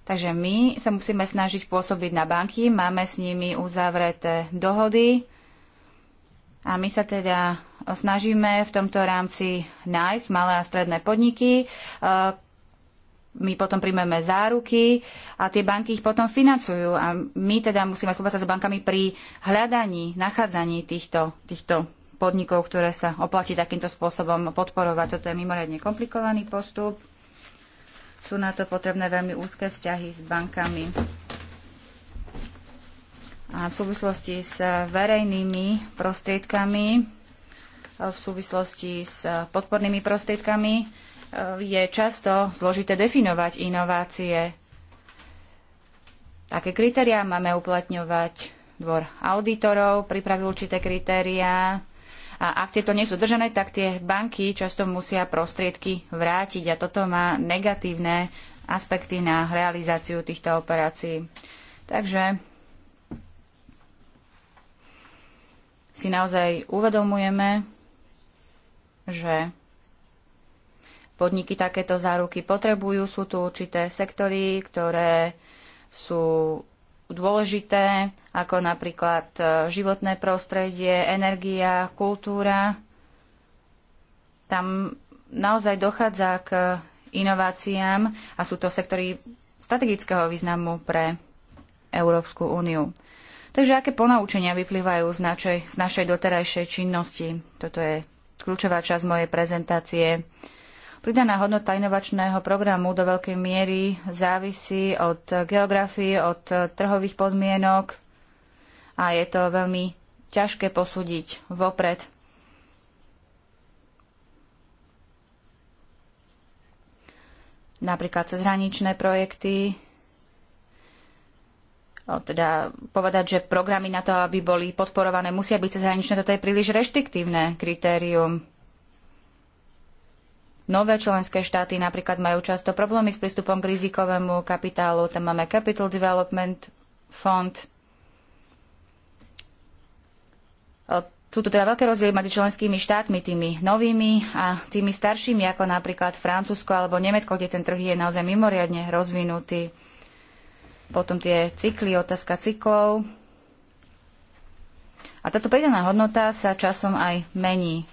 Takže my sa musíme snažiť pôsobiť na banky, máme s nimi uzavreté dohody a my sa teda snažíme v tomto rámci nájsť malé a stredné podniky. My potom príjmeme záruky a tie banky ich potom financujú. A my teda musíme spolupracovať s bankami pri hľadaní, nachádzaní týchto, týchto podnikov, ktoré sa oplatí takýmto spôsobom podporovať. Toto je mimoriadne komplikovaný postup. Sú na to potrebné veľmi úzke vzťahy s bankami. A v súvislosti s verejnými prostriedkami v súvislosti s eh, podpornými prostriedkami eh, je často zložité definovať inovácie. Také kritériá máme uplatňovať? Dvor auditorov pripravil určité kritériá, a ak tieto nie sú držané, tak tie banky často musia prostriedky vrátiť a toto má negatívne aspekty na realizáciu týchto operácií. Takže si naozaj uvedomujeme, že podniky takéto záruky potrebujú. Sú tu určité sektory, ktoré sú dôležité, ako napríklad e, životné prostredie, energia, kultúra. Tam naozaj dochádza k inováciám a sú to sektory strategického významu pre Európsku úniu. Takže aké ponaučenia vyplývajú z našej, z našej doterajšej činnosti? Toto je kľúčová časť mojej prezentácie. Pridaná hodnota inovačného programu do veľkej miery závisí od geografie, od trhových podmienok a je to veľmi ťažké posúdiť vopred. Napríklad cezhraničné projekty teda povedať, že programy na to, aby boli podporované, musia byť cezhraničné. Toto je príliš reštriktívne kritérium. Nové členské štáty napríklad majú často problémy s prístupom k rizikovému kapitálu. Tam máme Capital Development Fond. Sú tu teda veľké rozdiely medzi členskými štátmi, tými novými a tými staršími, ako napríklad Francúzsko alebo Nemecko, kde ten trh je naozaj mimoriadne rozvinutý. Potom tie cykly, otázka cyklov. A táto pridaná hodnota sa časom aj mení.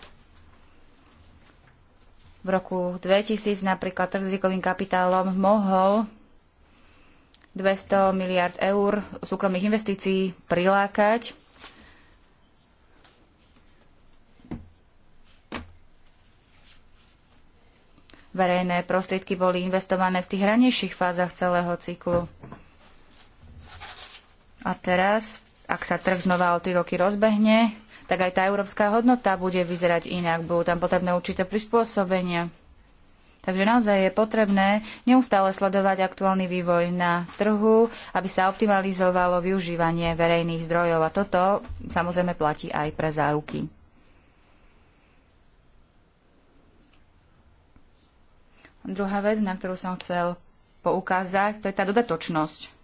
V roku 2000 napríklad trh s rizikovým kapitálom mohol 200 miliard eur súkromných investícií prilákať. Verejné prostriedky boli investované v tých ranejších fázach celého cyklu. A teraz, ak sa trh znova o 3 roky rozbehne, tak aj tá európska hodnota bude vyzerať inak. Budú tam potrebné určité prispôsobenia. Takže naozaj je potrebné neustále sledovať aktuálny vývoj na trhu, aby sa optimalizovalo využívanie verejných zdrojov. A toto samozrejme platí aj pre záruky. Druhá vec, na ktorú som chcel poukázať, to je tá dodatočnosť.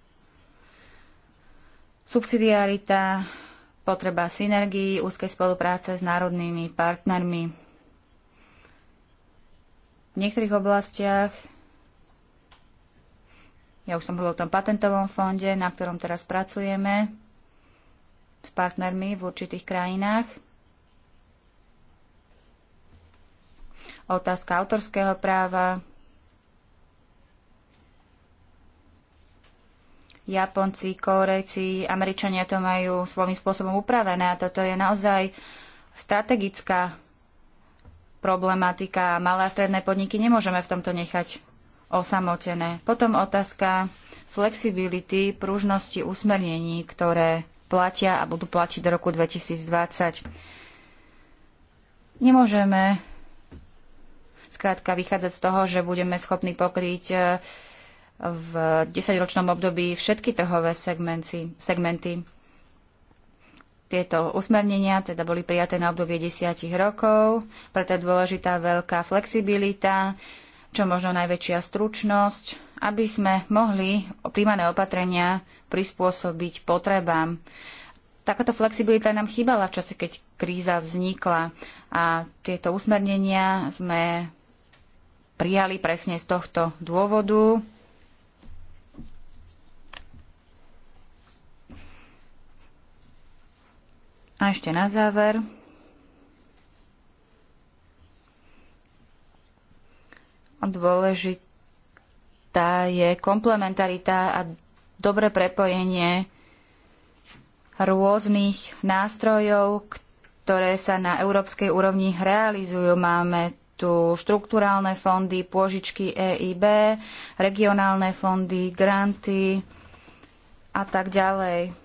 Subsidiarita, potreba synergii, úzkej spolupráce s národnými partnermi. V niektorých oblastiach, ja už som hovoril o tom patentovom fonde, na ktorom teraz pracujeme s partnermi v určitých krajinách, otázka autorského práva, Japonci, Korejci, Američania to majú svojím spôsobom upravené a toto je naozaj strategická problematika. Malé a stredné podniky nemôžeme v tomto nechať osamotené. Potom otázka flexibility, pružnosti usmernení, ktoré platia a budú platiť do roku 2020. Nemôžeme skrátka vychádzať z toho, že budeme schopní pokryť eh, v desaťročnom období všetky trhové segmenty, segmenty. Tieto usmernenia teda boli prijaté na obdobie desiatich rokov, preto je dôležitá veľká flexibilita, čo možno najväčšia stručnosť, aby sme mohli príjmané opatrenia prispôsobiť potrebám. Takáto flexibilita nám chýbala v čase, keď kríza vznikla a tieto usmernenia sme prijali presne z tohto dôvodu A ešte na záver. Dôležitá je komplementarita a dobré prepojenie rôznych nástrojov, ktoré sa na európskej úrovni realizujú. Máme tu štruktúrálne fondy, pôžičky EIB, regionálne fondy, granty a tak ďalej.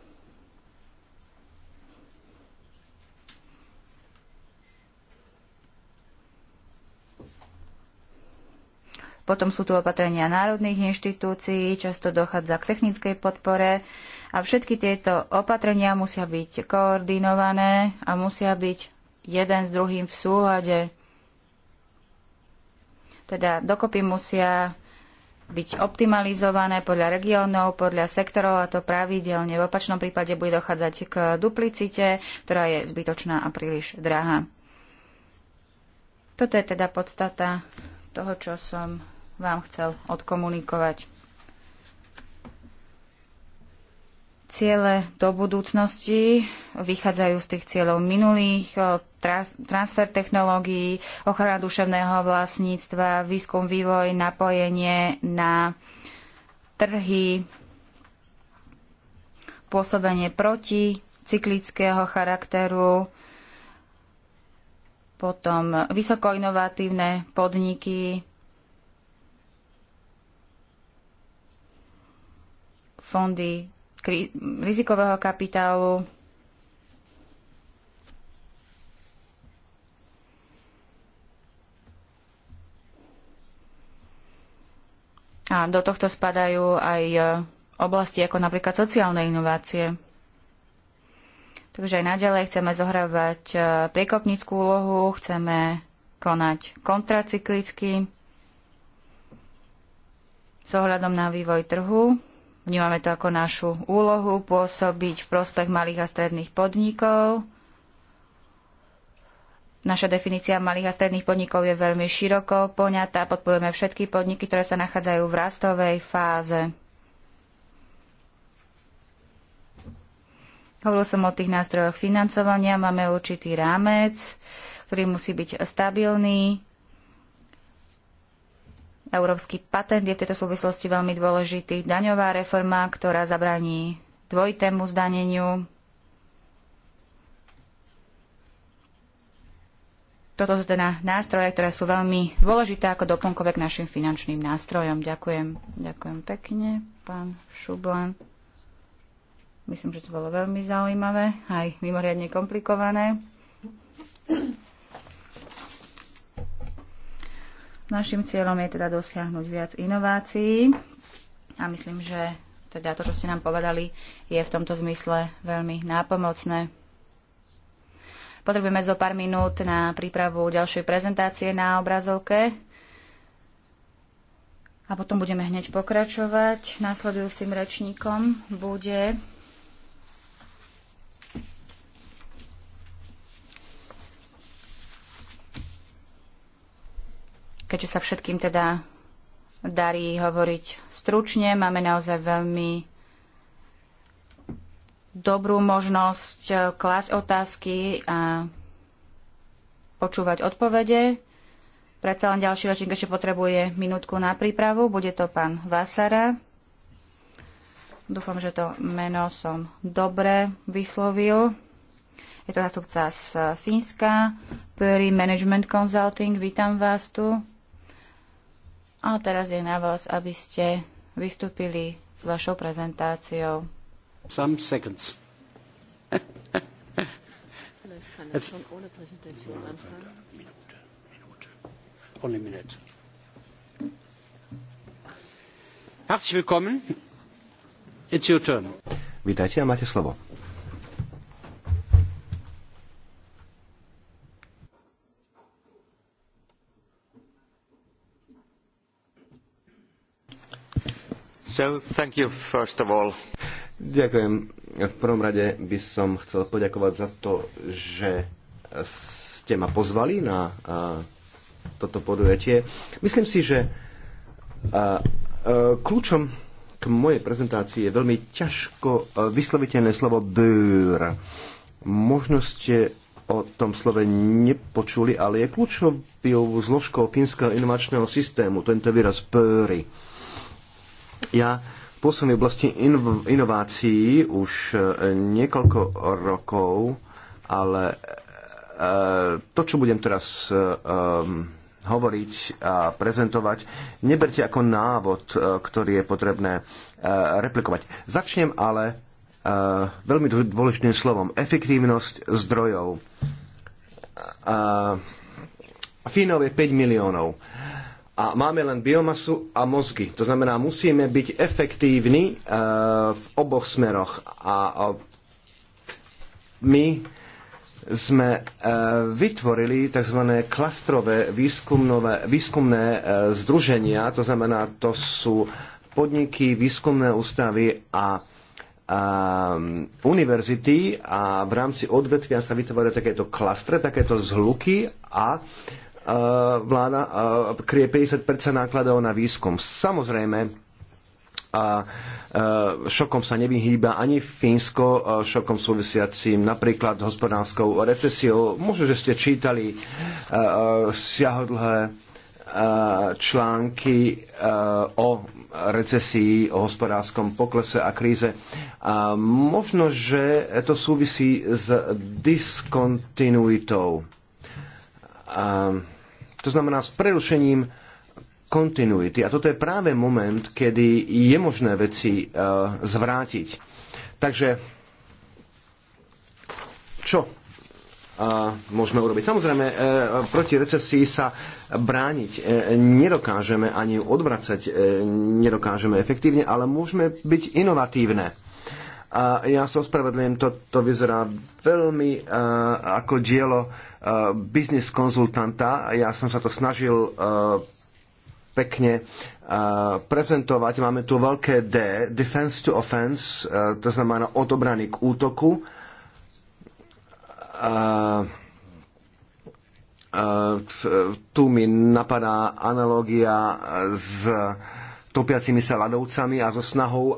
Potom sú tu opatrenia národných inštitúcií, často dochádza k technickej podpore a všetky tieto opatrenia musia byť koordinované a musia byť jeden s druhým v súlade. Teda dokopy musia byť optimalizované podľa regiónov, podľa sektorov a to pravidelne. V opačnom prípade bude dochádzať k duplicite, ktorá je zbytočná a príliš drahá. Toto je teda podstata toho, čo som vám chcel odkomunikovať. Ciele do budúcnosti vychádzajú z tých cieľov minulých, eh, transfer technológií, ochrana duševného vlastníctva, výskum, vývoj, napojenie na trhy, pôsobenie proti cyklického charakteru, potom vysokoinovatívne podniky, fondy rizikového kapitálu, A do tohto spadajú aj e, oblasti ako napríklad sociálne inovácie. Takže aj naďalej chceme zohrávať e, priekopnickú úlohu, chceme konať kontracyklicky s ohľadom na vývoj trhu Vnímame to ako našu úlohu pôsobiť v prospech malých a stredných podnikov. Naša definícia malých a stredných podnikov je veľmi široko poňatá. Podporujeme všetky podniky, ktoré sa nachádzajú v rastovej fáze. Hovoril som o tých nástrojoch financovania. Máme určitý rámec, ktorý musí byť stabilný, Európsky patent je v tejto súvislosti veľmi dôležitý. Daňová reforma, ktorá zabraní dvojitému zdaneniu. Toto sú teda nástroje, ktoré sú veľmi dôležité ako doplnkové k našim finančným nástrojom. Ďakujem. Ďakujem pekne, pán Šublan. Myslím, že to bolo veľmi zaujímavé, aj mimoriadne komplikované. Našim cieľom je teda dosiahnuť viac inovácií a myslím, že teda to, čo ste nám povedali, je v tomto zmysle veľmi nápomocné. Potrebujeme zo pár minút na prípravu ďalšej prezentácie na obrazovke a potom budeme hneď pokračovať. Následujúcim rečníkom bude keďže sa všetkým teda darí hovoriť stručne. Máme naozaj veľmi dobrú možnosť eh, klásť otázky a počúvať odpovede. Predsa len ďalší ročník ešte potrebuje minútku na prípravu. Bude to pán Vasara. Dúfam, že to meno som dobre vyslovil. Je to zástupca z Fínska, Pöri Management Consulting. Vítam vás tu. A teraz je na vás, aby ste vystúpili s vašou prezentáciou. Some seconds. Only minute. Herzlich willkommen. It's your turn. Vítajte a máte slovo. Ďakujem. V prvom rade by som chcel poďakovať za to, že ste ma pozvali na toto podujatie. Myslím si, že kľúčom k mojej prezentácii je veľmi ťažko vysloviteľné slovo bőr. Možno ste o tom slove nepočuli, ale je kľúčovou zložkou fínskeho inovačného systému tento výraz bőry ja pôsobím v oblasti inovácií už e, niekoľko rokov, ale e, to, čo budem teraz e, hovoriť a prezentovať, neberte ako návod, ktorý je potrebné replikovať. Začnem ale veľmi dôležitým slovom. Efektívnosť zdrojov. Fínov je 5 miliónov a máme len biomasu a mozgy. To znamená, musíme byť efektívni eh, v oboch smeroch. A my sme eh, vytvorili tzv. klastrové výskumné, výskumné eh, združenia, to znamená, to sú podniky, výskumné ústavy a a univerzity a v rámci odvetvia sa vytvárajú takéto klastre, takéto zhluky a Eh, vláda eh, krie 50 nákladov na výskum. Samozrejme, a eh, šokom sa nevyhýba ani Fínsko, šokom súvisiacím napríklad hospodárskou recesiou. Možno, že ste čítali siahodlhé články o recesii, o hospodárskom poklese a kríze. A možno, že to súvisí s diskontinuitou. A to znamená s prerušením kontinuity. A toto je práve moment, kedy je možné veci uh, zvrátiť. Takže čo uh, môžeme urobiť? Samozrejme, uh, proti recesii sa brániť uh, nedokážeme, ani odvracať uh, nedokážeme efektívne, ale môžeme byť inovatívne. A ja sa ospravedlňujem, to, to vyzerá veľmi uh, ako dielo uh, eh, biznis konzultanta. Ja som sa to snažil uh, pekne uh, prezentovať. Máme tu veľké D, defense to offense, uh, to znamená od obrany k útoku. Uh, uh, tu mi napadá analogia z uh, topiacimi sa ľadovcami a so snahou e,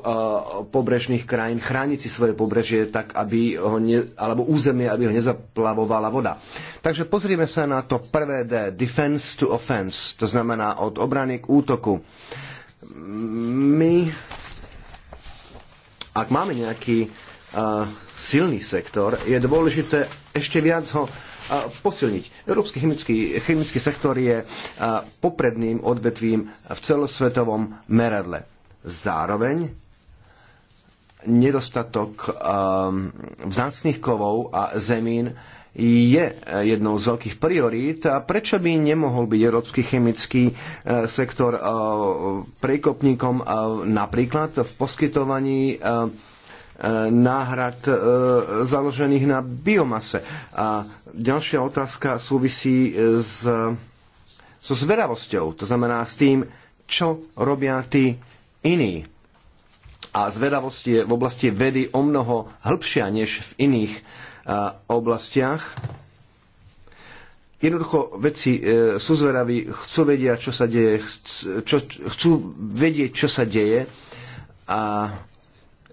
pobrežných krajín chrániť si svoje pobrežie tak, aby ho ne, alebo územie, aby ho nezaplavovala voda. Takže pozrieme sa na to prvé D, defense to offense, to znamená od obrany k útoku. My, ak máme nejaký uh, silný sektor, je dôležité ešte viac ho posilniť. Európsky chemický, chemický sektor je popredným odvetvím v celosvetovom meradle. Zároveň nedostatok vzácných kovov a zemín je e, jednou z veľkých priorít a prečo by nemohol byť európsky chemický e, sektor e, prekopníkom napríklad v poskytovaní náhrad eh, založených na biomase. A ďalšia otázka súvisí eh, s, so zvedavosťou, to znamená s tým, čo robia tí iní. A zvedavosť je v oblasti vedy o mnoho hĺbšia než v iných eh, oblastiach. Jednoducho vedci e, sú zveraví, chcú vedieť, čo sa deje, chcú, čo, chcú vedieť, čo sa deje a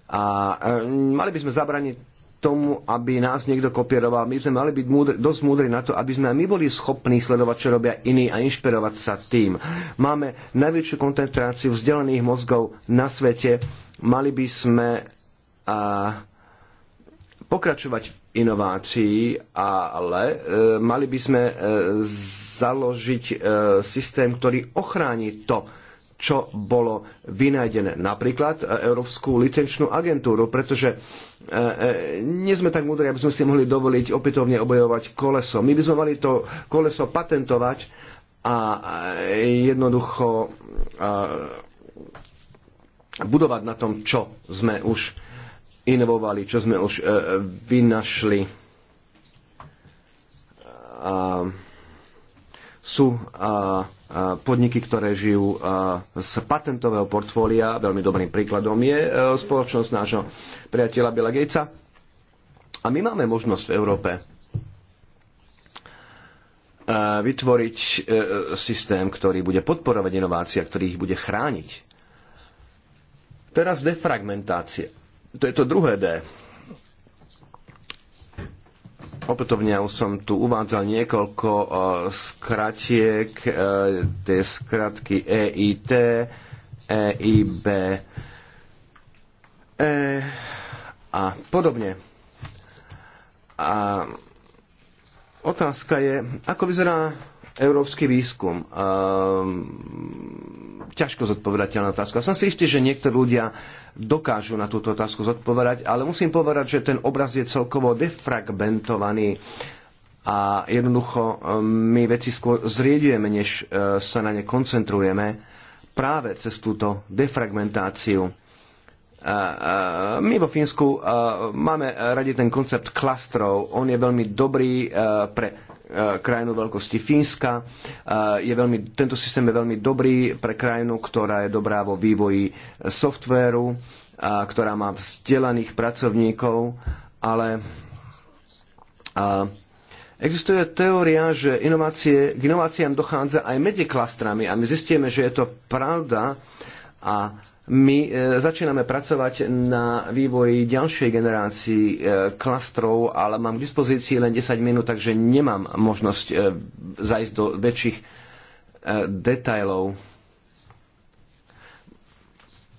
a e, mali by sme zabraniť tomu, aby nás niekto kopieroval. My sme mali byť múdri, dosť múdri na to, aby sme aj my boli schopní sledovať, čo robia iní a inšpirovať sa tým. Máme najväčšiu koncentráciu vzdelených mozgov na svete. Mali by sme a, pokračovať v inovácií, ale e, mali by sme e, založiť e, systém, ktorý ochráni to, čo bolo vynájdené. Napríklad e, Európsku licenčnú agentúru, pretože e, e, nie sme tak múdri, aby sme si mohli dovoliť opätovne obojovať koleso. My by sme mali to koleso patentovať a jednoducho budovať na tom, čo sme už inovovali, čo sme už vynašli. A sú podniky, ktoré žijú z patentového portfólia. Veľmi dobrým príkladom je e, spoločnosť nášho priateľa Billa Gatesa. A my máme možnosť v Európe e, vytvoriť e, systém, ktorý bude podporovať inovácie, ktorý ich bude chrániť. Teraz defragmentácia. To je to druhé D. Opätovne ja už som tu uvádzal niekoľko eh, skratiek, eh, tie skratky EIT, EIB, E a podobne. A otázka je, ako vyzerá európsky výskum? Uh, ťažko zodpovedateľná otázka. Som si istý, že niektorí ľudia dokážu na túto otázku zodpovedať, ale musím povedať, že ten obraz je celkovo defragmentovaný a jednoducho e, my veci skôr zriedujeme, než e, sa na ne koncentrujeme práve cez túto defragmentáciu. E, my vo Fínsku máme radi ten koncept klastrov. On je veľmi dobrý pre Eh, krajinu veľkosti Fínska. Eh, je veľmi, tento systém je veľmi dobrý pre krajinu, ktorá je dobrá vo vývoji eh, softvéru, ktorá má vzdelaných pracovníkov, ale Existuje teória, že inovácie, k inováciám dochádza aj medzi klastrami a my zistíme, že je to pravda a my e, začíname pracovať na vývoji ďalšej generácii e, klastrov, ale mám k dispozícii len 10 minút, takže nemám možnosť e, zajsť do väčších detajlov.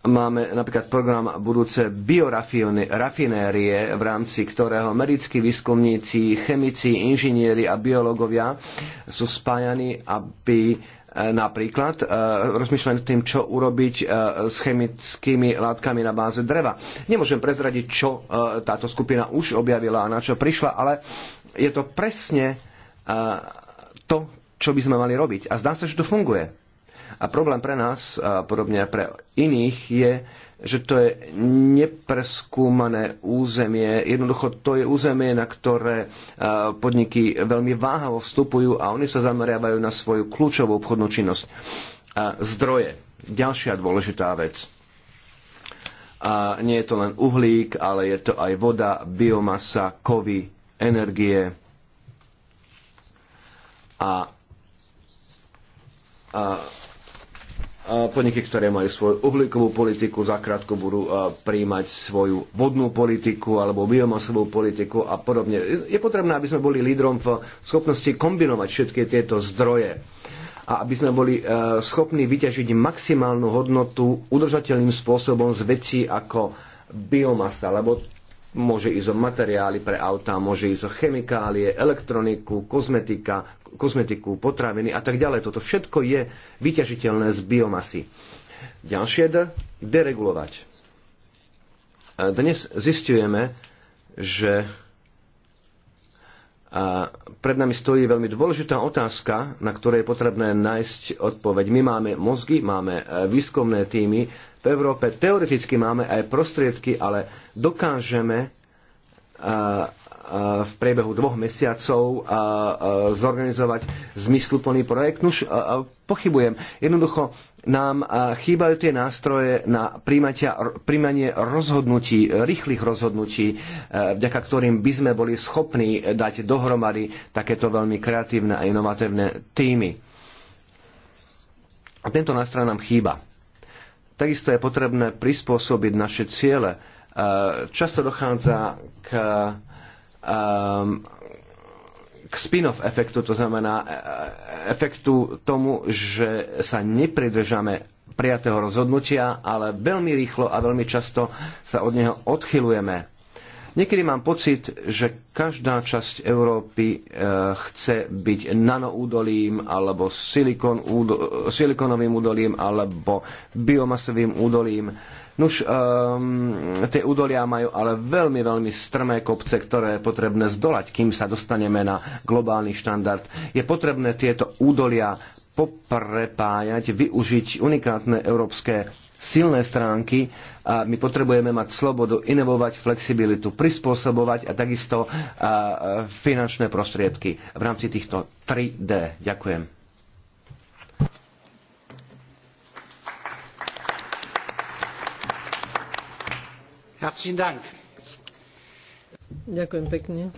Máme napríklad program budúce biorafinérie, v rámci ktorého americkí výskumníci, chemici, inžinieri a biológovia sú spájani, aby Napríklad e, rozmýšľam nad tým, čo urobiť e, s chemickými látkami na báze dreva. Nemôžem prezradiť, čo e, táto skupina už objavila a na čo prišla, ale je to presne to, čo by sme mali robiť. A zdá sa, že to funguje. A problém pre nás, podobne pre iných, je, že to je nepreskúmané územie. Jednoducho to je územie, na ktoré e, podniky veľmi váhavo vstupujú a oni sa zameriavajú na svoju kľúčovú obchodnú činnosť. A zdroje. Ďalšia dôležitá vec. A nie je to len uhlík, ale je to aj voda, biomasa, kovy, energie. A, a podniky, ktoré majú svoju uhlíkovú politiku, zakrátko budú príjmať svoju vodnú politiku alebo biomasovú politiku a podobne. Je potrebné, aby sme boli lídrom v schopnosti kombinovať všetky tieto zdroje a aby sme boli e, schopní vyťažiť maximálnu hodnotu udržateľným spôsobom z vecí ako biomasa, lebo môže ísť o materiály pre autá, môže ísť o chemikálie, elektroniku, kozmetika, kozmetiku, potraviny a tak ďalej. Toto všetko je vyťažiteľné z biomasy. Ďalšie D, deregulovať. E, dnes zistujeme, že a pred nami stojí veľmi dôležitá otázka, na ktorej je potrebné nájsť odpoveď. My máme mozgy, máme e, výskumné týmy. V Európe teoreticky máme aj prostriedky, ale dokážeme e, v priebehu dvoch mesiacov zorganizovať zmysluplný projekt? Nuž, pochybujem. Jednoducho nám chýbajú tie nástroje na príjmanie rozhodnutí, rýchlych rozhodnutí, e, vďaka ktorým by sme boli schopní dať dohromady takéto veľmi kreatívne a inovatívne týmy. A tento nástroj nám chýba. Takisto je potrebné prispôsobiť naše ciele. E, často dochádza k Ehm, k spin-off efektu, to znamená e, e, efektu tomu, že sa nepridržame prijatého rozhodnutia, ale veľmi rýchlo a veľmi často sa od neho odchylujeme. Niekedy mám pocit, že každá časť Európy e, chce byť nanoúdolím, alebo silikon údo, silikonovým údolím, alebo biomasovým údolím. Nuž, um, tie údolia majú ale veľmi, veľmi strmé kopce, ktoré je potrebné zdolať, kým sa dostaneme na globálny štandard. Je potrebné tieto údolia poprepájať, využiť unikátne európske silné stránky a my potrebujeme mať slobodu, inovovať, flexibilitu, prispôsobovať a takisto finančné prostriedky v rámci týchto 3D. Ďakujem. Ďakujem pekne.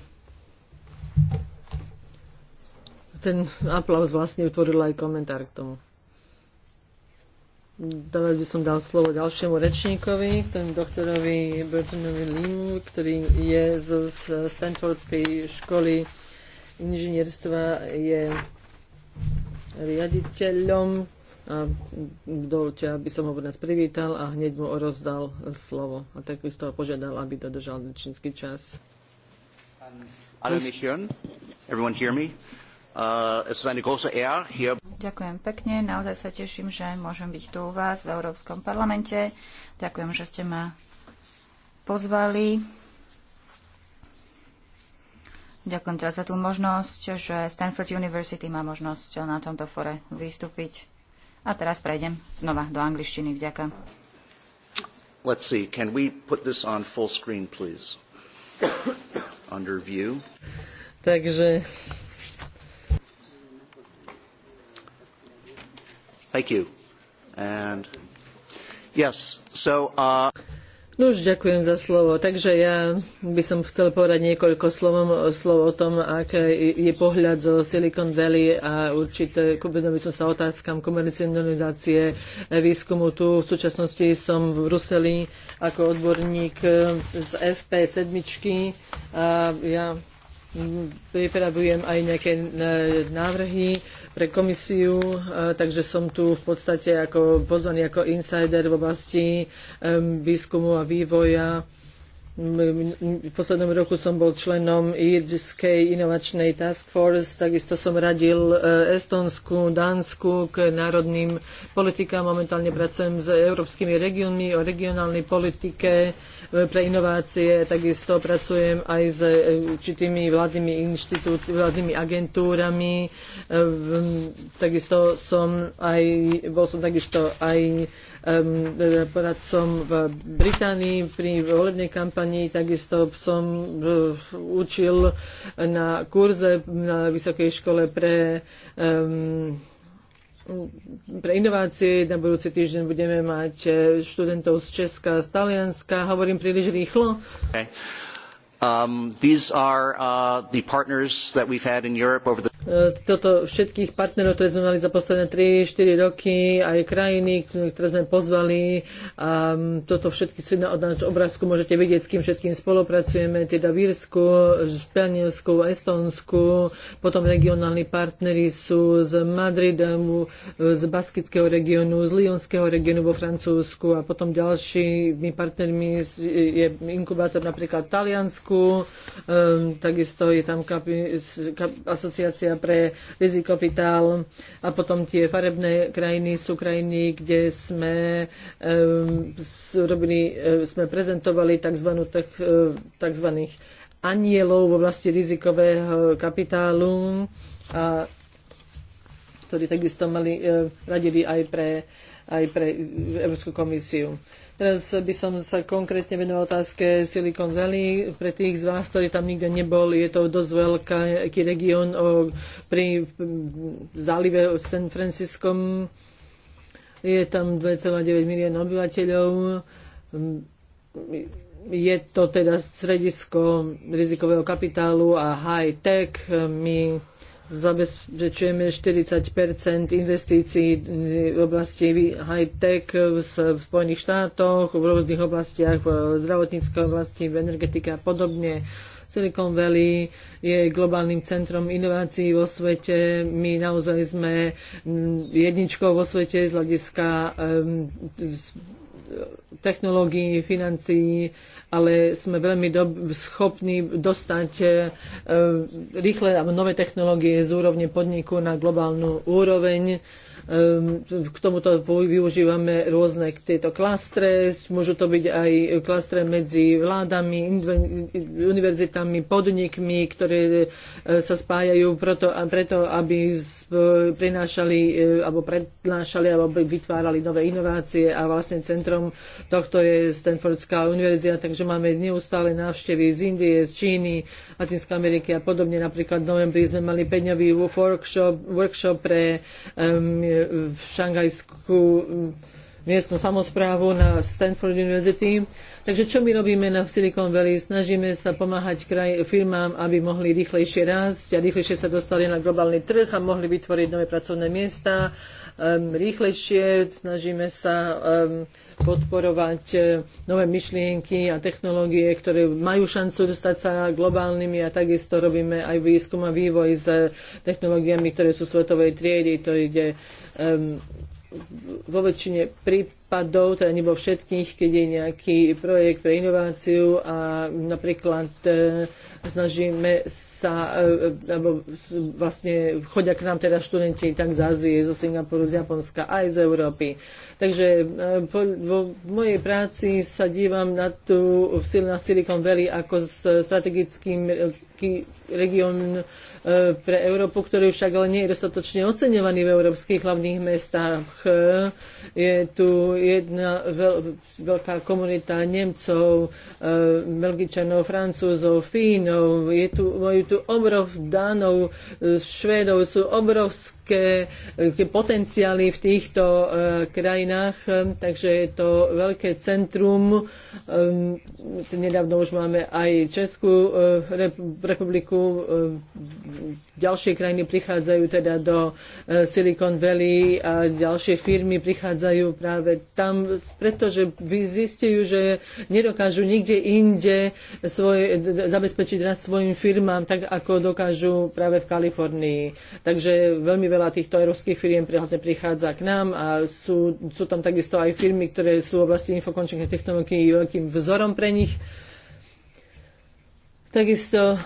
Ten aplauz vlastne utvoril aj komentár k tomu dala by som dal slovo ďalšiemu rečníkovi, tomu doktorovi Burtonovi Limu, ktorý je z Stanfordskej školy inžinierstva, je riaditeľom. A dovolte, aby som ho nás privítal a hneď mu rozdal slovo. A takisto toho požiadal, aby dodržal rečnícky čas. Um, Everyone hear me? Uh, Ďakujem pekne, naozaj sa teším, že môžem byť tu u vás v Európskom parlamente. Ďakujem, že ste ma pozvali. Ďakujem teraz za tú možnosť, že Stanford University má možnosť na tomto fore vystúpiť. A teraz prejdem znova do angličtiny. Vďaka. Let's see, can we put this on full screen, please? Under view. Takže Thank you. And yes, so, uh... No už ďakujem za slovo. Takže ja by som chcel povedať niekoľko slovom, slov o tom, aký je pohľad zo Silicon Valley a určite by som sa otázkam komercializácie eh, výskumu tu. V súčasnosti som v Bruseli ako odborník eh, z FP7 a ja pripravujem aj nejaké eh, návrhy pre komisiu, e, takže som tu v podstate ako pozvaný ako insider v oblasti e, výskumu a vývoja v poslednom roku som bol členom Írskej inovačnej task force, takisto som radil e, Estonsku, Dánsku k národným politikám. Momentálne pracujem s európskymi regiónmi o regionálnej politike e, pre inovácie, takisto pracujem aj s e, určitými vládnymi, inštitúciami, vládnymi agentúrami. Takisto som aj, bol som takisto aj teda poradcom v Británii pri volebnej kampanii, takisto som eh, učil na kurze na Vysokej škole pre pre inovácie. Na budúci týždeň budeme mať eh, študentov z Česka, z Talianska. Hovorím príliš rýchlo. Okay. Um, these are uh, the partners that we've had in Europe over the E, toto všetkých partnerov, ktoré sme mali za posledné 3-4 roky, aj krajiny, ktoré sme pozvali. A toto všetky si na od obrázku môžete vidieť, s kým všetkým spolupracujeme, teda v Írsku, Španielsku, Estonsku, potom regionálni partneri sú z Madridu, z Baskického regiónu, z Lyonského regiónu vo Francúzsku a potom ďalšími partnermi je inkubátor napríklad v Taliansku, takisto je tam kapi, asociácia pre rizikopitál a potom tie farebné krajiny sú krajiny, kde sme, um, robili, sme prezentovali tzv. tzv. anielov v oblasti rizikového kapitálu a ktorí takisto mali, radili aj pre, aj pre Európsku komisiu. Teraz by som sa konkrétne venoval otázke Silicon Valley. Pre tých z vás, ktorí tam nikde neboli, je to dosť veľký región pri zálive San Franciscom. Je tam 2,9 milióna obyvateľov. Je to teda stredisko rizikového kapitálu a high tech. My zabezpečujeme 40 investícií v oblasti high-tech v Spojených štátoch, v rôznych oblastiach, v zdravotníckej oblasti, v energetike a podobne. Silicon Valley je globálnym centrom inovácií vo svete. My naozaj sme mm, jedničkou vo svete z hľadiska technológií, financií ale sme veľmi schopní dostať e, rýchle nové technológie z úrovne podniku na globálnu úroveň Ehm, k tomuto využívame rôzne tieto klastre. Môžu to byť aj klastre medzi vládami, univerzitami, podnikmi, ktoré e, sa spájajú proto, preto, aby prinášali e, alebo prednášali alebo vytvárali nové inovácie a vlastne centrom tohto je Stanfordská univerzita, takže máme neustále návštevy z Indie, z Číny, Latinskej Ameriky a podobne. Napríklad v novembri sme mali 5-dňový workshop, workshop pre um, v šangajsku. um, miestnu samozprávu na Stanford University. Takže čo my robíme na Silicon Valley? Snažíme sa pomáhať kraj, firmám, aby mohli rýchlejšie rásť a rýchlejšie sa dostali na globálny trh a mohli vytvoriť nové pracovné miesta. Um, rýchlejšie snažíme sa um, podporovať e, nové myšlienky a technológie, ktoré majú šancu dostať sa globálnymi a takisto robíme aj výskum a vývoj s technológiami, ktoré sú svetovej triedy. To ide um, vo väčšine prípadov, teda nebo všetkých, keď je nejaký projekt pre inováciu a napríklad e, snažíme sa, e, alebo vlastne chodia k nám teda študenti tak z Ázie, zo Singapuru, z Japonska, aj z Európy. Takže e, po, vo mojej práci sa dívam na tú na Silicon Valley ako s strategickým e, regionom. E, pre Európu, ktorý však ale nie je dostatočne oceňovaný v európskych hlavných mestách. E, je tu jedna veľká komunita Nemcov, e, Belgičanov, Francúzov, Fínov, je tu, majú tu obrov Dánov, Švédov, sú obrovské obrovské potenciály v týchto eh, krajinách, eh, takže je to veľké centrum. Eh, nedávno už máme aj Českú republiku. Ďalšie krajiny prichádzajú teda do Silicon Valley a ďalšie firmy prichádzajú práve tam, pretože zistujú, že nedokážu nikde inde svoj, zabezpečiť rast svojim firmám tak, ako dokážu práve v Kalifornii. Takže veľmi veľa veľa týchto európskych firiem prichádza k nám a sú, sú tam takisto aj firmy, ktoré sú v oblasti infokončných technológií veľkým vzorom pre nich. Takisto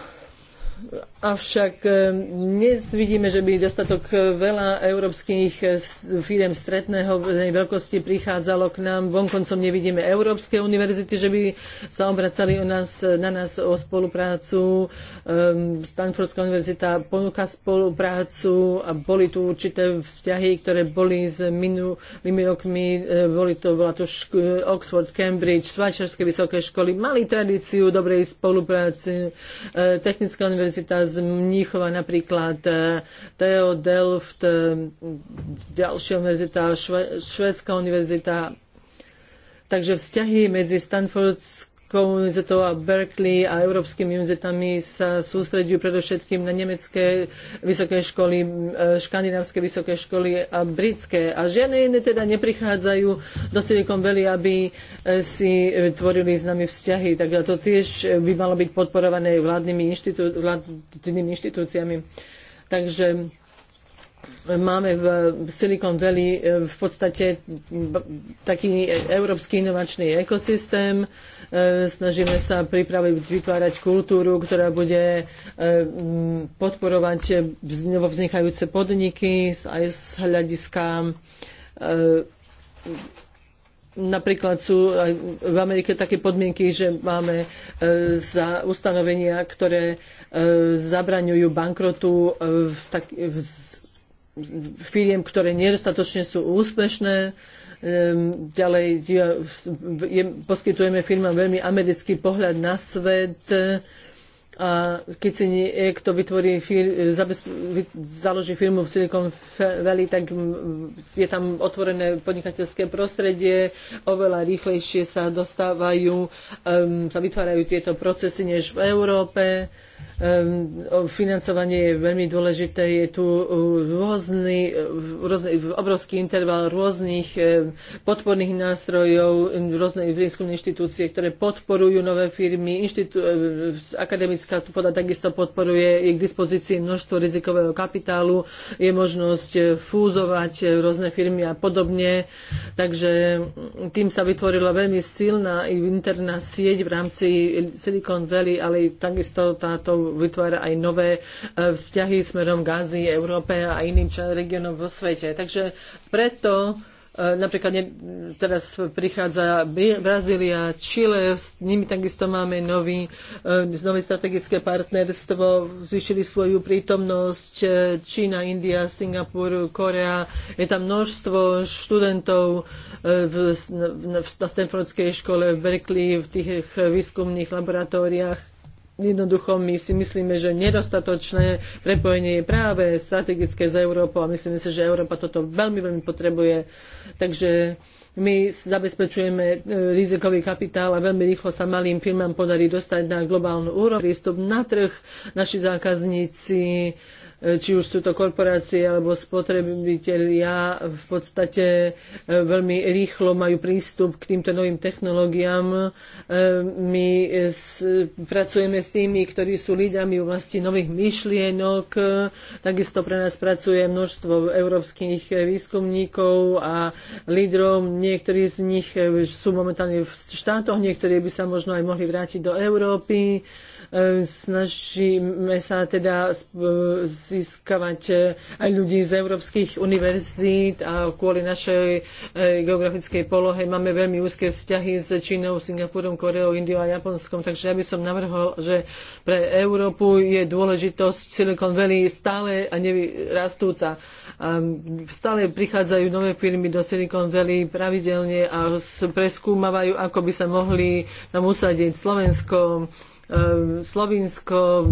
Avšak eh, dnes vidíme, že by dostatok eh, veľa európskych eh, firm stredného veľkosti prichádzalo k nám. Vonkoncom nevidíme európske univerzity, že by sa obracali u nás, na nás o spoluprácu. Ehm, Stanfordská univerzita ponúka spoluprácu a boli tu určité vzťahy, ktoré boli s minulými rokmi. Boli to, bola to Oxford, Cambridge, Svajčarské vysoké školy. Mali tradíciu dobrej spolupráce. Technická univerzita z Mníchova napríklad e, Theo Delft, e, ďalšia univerzita, Švedská univerzita. Takže vzťahy medzi Stanfordskou univerzitou a Berkeley a európskymi univerzitami sa sústredujú predovšetkým na nemecké vysoké školy, e, škandinávské vysoké školy a britské. A žiadne iné teda neprichádzajú do Silicon Valley, aby e, si e, tvorili s nami vzťahy. Takže to tiež by malo byť podporované vládnymi, inštitú, vládnymi inštitúciami. Takže máme v Silicon Valley e, v podstate taký európsky inovačný ekosystém. E, snažíme sa pripraviť, vytvárať kultúru, ktorá bude e, podporovať vznikajúce podniky aj z hľadiska Napríklad sú aj v Amerike také podmienky, že máme za ustanovenia, ktoré zabraňujú bankrotu v tak, v firiem, ktoré nedostatočne sú úspešné. Ehm, ďalej poskytujeme firmám veľmi americký pohľad na svet. A keď si niekto vytvorí fir- založí firmu v Silicon Valley, tak je tam otvorené podnikateľské prostredie, oveľa rýchlejšie sa dostávajú, um, sa vytvárajú tieto procesy než v Európe. Uh, Ehm, financovanie je veľmi dôležité. Je tu uh, rôzny, uh, rôzny obrovský interval rôznych ehm, podporných nástrojov, ehm, rôzne výskumné inštitúcie, ktoré podporujú nové firmy. Inštitú, akademická poda takisto podporuje, je k dispozícii množstvo rizikového kapitálu, je možnosť fúzovať rôzne firmy a podobne. Takže tým sa vytvorila veľmi silná interná sieť v rámci Silicon Valley, ale takisto táto to vytvára aj nové e, vzťahy smerom k Ázii, Európe a iným regiónom vo svete. Takže preto e, Napríklad teraz prichádza Brazília, Čile, s nimi takisto máme nový, e, nové strategické partnerstvo, zvýšili svoju prítomnosť Čína, India, Singapur, Korea. Je tam množstvo študentov v, v, v Stanfordskej škole, v Berkeley, v tých výskumných laboratóriách Jednoducho my si myslíme, že nedostatočné prepojenie je práve strategické s Európou a myslíme si, že Európa toto veľmi, veľmi potrebuje. Takže my zabezpečujeme e, rizikový kapitál a veľmi rýchlo sa malým firmám podarí dostať na globálnu úroveň, prístup na trh, naši zákazníci či už sú to korporácie alebo spotrebitelia, v podstate e, veľmi rýchlo majú prístup k týmto novým technológiám. E, my pracujeme s tými, ktorí sú lidami v vlasti nových myšlienok. Takisto pre nás pracuje množstvo európskych výskumníkov a lídrov. Niektorí z nich e, sú momentálne v štátoch, niektorí by sa možno aj mohli vrátiť do Európy. Ehm, snažíme sa teda získavať eh, aj ľudí z európskych univerzít a kvôli našej eh, geografickej polohe máme veľmi úzke vzťahy s Čínou, Singapurom, Koreou, Indiou a Japonskom, takže ja by som navrhol, že pre Európu je dôležitosť Silicon Valley stále a nevyrastúca. Ehm, stále prichádzajú nové firmy do Silicon Valley pravidelne a preskúmavajú, ako by sa mohli tam usadiť Slovensko, Ehm, Slovinsko,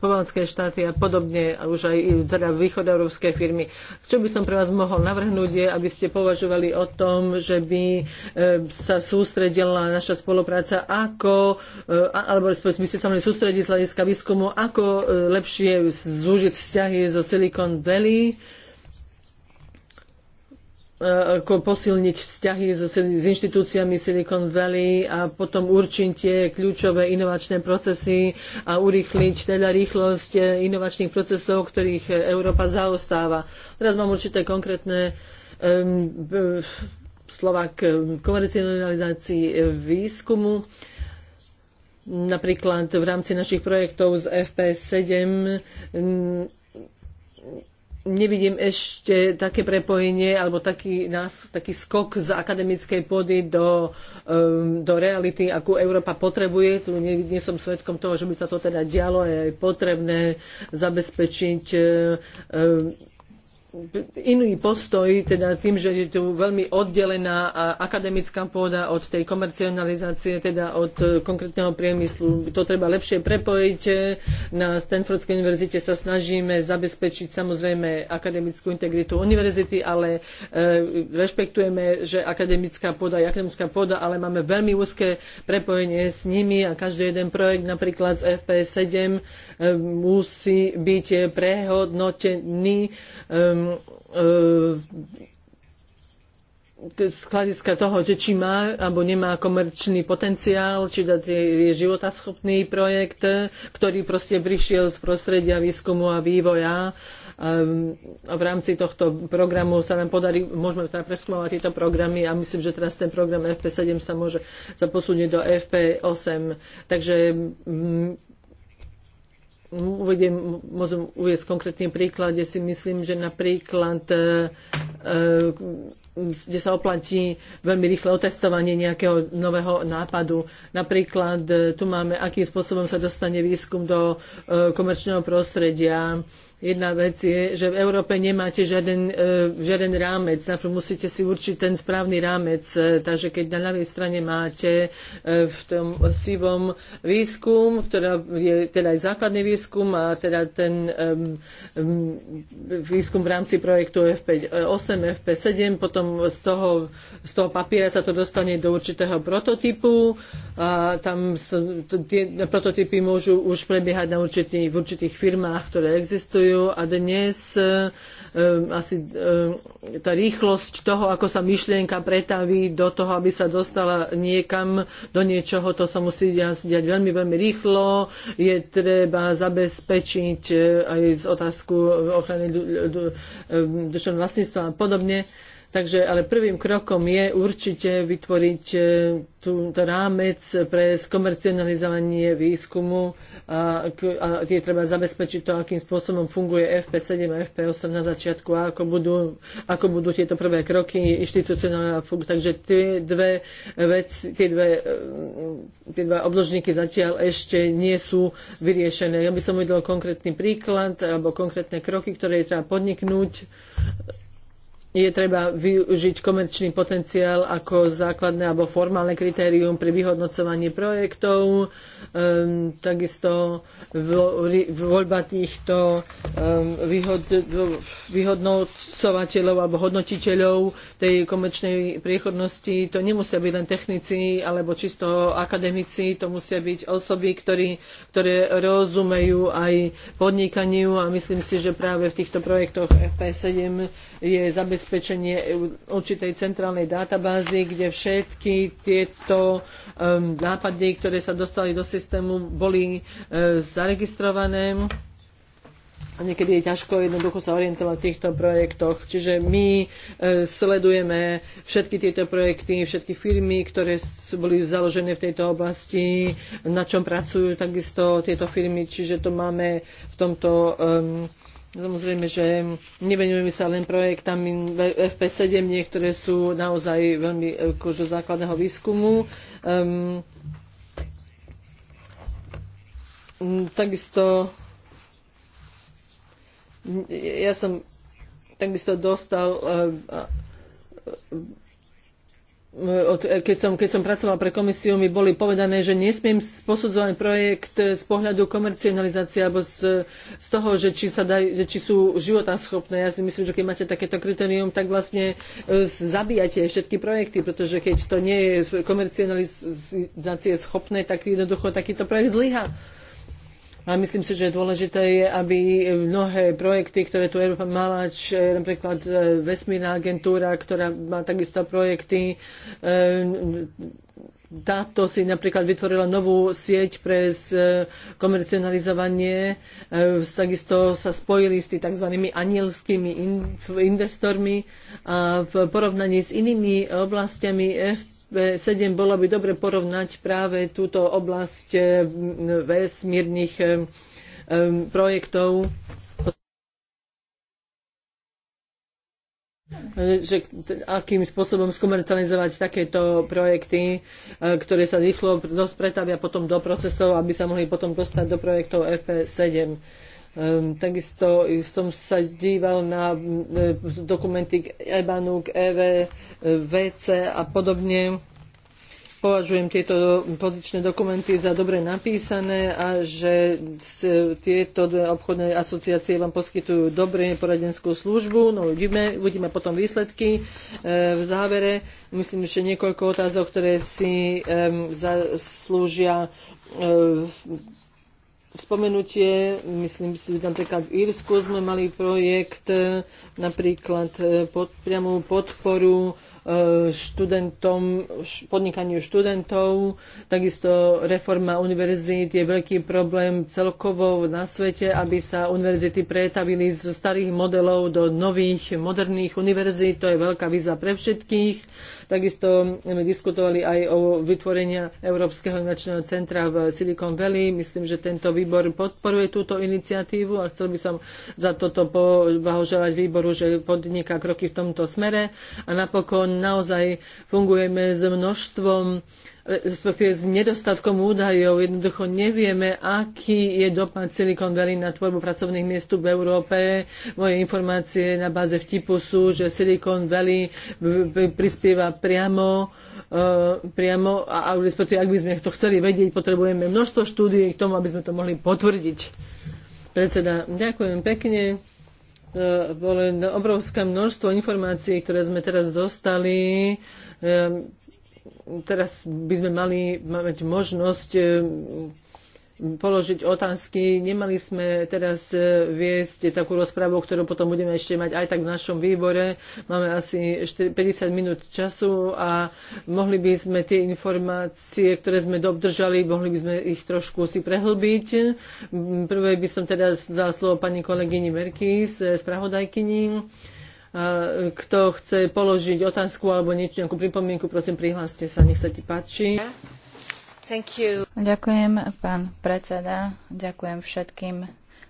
Balkánske štáty a podobne, a už aj teda východoeurópske firmy. Čo by som pre vás mohol navrhnúť je, aby ste považovali o tom, že by ehm, sa sústredila naša spolupráca ako, e, alebo by ste sa mali sústrediť z hľadiska výskumu, ako e, lepšie zúžiť vzťahy zo Silicon Valley, ako posilniť vzťahy s, s inštitúciami Silicon Valley a potom určiť tie kľúčové inovačné procesy a urýchliť teda rýchlosť eh, inovačných procesov, ktorých eh, Európa zaostáva. Teraz mám určité konkrétne um, slova k eh, komercializácii výskumu. Napríklad v rámci našich projektov z FP7 um, nevidím ešte také prepojenie alebo taký, nás, taký skok z akademickej pôdy do, um, do reality, akú Európa potrebuje. Tu nie, nie som svetkom toho, že by sa to teda dialo. Je potrebné zabezpečiť um, iný postoj, teda tým, že je tu veľmi oddelená akademická pôda od tej komercionalizácie, teda od e, konkrétneho priemyslu. To treba lepšie prepojiť. Na Stanfordskej univerzite sa snažíme zabezpečiť samozrejme akademickú integritu univerzity, ale e, rešpektujeme, že akademická pôda je akademická pôda, ale máme veľmi úzke prepojenie s nimi a každý jeden projekt, napríklad z FP7, e, musí byť prehodnotený ehm, E, z hľadiska toho, že či má alebo nemá komerčný potenciál, či je životaschopný projekt, ktorý proste prišiel z prostredia výskumu a vývoja. E, a v rámci tohto programu sa nám podarí, môžeme teda preskúmať tieto programy a myslím, že teraz ten program FP7 sa môže sa posunieť do FP8. Takže mm, uvediem, môžem uvieť konkrétny príklad, kde si myslím, že napríklad, e, e, kde sa oplatí veľmi rýchle otestovanie nejakého nového nápadu. Napríklad e, tu máme, akým spôsobom sa dostane výskum do komerčného prostredia, Jedna vec je, že v Európe nemáte žiaden, e, žiaden rámec, napríklad musíte si určiť ten správny rámec. E, takže keď na ľavej strane máte e, v tom sivom výskum, ktorá je teda aj základný výskum a teda ten výskum v rámci projektu FP8, FP7, potom z toho, z toho papiera sa to dostane do určitého prototypu a tam tie prototypy môžu už prebiehať na určitý, v určitých firmách, ktoré existujú existujú a dnes e, e, asi e, tá rýchlosť toho, ako sa myšlienka pretaví do toho, aby sa dostala niekam do niečoho, to sa musí diať veľmi, veľmi rýchlo. Je treba zabezpečiť aj z otázku ochrany duševného vlastníctva a podobne. Takže, ale prvým krokom je určite vytvoriť e, túto rámec pre skomercionalizovanie výskumu a, a je treba zabezpečiť to, akým spôsobom funguje FP7 a FP8 na začiatku a ako budú, ako budú tieto prvé kroky inštitucionálne. Takže tie dve veci, tie dve, e, tie dva obložníky zatiaľ ešte nie sú vyriešené. Ja by som uvedol konkrétny príklad alebo konkrétne kroky, ktoré je treba podniknúť je treba využiť komerčný potenciál ako základné alebo formálne kritérium pri vyhodnocovaní projektov, um, takisto voľba týchto um, vyhod, vyhodnocovateľov alebo hodnotiteľov tej komerčnej priechodnosti. To nemusia byť len technici alebo čisto akademici, to musia byť osoby, ktorí, ktoré rozumejú aj podnikaniu a myslím si, že práve v týchto projektoch FP7 je zabezpečené zabezpečenie e, určitej centrálnej databázy, kde všetky tieto um, nápady, ktoré sa dostali do systému, boli uh, zaregistrované. A niekedy je ťažko jednoducho sa orientovať v týchto projektoch. Čiže my e, sledujeme všetky tieto projekty, všetky firmy, ktoré boli založené v tejto oblasti, na čom pracujú takisto tieto firmy, čiže to máme v tomto Samozrejme, že nevenujeme sa len projektám FP7, niektoré sú naozaj veľmi e, akože základného výskumu. Um, takisto ja som takisto dostal uh, uh, E, e, keď, som, keď som pracovala pre komisiu, mi boli povedané, že nesmiem posudzovať projekt e, z pohľadu komercionalizácie alebo z, z toho, že či, sa daj, či sú životaschopné. Ja si myslím, že keď máte takéto kritérium, tak vlastne zabíjate všetky projekty, pretože keď to nie je komercionalizácie schopné, tak jednoducho takýto projekt zlyha. A myslím si, že dôležité je, aby mnohé projekty, ktoré tu Európa mala, či, e, napríklad e, vesmírna agentúra, ktorá má takisto projekty, e, táto si napríklad vytvorila novú sieť pre e, komercionalizovanie. E, takisto sa spojili s tými tzv. anielskými investormi a v porovnaní s inými oblastiami FP7 bolo by dobre porovnať práve túto oblasť e, vesmírnych projektov E, že akým spôsobom skomercializovať takéto projekty, e, ktoré sa rýchlo dosť pretavia potom do procesov, aby sa mohli potom dostať do projektov EP7. Um, e, takisto som sa díval na dokumenty k EBANu, k EVVC a podobne považujem tieto pozičné dokumenty za dobre napísané a že tieto dve obchodné asociácie vám poskytujú dobré poradenskú službu. No uvidíme, uvidíme potom výsledky e, v závere. Myslím, že niekoľko otázok, ktoré si zaslúžia e, spomenutie, myslím si, napríklad v Írsku sme mali projekt, e, napríklad pod, podporu Eh, študentom, podnikaniu študentov, takisto reforma univerzít je veľký problém celkovo na svete, aby sa univerzity pretavili z starých modelov do nových, moderných univerzít, to je veľká výzva pre všetkých. Takisto sme diskutovali aj o vytvorení Európskeho inovačného centra v Silicon Valley. Myslím, že tento výbor podporuje túto iniciatívu a chcel by som za toto poblahoželať výboru, že podniká kroky v tomto smere. A napokon naozaj fungujeme s množstvom e, respektíve s nedostatkom údajov. Jednoducho nevieme, aký je dopad Silicon Valley na tvorbu pracovných miest v Európe. Moje informácie na báze vtipu sú, že Silicon Valley prispieva priamo e, priamo a, respektíve, ak by sme to chceli vedieť, potrebujeme množstvo štúdií k tomu, aby sme to mohli potvrdiť. Predseda, ďakujem pekne. E, bolo obrovské množstvo informácií, ktoré sme teraz dostali. E, teraz by sme mali mať možnosť e, položiť otázky. Nemali sme teraz e, viesť takú rozprávu, ktorú potom budeme ešte mať aj tak v našom výbore. Máme asi 50 minút času a mohli by sme tie informácie, ktoré sme dobdržali, mohli by sme ich trošku si prehlbiť. Mm, Prvé by som teda dal slovo pani kolegyni Merkis, e, spravodajkyni. E, kto chce položiť otázku alebo niečo, nejakú pripomienku, prosím, prihláste sa, nech sa ti páči. Ďakujem, pán predseda. Ďakujem všetkým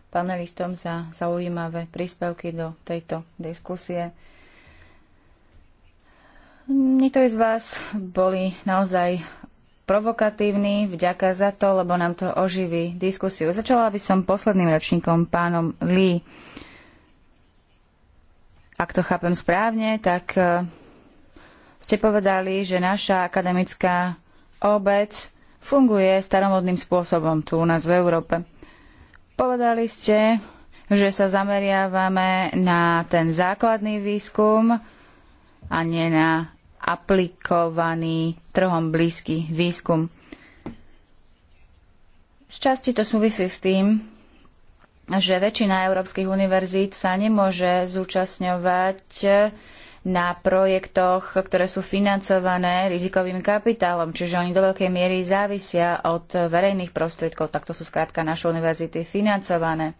panelistom za zaujímavé príspevky do tejto diskusie. Niektorí z vás boli naozaj provokatívni, vďaka za to, lebo nám to oživí diskusiu. Začala by som posledným ročníkom, pánom Lee. Ak to chápem správne, tak eh, ste povedali, že naša akademická obec funguje staromodným spôsobom tu u nás v Európe. Povedali ste, že sa zameriavame na ten základný výskum a nie na aplikovaný trhom blízky výskum. Z časti to súvisí s tým, že väčšina európskych univerzít sa nemôže zúčastňovať na projektoch, ktoré sú financované rizikovým kapitálom, čiže oni do veľkej miery závisia od verejných prostriedkov, takto sú skrátka naše univerzity financované.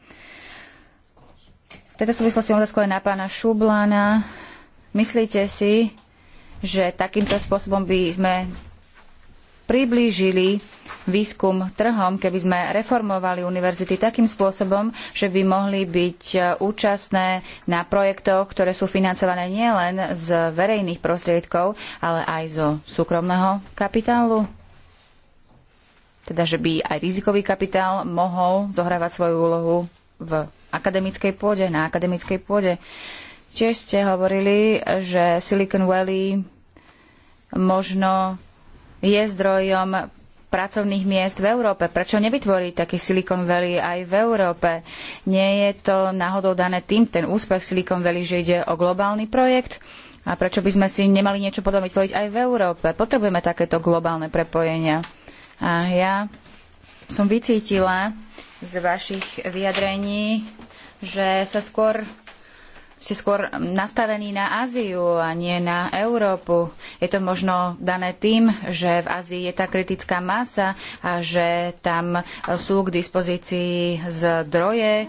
V tejto súvislosti otázku aj na pána Šublana. Myslíte si, že takýmto spôsobom by sme priblížili výskum trhom, keby sme reformovali univerzity takým spôsobom, že by mohli byť e, účastné na projektoch, ktoré sú financované nielen z verejných prostriedkov, ale aj zo súkromného kapitálu? Teda, že by aj rizikový kapitál mohol zohrávať svoju úlohu v akademickej pôde, na akademickej pôde. Tiež ste hovorili, že Silicon Valley možno je zdrojom pracovných miest v Európe. Prečo nevytvoriť taký Silicon Valley aj v Európe? Nie je to náhodou dané tým, ten úspech Silicon Valley, že ide o globálny projekt? A prečo by sme si nemali niečo podobné vytvoriť aj v Európe? Potrebujeme takéto globálne prepojenia. A ja som vycítila z vašich vyjadrení, že sa skôr ste skôr nastavení na Áziu a nie na Európu. Je to možno dané tým, že v Ázii je tá kritická masa a že tam sú k dispozícii zdroje, e,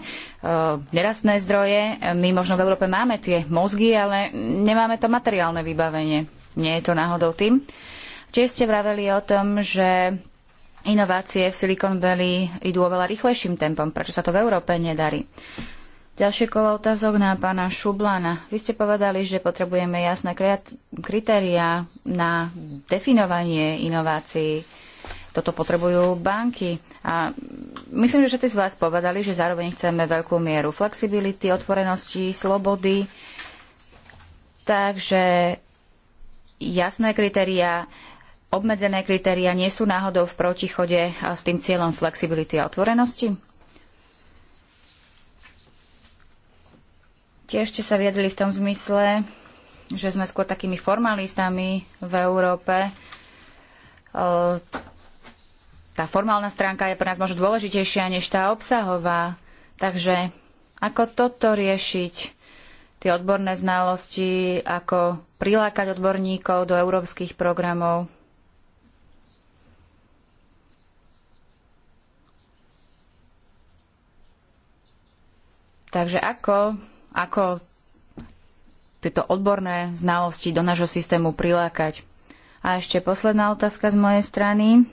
nerastné zdroje. My možno v Európe máme tie mozgy, ale nemáme to materiálne vybavenie. Nie je to náhodou tým. Tiež ste vraveli o tom, že inovácie v Silicon Valley idú oveľa rýchlejším tempom. Prečo sa to v Európe nedarí? Ďalšie kolo otázok na pána Šublana. Vy ste povedali, že potrebujeme jasné kritériá na definovanie inovácií. Toto potrebujú banky. A myslím, že všetci z vás povedali, že zároveň chceme veľkú mieru flexibility, otvorenosti, slobody. Takže jasné kritériá, obmedzené kritériá nie sú náhodou v protichode s tým cieľom flexibility a otvorenosti? Tiež ste sa viedli v tom zmysle, že sme skôr takými formalistami v Európe. E, tá formálna stránka je pre nás možno dôležitejšia než tá obsahová. Takže ako toto riešiť, tie odborné znalosti, ako prilákať odborníkov do európskych programov? Takže ako ako tieto odborné znalosti do nášho systému prilákať. A ešte posledná otázka z mojej strany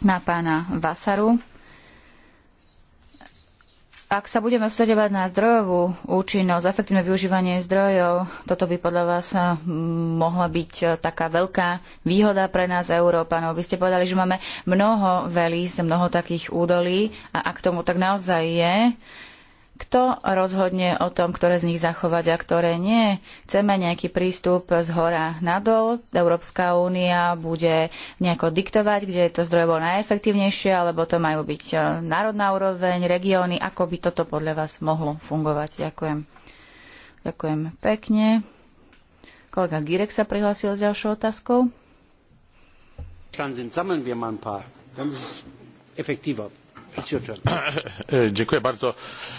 na pána Vasaru. Ak sa budeme vstredovať na zdrojovú účinnosť, efektívne využívanie zdrojov, toto by podľa vás eh, mohla byť eh, taká veľká výhoda pre nás, Európanov. Vy ste povedali, že máme mnoho velíc, mnoho takých údolí a ak tomu tak naozaj je, kto rozhodne o tom, ktoré z nich zachovať a ktoré nie? Chceme nejaký prístup z hora nadol? Európska únia bude nejako diktovať, kde je to bolo najefektívnejšie, alebo to majú byť e, národná úroveň, regióny? Ako by toto podľa vás mohlo fungovať? Ďakujem. Ďakujem pekne. Kolega Girek sa prihlásil s ďalšou otázkou. Dann ist es effektiver. Ďakujem bardzo.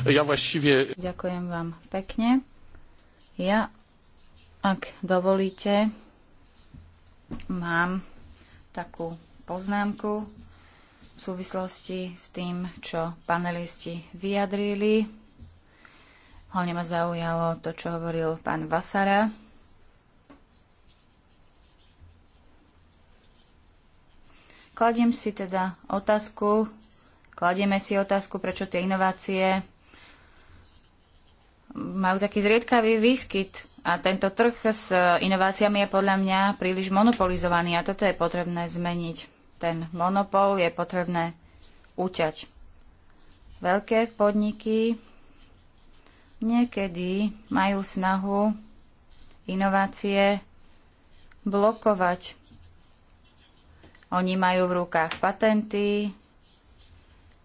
Ja właściwie... Ďakujem vám pekne. Ja, ak dovolíte, mám takú poznámku v súvislosti s tým, čo panelisti vyjadrili. Hlavne ma zaujalo to, čo hovoril pán Vasara. Kladiem si teda otázku, Kladieme si otázku, prečo tie inovácie majú taký zriedkavý výskyt a tento trh s inováciami je podľa mňa príliš monopolizovaný a toto je potrebné zmeniť. Ten monopol je potrebné uťať. Veľké podniky niekedy majú snahu inovácie blokovať. Oni majú v rukách patenty,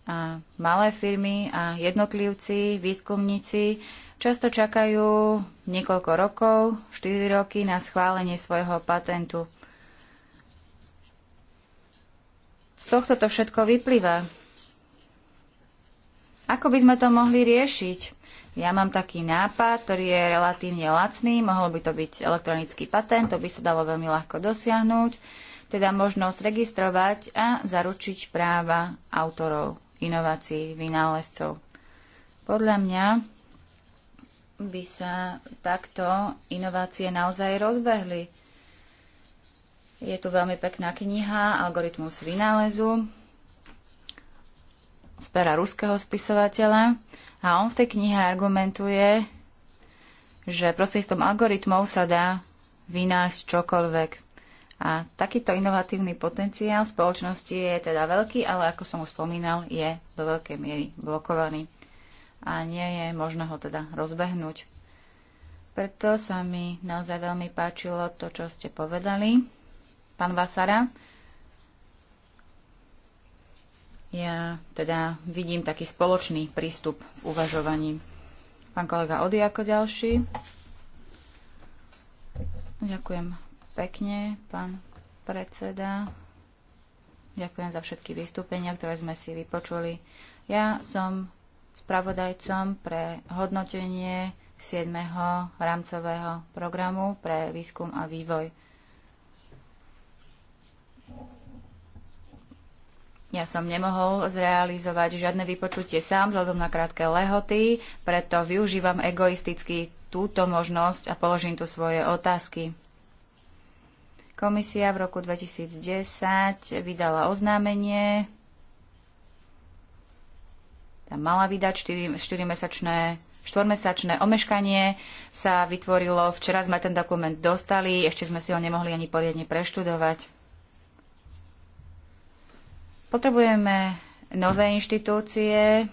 a malé firmy a jednotlivci, výskumníci často čakajú niekoľko rokov, 4 roky na schválenie svojho patentu. Z tohto to všetko vyplýva. Ako by sme to mohli riešiť? Ja mám taký nápad, ktorý je relatívne lacný, mohol by to byť elektronický patent, to by sa dalo veľmi ľahko dosiahnuť, teda možnosť registrovať a zaručiť práva autorov inovácií, vynálezcov. Podľa mňa by sa takto inovácie naozaj rozbehli. Je tu veľmi pekná kniha Algoritmus vynálezu z pera ruského spisovateľa a on v tej knihe argumentuje, že prostredstvom algoritmov sa dá vynájsť čokoľvek. A takýto inovatívny potenciál spoločnosti je teda veľký, ale ako som už spomínal, je do veľkej miery blokovaný a nie je možné ho teda rozbehnúť. Preto sa mi naozaj veľmi páčilo to, čo ste povedali, pán Vasara. Ja teda vidím taký spoločný prístup v uvažovaní. Pán kolega Odi ako ďalší. Ďakujem pekne, pán predseda. Ďakujem za všetky vystúpenia, ktoré sme si vypočuli. Ja som spravodajcom pre hodnotenie 7. rámcového programu pre výskum a vývoj. Ja som nemohol zrealizovať žiadne vypočutie sám vzhľadom na krátke lehoty, preto využívam egoisticky túto možnosť a položím tu svoje otázky. Komisia v roku 2010 vydala oznámenie, tam mala vydať 4, 4-mesačné štvormesačné omeškanie sa vytvorilo. Včera sme ten dokument dostali, ešte sme si ho nemohli ani poriadne preštudovať. Potrebujeme nové inštitúcie,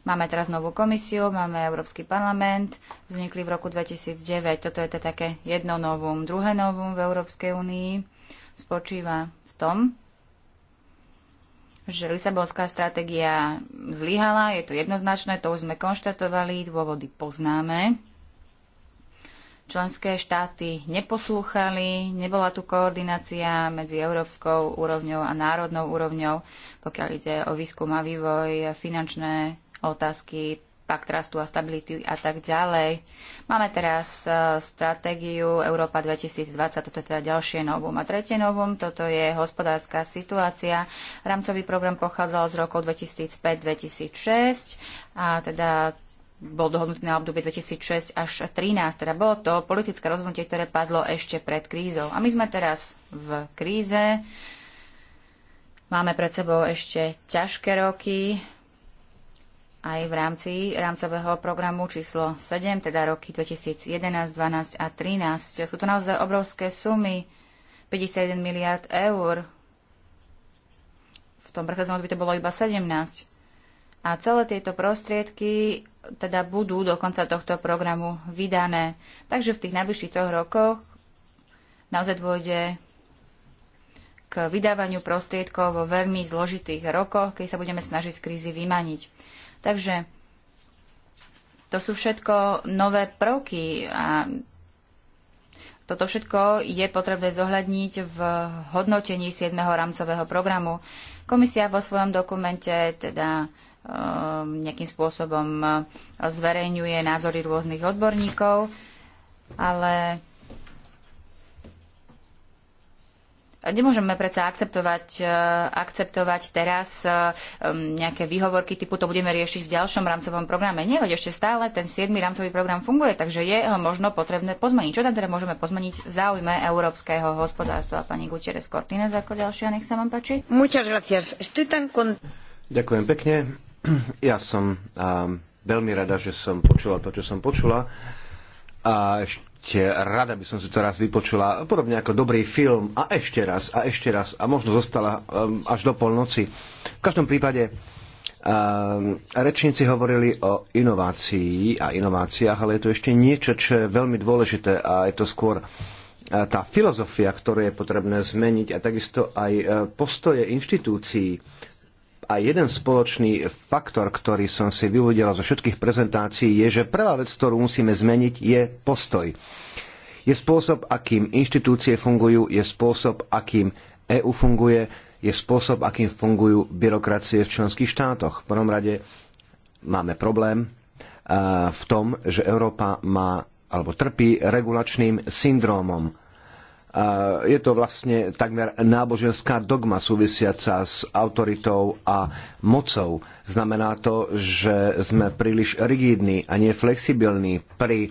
Máme teraz novú komisiu, máme Európsky parlament, vznikli v roku 2009. Toto je to také jedno novum. Druhé novum v Európskej únii spočíva v tom, že Lisabonská stratégia zlyhala, je to jednoznačné, to už sme konštatovali, dôvody poznáme. Členské štáty neposlúchali, nebola tu koordinácia medzi európskou úrovňou a národnou úrovňou, pokiaľ ide o výskum a vývoj, finančné otázky pakt rastu a stability a tak ďalej. Máme teraz uh, stratégiu Európa 2020, toto je teda ďalšie novum. A tretie novum, toto je hospodárska situácia. Rámcový program pochádzal z rokov 2005-2006 a teda bol dohodnutý na obdobie 2006 až 2013. Teda bolo to politické rozhodnutie, ktoré padlo ešte pred krízou. A my sme teraz v kríze. Máme pred sebou ešte ťažké roky, aj v rámci rámcového programu číslo 7, teda roky 2011, 12 a 13. Sú to naozaj obrovské sumy, 51 miliard eur. V tom prechádzom by to bolo iba 17. A celé tieto prostriedky teda budú do konca tohto programu vydané. Takže v tých najbližších troch rokoch naozaj dôjde k vydávaniu prostriedkov vo veľmi zložitých rokoch, keď sa budeme snažiť z krízy vymaniť. Takže to sú všetko nové prvky a toto všetko je potrebné zohľadniť v hodnotení 7. rámcového programu. Komisia vo svojom dokumente teda e, nejakým spôsobom ehm, zverejňuje názory rôznych odborníkov, ale Nemôžeme predsa akceptovať, e, akceptovať teraz e, um, nejaké výhovorky typu to budeme riešiť v ďalšom rámcovom programe. Nie, veď ešte stále ten 7. rámcový program funguje, takže je ho možno potrebné pozmeniť. Čo tam teda môžeme pozmeniť v záujme európskeho hospodárstva? Pani Gutierrez Cortines ako ďalšia, nech sa vám páči. Ďakujem pekne. Ja som um, veľmi rada, že som počula to, čo som počula. A ešte rada by som si to raz vypočula, podobne ako dobrý film a ešte raz a ešte raz a možno zostala um, až do polnoci. V každom prípade um, rečníci hovorili o inovácii a inováciách, ale je to ešte niečo, čo je veľmi dôležité a je to skôr uh, tá filozofia, ktorú je potrebné zmeniť a takisto aj uh, postoje inštitúcií, a jeden spoločný faktor, ktorý som si vyvodila zo všetkých prezentácií, je, že prvá vec, ktorú musíme zmeniť, je postoj. Je spôsob, akým inštitúcie fungujú, je spôsob, akým EÚ funguje, je spôsob, akým fungujú byrokracie v členských štátoch. V prvom rade máme problém e, v tom, že Európa má alebo trpí regulačným syndrómom je to vlastne takmer náboženská dogma súvisiaca s autoritou a mocou. Znamená to, že sme príliš rigidní a neflexibilní pri e,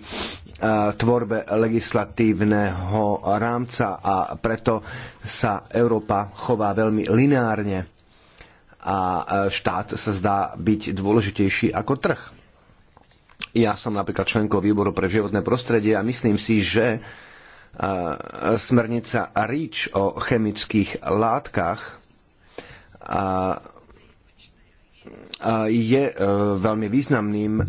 tvorbe legislatívneho rámca a preto sa Európa chová veľmi lineárne a e, štát sa zdá byť dôležitejší ako trh. Ja som napríklad členkou výboru pre životné prostredie a myslím si, že smernica REACH o chemických látkach a je e, veľmi významným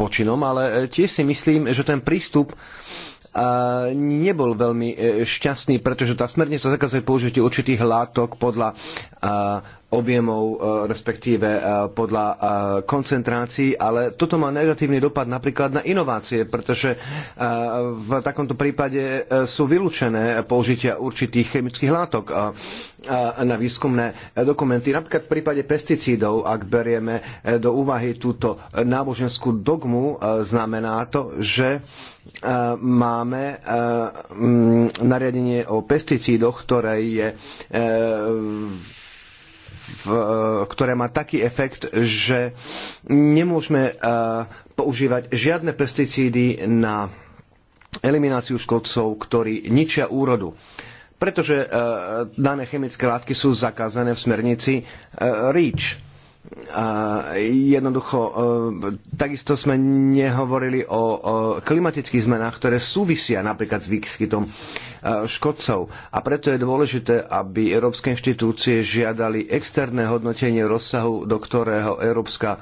počinom, ale tiež si myslím, že ten prístup a nebol veľmi e, šťastný, pretože tá smernica zakazuje použitie určitých látok podľa e, objemov, e, respektíve podľa koncentrácií, ale toto má negatívny dopad napríklad na inovácie, pretože v takomto prípade sú vylúčené použitia určitých chemických látok na výskumné dokumenty. Napríklad v prípade pesticídov, ak berieme do úvahy túto náboženskú dogmu, znamená to, že Eh, máme eh, mm, nariadenie o pesticídoch, ktoré je eh, v, ktoré má taký efekt, že nemôžeme používať žiadne pesticídy na elimináciu škodcov, ktorí ničia úrodu pretože dané chemické látky sú zakázané v smernici REACH a jednoducho e, takisto sme nehovorili o, o klimatických zmenách, ktoré súvisia napríklad s výskytom e, škodcov. A preto je dôležité, aby európske inštitúcie žiadali externé hodnotenie rozsahu, do ktorého európska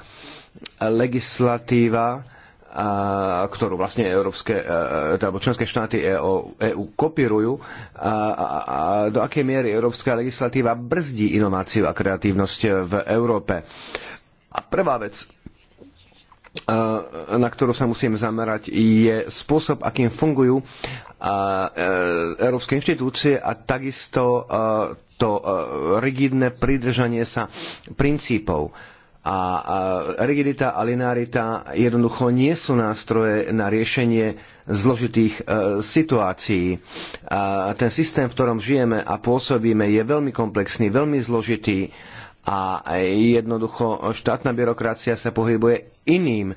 legislatíva a, ktorú vlastne európske, e, e, teda členské štáty EU, e EU kopírujú, a, a, a do akej miery európska legislatíva brzdí inováciu a kreatívnosť v Európe. A prvá vec, na ktorú sa musím zamerať, je spôsob, akým fungujú európske inštitúcie a takisto to rigidné pridržanie sa princípov a, rigidita a linearita jednoducho nie sú nástroje na riešenie zložitých e, situácií. A e, ten systém, v ktorom žijeme a pôsobíme, je veľmi komplexný, veľmi zložitý a jednoducho štátna byrokracia sa pohybuje iným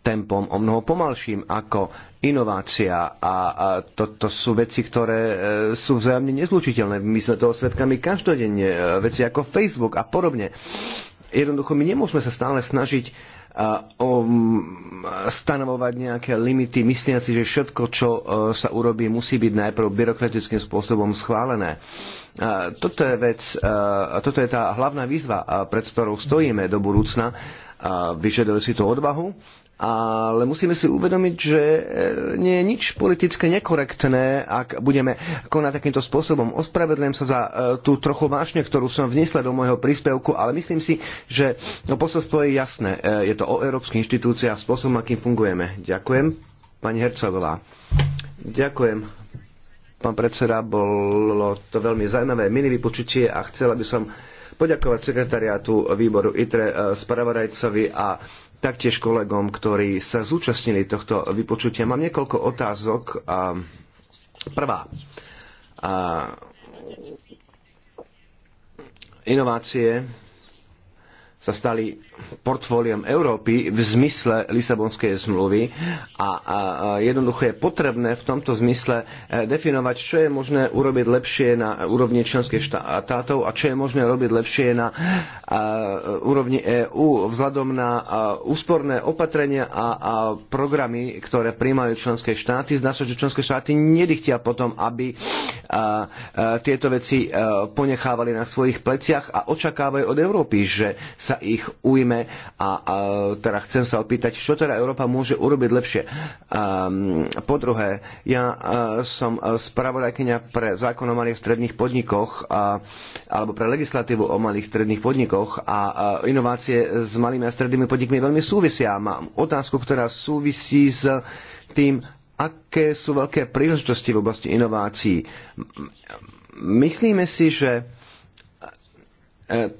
tempom, o mnoho pomalším ako inovácia a, a to, to sú veci, ktoré e, sú vzájomne nezlučiteľné. My sme toho svetkami každodenne, e, veci ako Facebook a podobne. Jednoducho my nemôžeme sa stále snažiť uh, o stanovovať nejaké limity, mysliaci, že všetko, čo uh, sa urobí, musí byť najprv byrokratickým spôsobom schválené. Uh, toto je, vec, toto je tá hlavná výzva, pred ktorou stojíme do budúcna. Vyžaduje si to odvahu, ale musíme si uvedomiť, že e, nie je nič politické nekorektné, ak budeme konať takýmto spôsobom. Ospravedlňujem sa za e, tú trochu vášne, ktorú som vniesla do môjho príspevku, ale myslím si, že no, posolstvo je jasné. E, je to o európskych inštitúciách, spôsobom, akým fungujeme. Ďakujem. Pani Hercegová. Ďakujem. Pán predseda, bolo to veľmi zaujímavé mini vypočutie a chcela by som poďakovať sekretariátu výboru ITRE, spravodajcovi a taktiež kolegom, ktorí sa zúčastnili tohto vypočutia. Mám niekoľko otázok. A prvá. A inovácie sa stali portfóliom Európy v zmysle Lisabonskej zmluvy a, a, jednoducho je potrebné v tomto zmysle e, definovať, čo je možné urobiť lepšie na úrovni členských štátov a čo je možné robiť lepšie na a, úrovni EÚ vzhľadom na a, úsporné opatrenia a, programy, ktoré príjmajú členské štáty. Zdá sa, že členské štáty nedychtia potom, aby tieto veci e, ponechávali na svojich pleciach a očakávajú od Európy, že sa ich ujme robíme a, a teda chcem sa opýtať, čo teda Európa môže urobiť lepšie. Um, po druhé, ja uh, som spravodajkynia pre zákon o malých stredných podnikoch a, alebo pre legislatívu o malých stredných podnikoch a a e, inovácie s malými a strednými podnikmi veľmi súvisia. Mám otázku, ktorá súvisí s tým, aké sú veľké príležitosti v oblasti inovácií. Myslíme si, že e,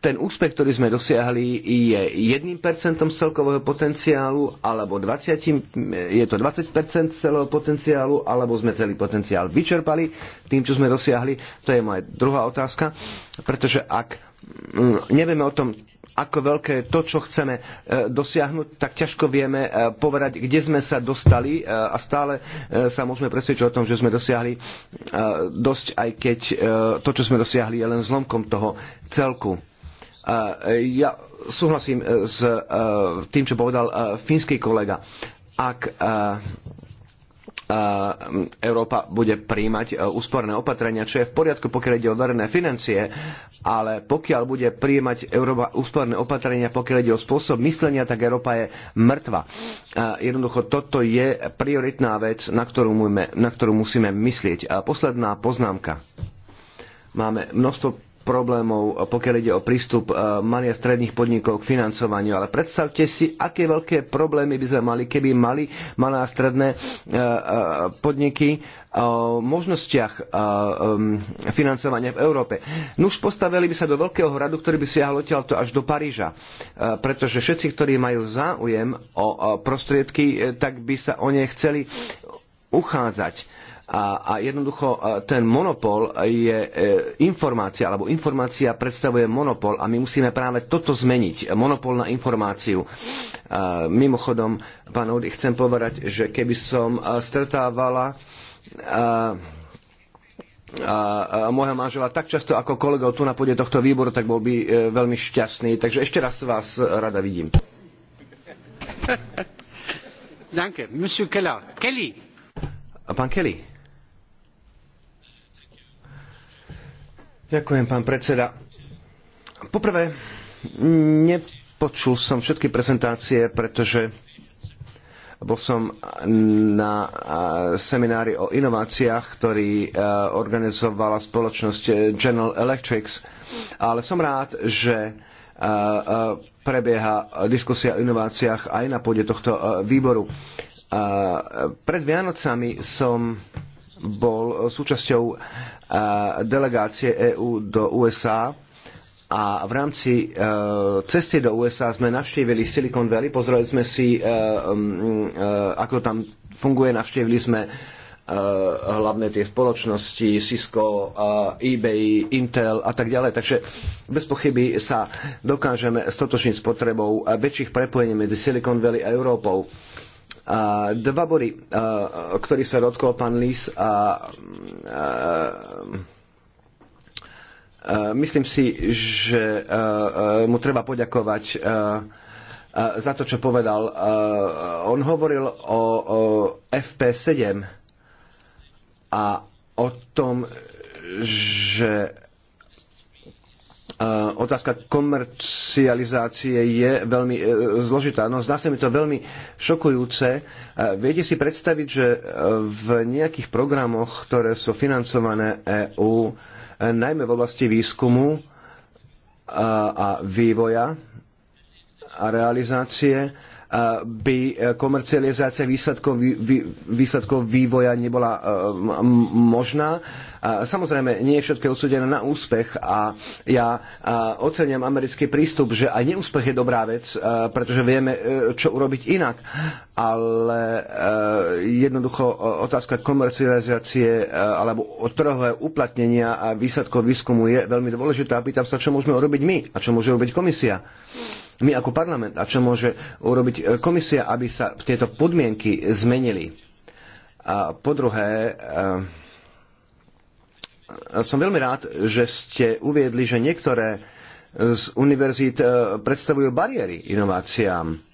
ten úspech, ktorý sme dosiahli, je 1% celkového potenciálu, alebo 20, je to 20% celého potenciálu, alebo sme celý potenciál vyčerpali tým, čo sme dosiahli. To je moja druhá otázka, pretože ak mm, nevieme o tom, ako veľké je to, čo chceme e, dosiahnuť, tak ťažko vieme e, povedať, kde sme sa dostali e, a stále sa môžeme presvedčiť o tom, že sme dosiahli dosť, aj keď to, čo sme dosiahli, je len zlomkom toho celku E, ja súhlasím e, s e, tým, čo povedal fínsky kolega. Ak Európa bude príjmať úsporné opatrenia, čo je v poriadku, pokiaľ ide o verejné financie, ale pokiaľ bude príjmať Európa úsporné opatrenia, pokiaľ ide o spôsob myslenia, tak Európa je mŕtva. Jednoducho toto je prioritná vec, na ktorú, musíme, na ktorú musíme myslieť. A posledná poznámka. Máme množstvo problémov, pokiaľ ide o prístup eh, malých a stredných podnikov k financovaniu. Ale predstavte si, aké veľké problémy by sme mali, keby mali malé a stredné eh, eh, podniky o možnostiach financovania v Európe. Nuž postavili by sa do veľkého hradu, ktorý by siahal odtiaľto až do Paríža. Pretože všetci, ktorí majú záujem o prostriedky, tak by sa o ne chceli uchádzať a, a jednoducho e, ten monopol je e, informácia, alebo informácia predstavuje monopol a my musíme práve toto zmeniť. Monopol na informáciu. E, mimochodom, pán Ody, chcem povedať, že keby som stretávala a, a môjho manžela tak často ako kolegov tu na pôde tohto výboru, tak bol by e, veľmi šťastný. Takže ešte raz vás rada vidím. Monsieur Keller. Kelly. pán Kelly. Ďakujem, pán predseda. Poprvé, nepočul som všetky prezentácie, pretože bol som na seminári o inováciách, ktorý e, organizovala spoločnosť General Electrics, ale som rád, že e, e, prebieha diskusia o inováciách aj na pôde tohto výboru. Pred Vianocami som bol súčasťou eh, delegácie EÚ do USA a v rámci eh, cesty do USA sme navštívili Silicon Valley, pozreli sme si, eh, mm, ako tam funguje, navštívili sme hlavné tie spoločnosti Cisco, eBay, Intel a tak ďalej. Takže bez pochyby sa dokážeme stotočniť s potrebou väčších prepojení medzi Silicon Valley a Európou dva body, o ktorý sa dotkol pán Lís a, uh, myslím si, že mu treba poďakovať za to, čo povedal. On hovoril o FP7 a o tom, že otázka komercializácie je veľmi e, zložitá. No zdá sa mi to veľmi šokujúce. E, viete si predstaviť, že e, v nejakých programoch, ktoré sú financované EÚ, najmä v oblasti výskumu a vývoja a realizácie, by e, komercializácia výsledkov, výsledkov vývoja nebola e, možná. Samozrejme, nie je všetko je odsudené na úspech a ja e, oceniam americký prístup, že aj neúspech je dobrá vec, pretože vieme, čo urobiť inak. Ale jednoducho otázka komercializácie alebo trhové uplatnenia a výsledkov výskumu je veľmi dôležitá. Pýtam sa, čo môžeme urobiť my a čo môže urobiť komisia my ako parlament a čo môže urobiť e, komisia, aby sa tieto podmienky zmenili. A po druhé, e, som veľmi rád, že ste uviedli, že niektoré z univerzít e, predstavujú bariéry inováciám.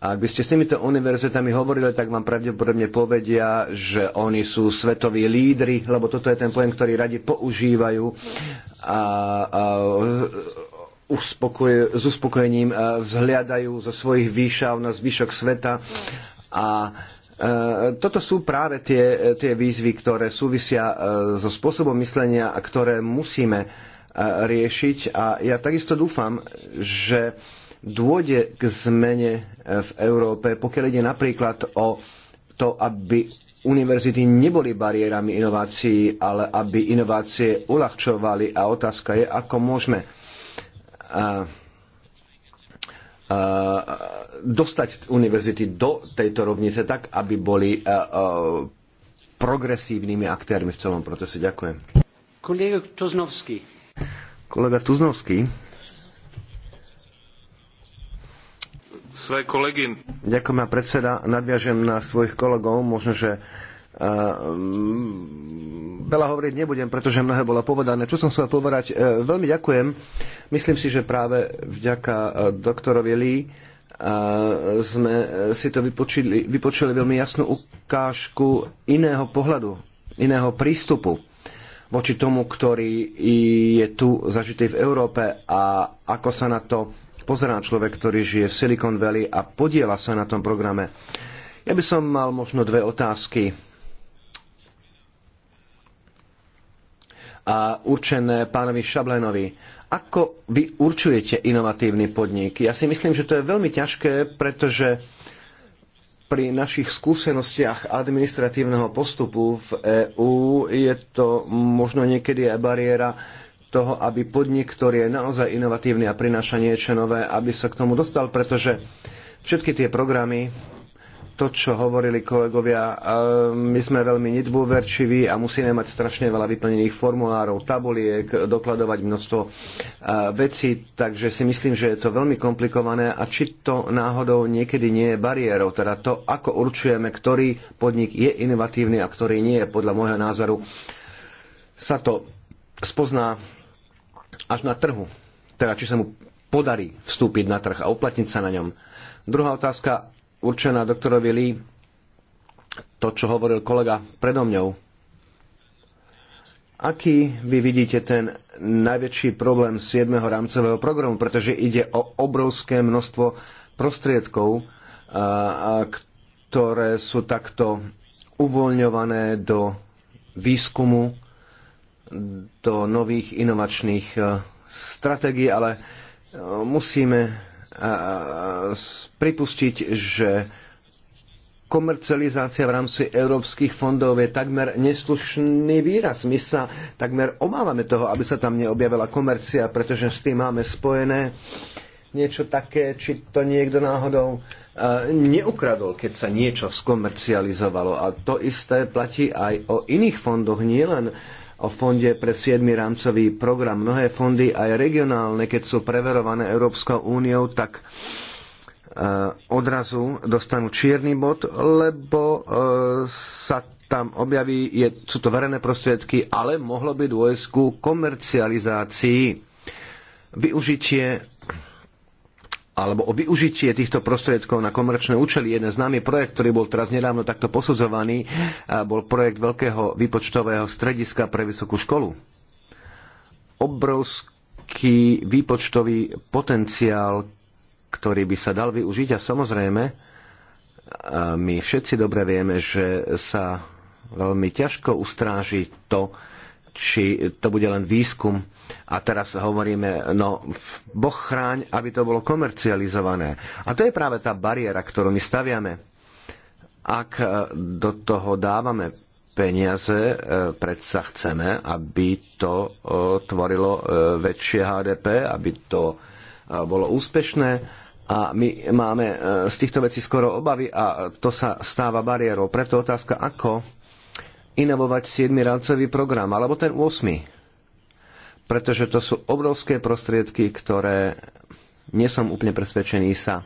A ak by ste s týmito univerzitami hovorili, tak vám pravdepodobne povedia, že oni sú svetoví lídri, lebo toto je ten pojem, ktorý radi používajú. A, a uspokoje, s uspokojením e, vzhliadajú zo svojich výšav na zvyšok sveta a e, toto sú práve tie, tie výzvy, ktoré súvisia e, so spôsobom myslenia, ktoré musíme riešiť. A ja takisto dúfam, že dôjde k zmene v Európe, pokiaľ ide napríklad o to, aby univerzity neboli bariérami inovácií, ale aby inovácie uľahčovali. A otázka je, ako môžeme a, a dostať univerzity do tejto rovnice tak, aby boli a, e, a, e, progresívnymi aktérmi v celom procese. Ďakujem. Kolega Tuznovský. Kolega Tuznovský. Svoje kolegy. Ďakujem, a predseda. Nadviažem na svojich kolegov. Možno, že Mm, veľa hovoriť nebudem, pretože mnohé bolo povedané. Čo som chcel povedať, e, veľmi ďakujem. Myslím si, že práve vďaka e, doktorovi Lee e, sme si to vypočuli, vypočuli veľmi jasnú ukážku iného pohľadu, iného prístupu voči tomu, ktorý je tu zažitý v Európe a ako sa na to pozerá človek, ktorý žije v Silicon Valley a podiela sa na tom programe. Ja by som mal možno dve otázky a určené pánovi Šablenovi. Ako vy určujete inovatívny podnik? Ja si myslím, že to je veľmi ťažké, pretože pri našich skúsenostiach administratívneho postupu v EÚ je to možno niekedy aj bariéra toho, aby podnik, ktorý je naozaj inovatívny a prináša niečo nové, aby sa k tomu dostal, pretože všetky tie programy to, čo hovorili kolegovia, my sme veľmi nedôverčiví a musíme mať strašne veľa vyplnených formulárov, tabuliek, dokladovať množstvo vecí, takže si myslím, že je to veľmi komplikované a či to náhodou niekedy nie je bariérou, teda to, ako určujeme, ktorý podnik je inovatívny a ktorý nie je, podľa môjho názoru, sa to spozná až na trhu, teda či sa mu podarí vstúpiť na trh a uplatniť sa na ňom. Druhá otázka, určená doktorovi Lee to, čo hovoril kolega predo mňou. Aký vy vidíte ten najväčší problém 7. rámcového programu, pretože ide o obrovské množstvo prostriedkov, ktoré sú takto uvoľňované do výskumu, do nových inovačných e, stratégií, ale e, musíme pripustiť, že komercializácia v rámci európskych fondov je takmer neslušný výraz. My sa takmer obávame toho, aby sa tam neobjavila komercia, pretože s tým máme spojené niečo také, či to niekto náhodou e, neukradol, keď sa niečo skomercializovalo. A to isté platí aj o iných fondoch, nielen o fonde pre 7. rámcový program. Mnohé fondy, aj regionálne, keď sú preverované Európskou úniou, tak e, odrazu dostanú čierny bod, lebo e, sa tam objaví, je, sú to verejné prostriedky, ale mohlo by dôjsť ku komercializácii. Využitie alebo o využitie týchto prostriedkov na komerčné účely. Jeden známy projekt, ktorý bol teraz nedávno takto posudzovaný, bol projekt veľkého výpočtového strediska pre vysokú školu. Obrovský výpočtový potenciál, ktorý by sa dal využiť a samozrejme, my všetci dobre vieme, že sa veľmi ťažko ustráži to, či to bude len výskum. A teraz hovoríme, no boh chráň, aby to bolo komercializované. A to je práve tá bariéra, ktorú my staviame. Ak e, do toho dávame peniaze, e, predsa chceme, aby to e, tvorilo väčšie HDP, aby to bolo úspešné a my máme z týchto vecí skoro obavy a to sa stáva bariérou. Preto otázka, ako inovovať 7. rámcový program, alebo ten 8. Pretože to sú obrovské prostriedky, ktoré nie som úplne presvedčený sa e,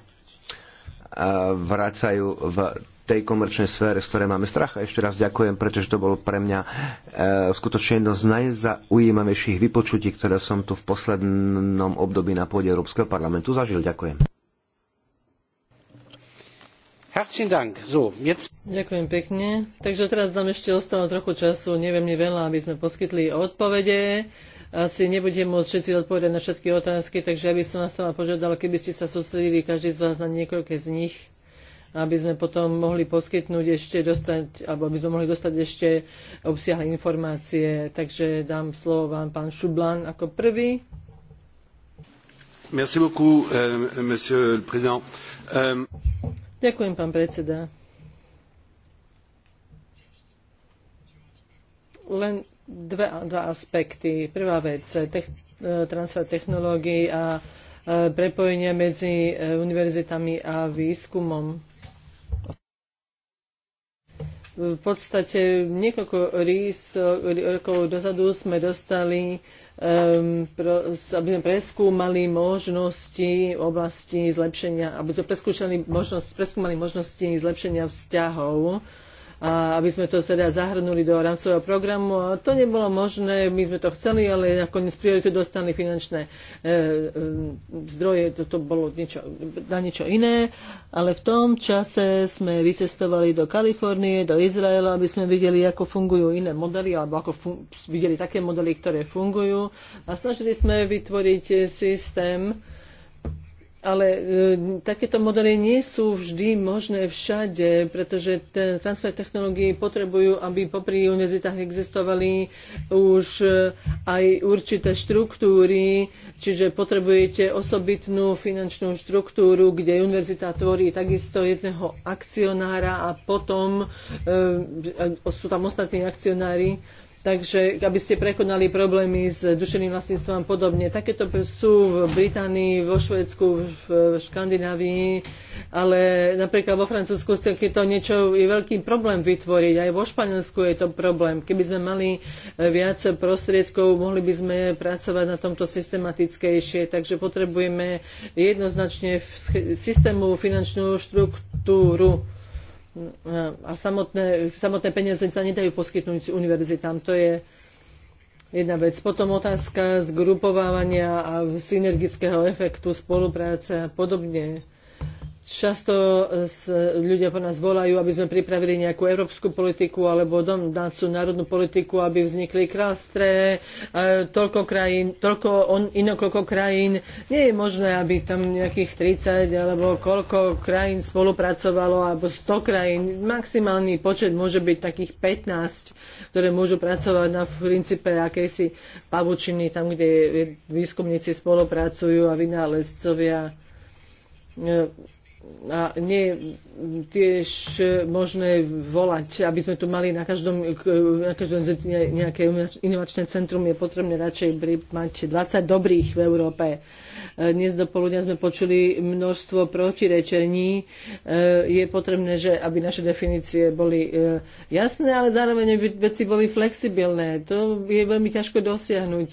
vracajú v tej komerčnej sfére, z ktorej máme strach. A ešte raz ďakujem, pretože to bolo pre mňa e, skutočne jedno z najzaujímavejších vypočutí, ktoré som tu v poslednom období na pôde Európskeho parlamentu zažil. Ďakujem. Ďakujem pekne. Takže teraz nám ešte ostalo trochu času, neviem mi aby sme poskytli odpovede. Asi nebudem môcť všetci odpovedať na všetky otázky, takže ja by som vás sama požiadala, keby ste sa sústredili každý z vás na niekoľké z nich, aby sme potom mohli poskytnúť ešte dostať, alebo aby sme mohli dostať ešte obsiahle informácie. Takže dám slovo vám pán Šublan ako prvý. Merci beaucoup, euh, monsieur le président. Euh, Ďakujem, pán predseda. Len dve, dva aspekty. Prvá vec, tech, e, transfer technológií a e, prepojenie medzi e, univerzitami a výskumom. V podstate niekoľko rokov dozadu sme dostali Ehm, aby sme preskúmali možnosti oblasti zlepšenia, aby sme preskúmali možnosti, preskúmali možnosti zlepšenia vzťahov a aby sme to teda zahrnuli do rámcového programu. A to nebolo možné, my sme to chceli, ale nakoniec priority dostali finančné e, e, zdroje, toto bolo niečo, na niečo iné. Ale v tom čase sme vycestovali do Kalifornie, do Izraela, aby sme videli, ako fungujú iné modely, alebo ako videli také modely, ktoré fungujú. A snažili sme vytvoriť systém, ale e, takéto modely nie sú vždy možné všade, pretože ten transfer technológií potrebujú, aby popri univerzitách existovali už e, aj určité štruktúry, čiže potrebujete osobitnú finančnú štruktúru, kde univerzita tvorí takisto jedného akcionára a potom e, e sú tam ostatní akcionári takže aby ste prekonali problémy s dušeným vlastníctvom a podobne. Takéto sú v Británii, vo Švedsku, v Škandinávii, ale napríklad vo Francúzsku to niečo je veľký problém vytvoriť. Aj vo Španielsku je to problém. Keby sme mali e, viac prostriedkov, mohli by sme pracovať na tomto systematickejšie. Takže potrebujeme jednoznačne systému finančnú štruktúru a samotné, samotné peniaze sa nedajú poskytnúť univerzitám. To je jedna vec. Potom otázka zgrupovávania a synergického efektu spolupráce a podobne. Často e, ľudia po nás volajú, aby sme pripravili nejakú európsku politiku alebo domácu národnú politiku, aby vznikli krástre, e, toľko krajín, toľko on, inokoľko krajín. Nie je možné, aby tam nejakých 30 alebo koľko krajín spolupracovalo, alebo 100 krajín. Maximálny počet môže byť takých 15, ktoré môžu pracovať na princípe akejsi pavučiny, tam, kde výskumníci spolupracujú a vynálezcovia e, a nie tiež možné volať, aby sme tu mali na každom, na každom nejaké inovačné centrum, je potrebné radšej mať 20 dobrých v Európe. E, dnes do poludňa sme počuli množstvo protirečení. E, je potrebné, že aby naše definície boli e, jasné, ale zároveň veci boli flexibilné. To je veľmi ťažko dosiahnuť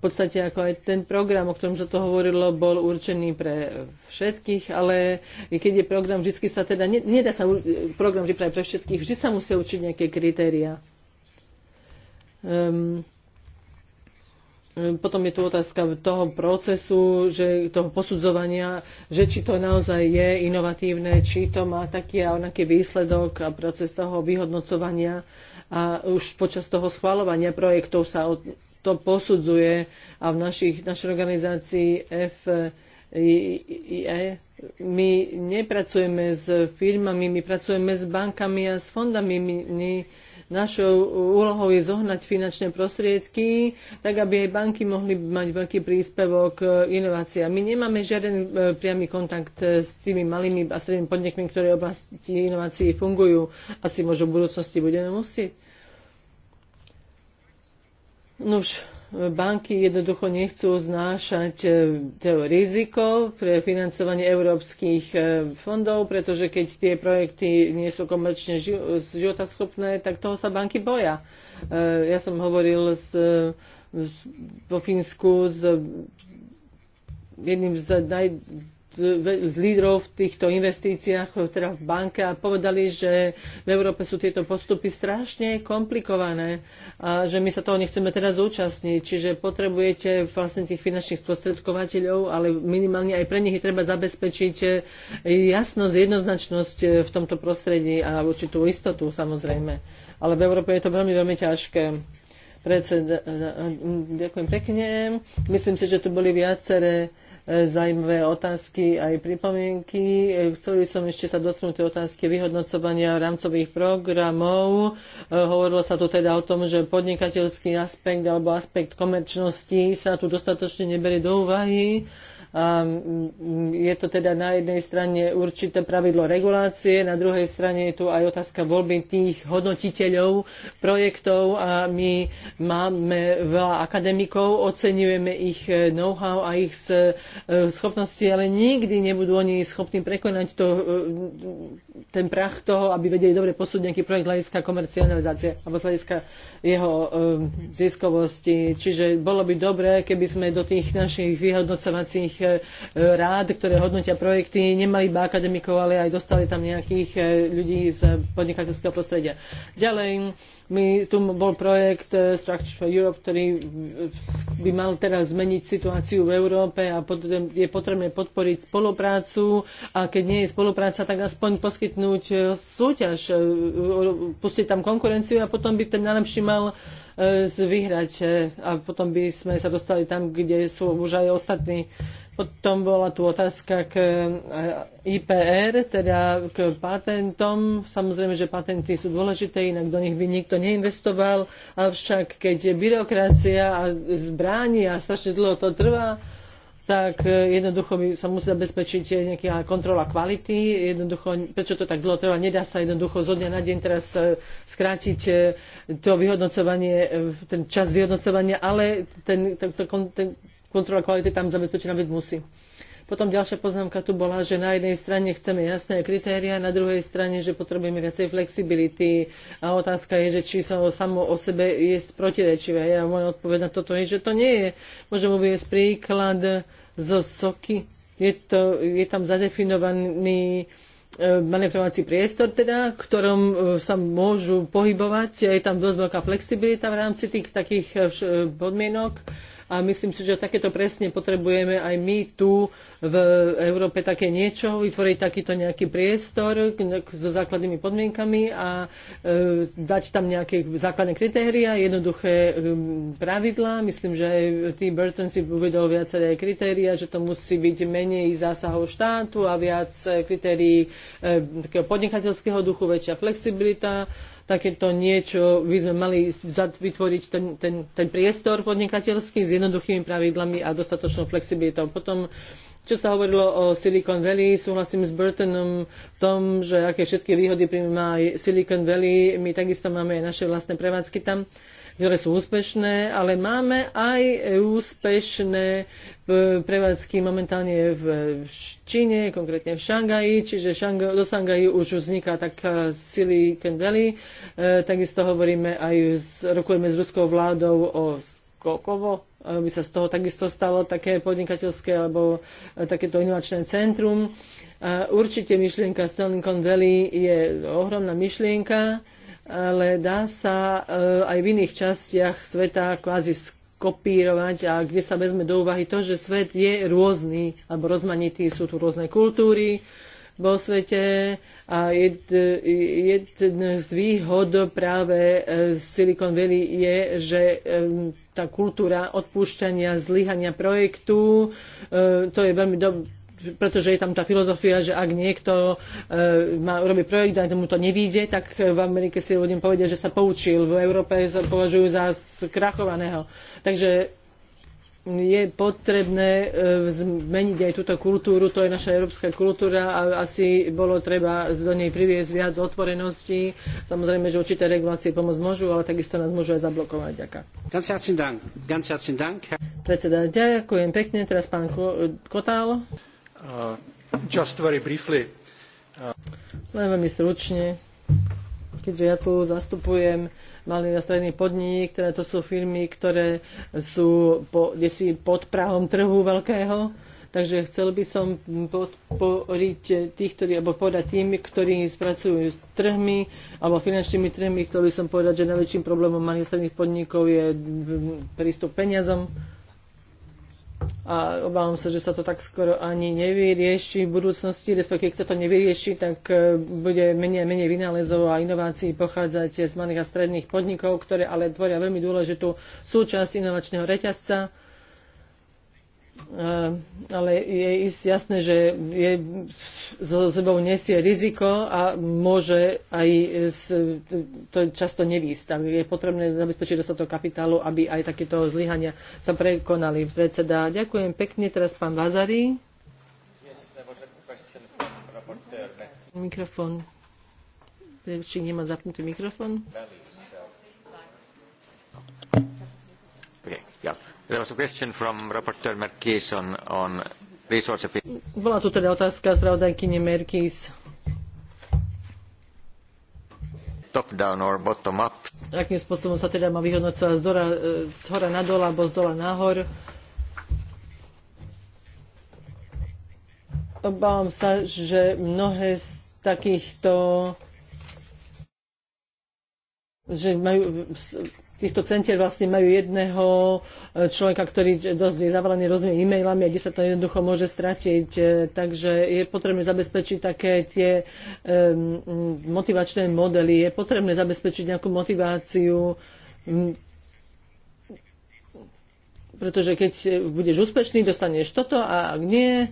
podstate ako aj ten program, o ktorom sa to hovorilo, bol určený pre všetkých, ale keď je program, vždy sa teda, nedá sa program vypraviť pre všetkých, vždy sa musia učiť nejaké kritéria. Um, potom je tu otázka toho procesu, že toho posudzovania, že či to naozaj je inovatívne, či to má taký a onaký výsledok a proces toho vyhodnocovania a už počas toho schvalovania projektov sa to posudzuje a v našich, našej organizácii FIE. my nepracujeme s firmami, my pracujeme s bankami a s fondami. My, my, našou úlohou je zohnať finančné prostriedky, tak aby aj banky mohli mať veľký príspevok inováciám. My nemáme žiaden e, priamy kontakt s tými malými a strednými podnikmi, ktoré v oblasti inovácií fungujú. Asi možno v budúcnosti budeme musieť už banky jednoducho nechcú znášať e, to riziko pre financovanie európskych e, fondov, pretože keď tie projekty nie sú komerčne životaschopné, tak toho sa banky boja. E, ja som hovoril s, vo Fínsku s jedným z naj z lídrov v týchto investíciách, teda v banke, a povedali, že v Európe sú tieto postupy strašne komplikované a že my sa toho nechceme teraz zúčastniť. Čiže potrebujete vlastne tých finančných sprostredkovateľov, ale minimálne aj pre nich je treba zabezpečiť jasnosť, jednoznačnosť v tomto prostredí a určitú istotu samozrejme. Ale v Európe je to veľmi, veľmi ťažké predseda. Ďakujem pekne. Myslím si, že tu boli viaceré zaujímavé otázky aj pripomienky. Chcel by som ešte sa dotknúť otázky vyhodnocovania rámcových programov. E, hovorilo sa tu teda o tom, že podnikateľský aspekt alebo aspekt komerčnosti sa tu dostatočne neberie do úvahy. A mm, je to teda na jednej strane určité pravidlo regulácie, na druhej strane je tu aj otázka voľby tých hodnotiteľov projektov a my máme veľa akademikov, oceňujeme ich eh, know-how a ich eh, schopnosti, ale nikdy nebudú oni schopní prekonať to, eh, ten prach toho, aby vedeli dobre posúdiť nejaký projekt hľadiska komercializácie alebo hľadiska jeho ziskovosti. Čiže bolo by dobré, keby sme do tých našich vyhodnocovacích E, rád, ktoré hodnotia projekty, nemali iba akademikov, ale aj dostali tam nejakých e, ľudí z podnikateľského prostredia. Ďalej, my, tu bol projekt e, Structure for Europe, ktorý by mal teraz zmeniť situáciu v Európe a je potrebné podporiť spoluprácu a keď nie je spolupráca, tak aspoň poskytnúť súťaž, pustiť tam konkurenciu a potom by ten najlepší mal E, vyhrať e, a potom by sme sa dostali tam, kde sú už aj ostatní. Potom bola tu otázka k e, IPR, teda k patentom. Samozrejme, že patenty sú dôležité, inak do nich by nikto neinvestoval, avšak keď je byrokracia a zbráni a strašne dlho to trvá, tak e, jednoducho by sa musí zabezpečiť e, nejaká kontrola kvality. Jednoducho, prečo to tak dlho trvá? Nedá sa jednoducho zo dňa na deň teraz e, skrátiť to vyhodnocovanie, ten čas vyhodnocovania, ale ten, ten, ten kontrola kvality tam zabezpečená byť musí. Potom ďalšia poznámka tu bola, že na jednej strane chceme jasné kritéria, na druhej strane, že potrebujeme viacej flexibility. A otázka je, že či sa o samo o sebe je protirečivé. Ja moja odpoveď na toto je, že to nie je. Môžem uvieť príklad zo soky. Je, to, je tam zadefinovaný e, manevrovací priestor, teda, v ktorom e, sa môžu pohybovať. Je tam dosť veľká flexibilita v rámci tých takých e, podmienok a myslím si, že takéto presne potrebujeme aj my tu v Európe také niečo, vytvoriť takýto nejaký priestor so základnými podmienkami a e, dať tam nejaké základné kritéria, jednoduché e, pravidlá. Myslím, že aj T. Burton si uvedol viaceré kritéria, že to musí byť menej zásahov štátu a viac e, kritérií podnikateľského duchu, väčšia flexibilita takéto niečo by sme mali vytvoriť ten, ten, ten priestor podnikateľský s jednoduchými pravidlami a dostatočnou flexibilitou. Potom čo sa hovorilo o Silicon Valley, súhlasím s Burtonom v tom, že aké všetky výhody má Silicon Valley. My takisto máme aj naše vlastné prevádzky tam ktoré sú úspešné, ale máme aj úspešné E, prevádzky momentálne v Číne, konkrétne v Šangaji, čiže Šang- do Šangaji už vzniká tak e, Silicon Valley. E, takisto hovoríme aj, z, rokujeme s ruskou vládou o Skokovo, aby sa z toho takisto stalo také podnikateľské alebo e, takéto inovačné centrum. A určite myšlienka Silicon Valley je ohromná myšlienka, ale dá sa aj v iných častiach sveta kvázi kopírovať a kde sa vezme do úvahy to, že svet je rôzny alebo rozmanitý, sú tu rôzne kultúry vo svete a jed, jeden z výhod práve e, Silicon Valley je, že e, tá kultúra odpúšťania, zlyhania projektu, e, to je veľmi dobré pretože je tam tá filozofia, že ak niekto e, má, robí projekt a tomu to nevíde, tak v Amerike si ľudia povedia, že sa poučil. V Európe sa považujú za skrachovaného. Takže je potrebné e, zmeniť aj túto kultúru, to je naša európska kultúra a asi bolo treba do nej priviesť viac otvorenosti. Samozrejme, že určité regulácie pomoc môžu, ale takisto nás môžu aj zablokovať. Ďakujem. Predseda, ďakujem pekne. Teraz pán Kotál. Uh, uh, Len veľmi stručne, keďže ja tu zastupujem malý a stredný podnik, teda to sú firmy, ktoré sú po, si pod prahom trhu veľkého. Takže chcel by som podporiť tých, ktorí, alebo podať tým, ktorí spracujú s trhmi alebo finančnými trhmi. Chcel by som povedať, že najväčším problémom malých a stredných podnikov je mm, prístup peniazom a obávam sa, že sa to tak skoro ani nevyrieši v budúcnosti, respektíve keď sa to nevyrieši, tak e, bude menej menej vynálezov a inovácií pochádzať z malých a stredných podnikov, ktoré ale tvoria veľmi dôležitú súčasť inovačného reťazca Eh, ale je ist jasné, že je, so sebou nesie riziko a môže aj z, to často nevýsť. Tak je potrebné zabezpečiť dostatok kapitálu, aby aj takéto zlyhania sa prekonali. Predseda, ďakujem pekne. Teraz pán Vazari. Mikrofón. Či nemá zapnutý mikrofón? Okay, yeah. There was a question from Rapporteur Merkis on, on resource efficiency. Bola tu teda otázka spravodajkyne Merkis. Top-down or bottom-up. Akým spôsobom sa teda má vyhodnocovať z, dora, z hora na dole alebo z dola nahor? obávam sa, že mnohé z takýchto že majú týchto centier vlastne majú jedného e, človeka, ktorý dosť je zavalený rôznymi e-mailami a kde sa to jednoducho môže stratiť. E, takže je potrebné zabezpečiť také tie um, motivačné modely, je potrebné zabezpečiť nejakú motiváciu pretože keď budeš úspešný, dostaneš toto a ak nie,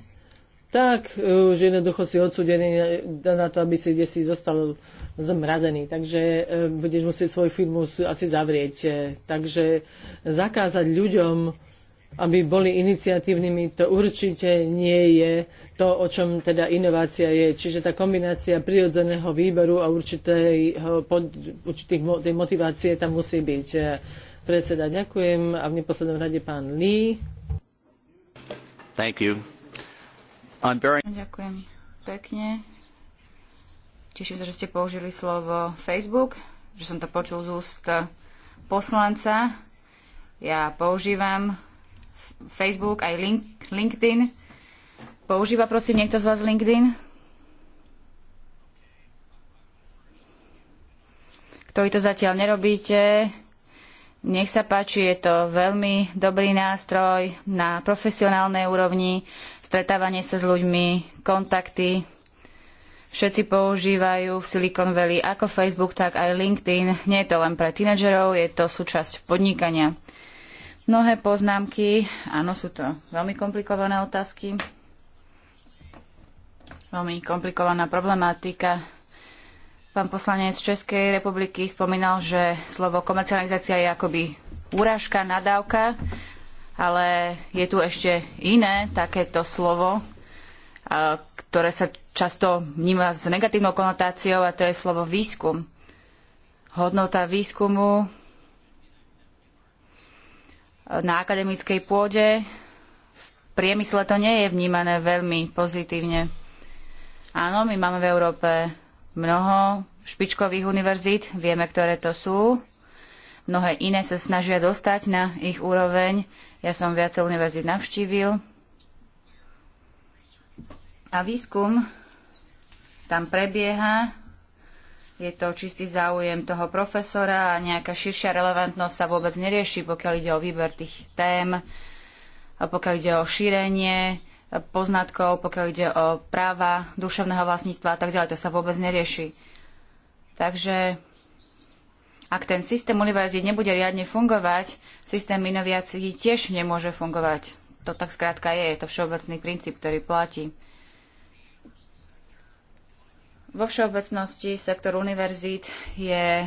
tak už e, jednoducho si odsudený na to, aby si kde si zostal zmrazený. Takže e, budeš musieť svoj firmu asi zavrieť. E, takže zakázať ľuďom, aby boli iniciatívnymi, to určite nie je to, o čom teda inovácia je. Čiže tá kombinácia prirodzeného výberu a určitej určitých tej motivácie tam musí byť. Predseda, ďakujem a v neposlednom rade pán Lee. Thank you. Very... Ďakujem pekne. Teším sa, že ste použili slovo Facebook, že som to počul z úst poslanca. Ja používam Facebook aj link, LinkedIn. Používa prosím niekto z vás LinkedIn? Ktorí to zatiaľ nerobíte, nech sa páči, je to veľmi dobrý nástroj na profesionálnej úrovni, stretávanie sa s ľuďmi, kontakty. Všetci používajú v Silicon Valley ako Facebook, tak aj LinkedIn. Nie je to len pre tínedžerov, je to súčasť podnikania. Mnohé poznámky, áno, sú to veľmi komplikované otázky, veľmi komplikovaná problematika. Pán poslanec Českej republiky spomínal, že slovo komercializácia je akoby úražka, nadávka ale je tu ešte iné takéto slovo, ktoré sa často vníma s negatívnou konotáciou a to je slovo výskum. Hodnota výskumu na akademickej pôde v priemysle to nie je vnímané veľmi pozitívne. Áno, my máme v Európe mnoho špičkových univerzít, vieme, ktoré to sú, Mnohé iné sa snažia dostať na ich úroveň. Ja som viacej univerzít navštívil. A výskum tam prebieha. Je to čistý záujem toho profesora a nejaká širšia relevantnosť sa vôbec nerieši, pokiaľ ide o výber tých tém, pokiaľ ide o šírenie poznatkov, pokiaľ ide o práva duševného vlastníctva a tak ďalej. To sa vôbec nerieši. Takže ak ten systém univerzít nebude riadne fungovať, systém inoviácií tiež nemôže fungovať. To tak skrátka je, je to všeobecný princíp, ktorý platí. Vo všeobecnosti sektor univerzít je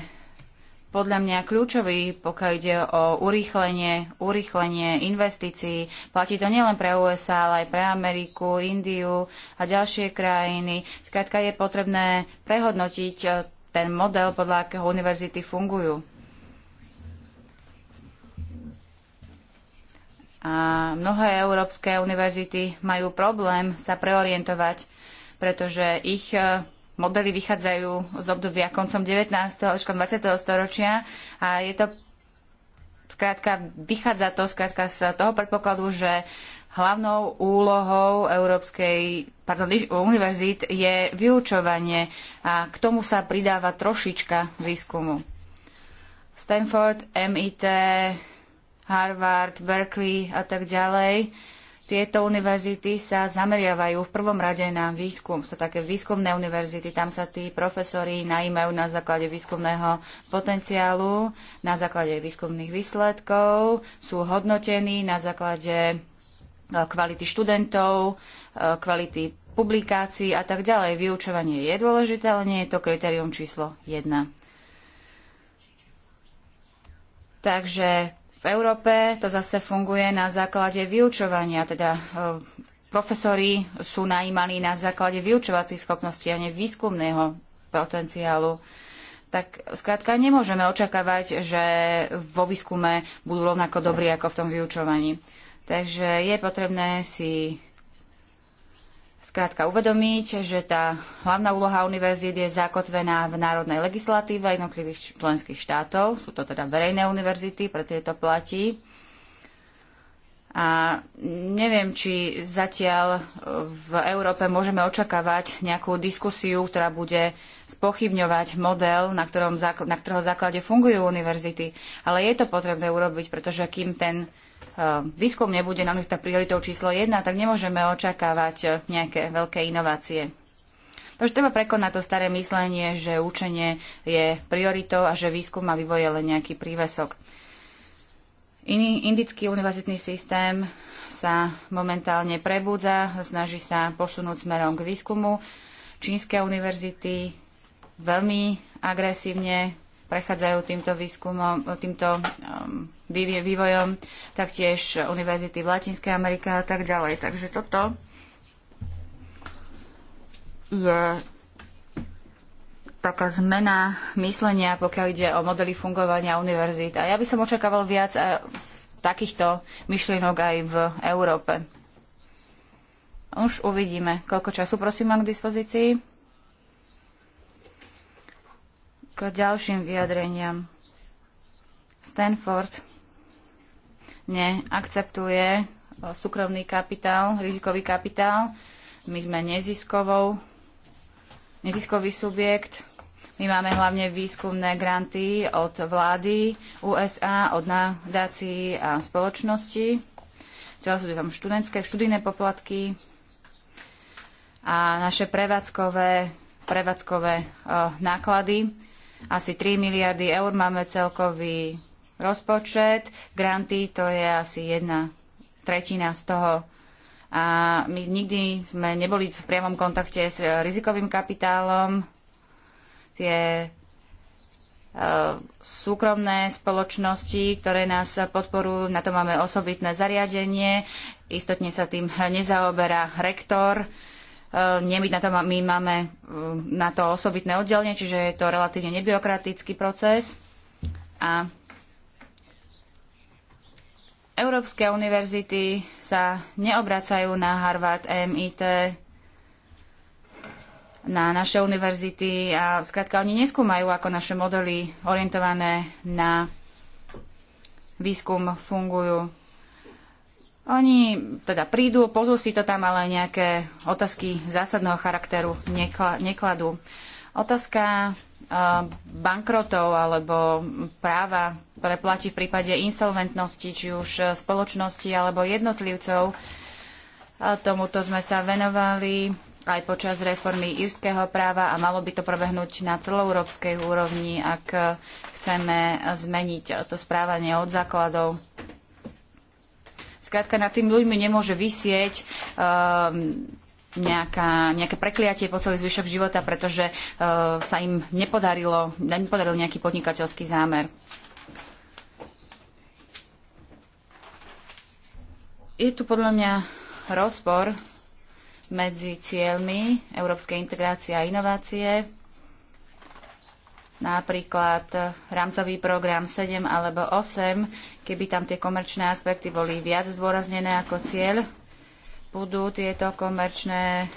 podľa mňa kľúčový, pokiaľ ide o urýchlenie, urýchlenie investícií. Platí to nielen pre USA, ale aj pre Ameriku, Indiu a ďalšie krajiny. Skrátka je potrebné prehodnotiť ten model, podľa akého univerzity fungujú. A mnohé európske univerzity majú problém sa preorientovať, pretože ich e, modely vychádzajú z obdobia koncom 19. očkom 20. storočia a je to Skrátka, vychádza to skrátka z toho predpokladu, že Hlavnou úlohou Európskej pardon, univerzít je vyučovanie a k tomu sa pridáva trošička výskumu. Stanford, MIT, Harvard, Berkeley a tak ďalej. Tieto univerzity sa zameriavajú v prvom rade na výskum. Sú také výskumné univerzity, tam sa tí profesori najímajú na základe výskumného potenciálu, na základe výskumných výsledkov, sú hodnotení na základe kvality študentov, e, kvality publikácií a tak ďalej. Vyučovanie je dôležité, ale nie je to kritérium číslo 1. Takže v Európe to zase funguje na základe vyučovania, teda e, profesori sú najímaní na základe vyučovacích schopností a nie výskumného potenciálu tak skrátka nemôžeme očakávať, že vo výskume budú rovnako dobrí ako v tom vyučovaní. Takže je potrebné si skrátka uvedomiť, že tá hlavná úloha univerzít je zakotvená v národnej legislatíve jednotlivých členských štátov. Sú to teda verejné univerzity, pre tieto platí. A neviem, či zatiaľ v Európe môžeme očakávať nejakú diskusiu, ktorá bude spochybňovať model, na, ktorom, na ktorého základe fungujú univerzity. Ale je to potrebné urobiť, pretože kým ten Ehm, výskum nebude namiesto prioritou číslo 1, tak nemôžeme očakávať eh, nejaké veľké inovácie. Takže treba prekonať to staré myslenie, že učenie je prioritou a že výskum a vývoj je len nejaký prívesok. Iný indický univerzitný systém sa momentálne prebudza, snaží sa posunúť smerom k výskumu. Čínske univerzity veľmi agresívne prechádzajú týmto výskumom, týmto um, vývojom, taktiež univerzity v Latinskej Amerike a tak ďalej. Takže toto je taká zmena myslenia, pokiaľ ide o modely fungovania univerzít. A ja by som očakával viac eh, takýchto myšlienok aj v Európe. Už uvidíme, koľko času prosím mám k dispozícii. ďalším vyjadreniam. Stanford neakceptuje eh, súkromný kapitál, rizikový kapitál. My sme neziskovou, neziskový subjekt. My máme hlavne výskumné granty od vlády USA, od nadácií a spoločnosti. Celé sú tam študentské, študijné poplatky a naše prevádzkové, prevádzkové eh, náklady asi 3 miliardy eur máme celkový rozpočet, granty to je asi jedna tretina z toho. A my nikdy sme neboli v priamom kontakte s rizikovým kapitálom. Tie e, súkromné spoločnosti, ktoré nás podporujú. Na to máme osobitné zariadenie. Istotne sa tým nezaoberá rektor my, e, na to, my máme e, na to osobitné oddelenie, čiže je to relatívne nebyrokratický proces. A Európske univerzity sa neobracajú na Harvard, MIT, na naše univerzity a skrátka oni neskúmajú ako naše modely orientované na výskum fungujú. Oni teda prídu, pozú si to tam, ale nejaké otázky zásadného charakteru nekladú. Otázka eh, bankrotov alebo práva, ktoré platí v prípade insolventnosti, či už eh, spoločnosti alebo jednotlivcov. Tomuto sme sa venovali aj počas reformy írskeho práva a malo by to prebehnúť na celoeurópskej úrovni, ak eh, chceme zmeniť to správanie od základov. Skrátka nad tým ľuďmi nemôže vysieť um, nejaká, nejaké prekliatie po celý zvyšok života, pretože uh, sa im nepodarilo, nepodaril nejaký podnikateľský zámer. Je tu podľa mňa rozpor medzi cieľmi európskej integrácie a inovácie napríklad rámcový program 7 alebo 8, keby tam tie komerčné aspekty boli viac zdôraznené ako cieľ, budú tieto komerčné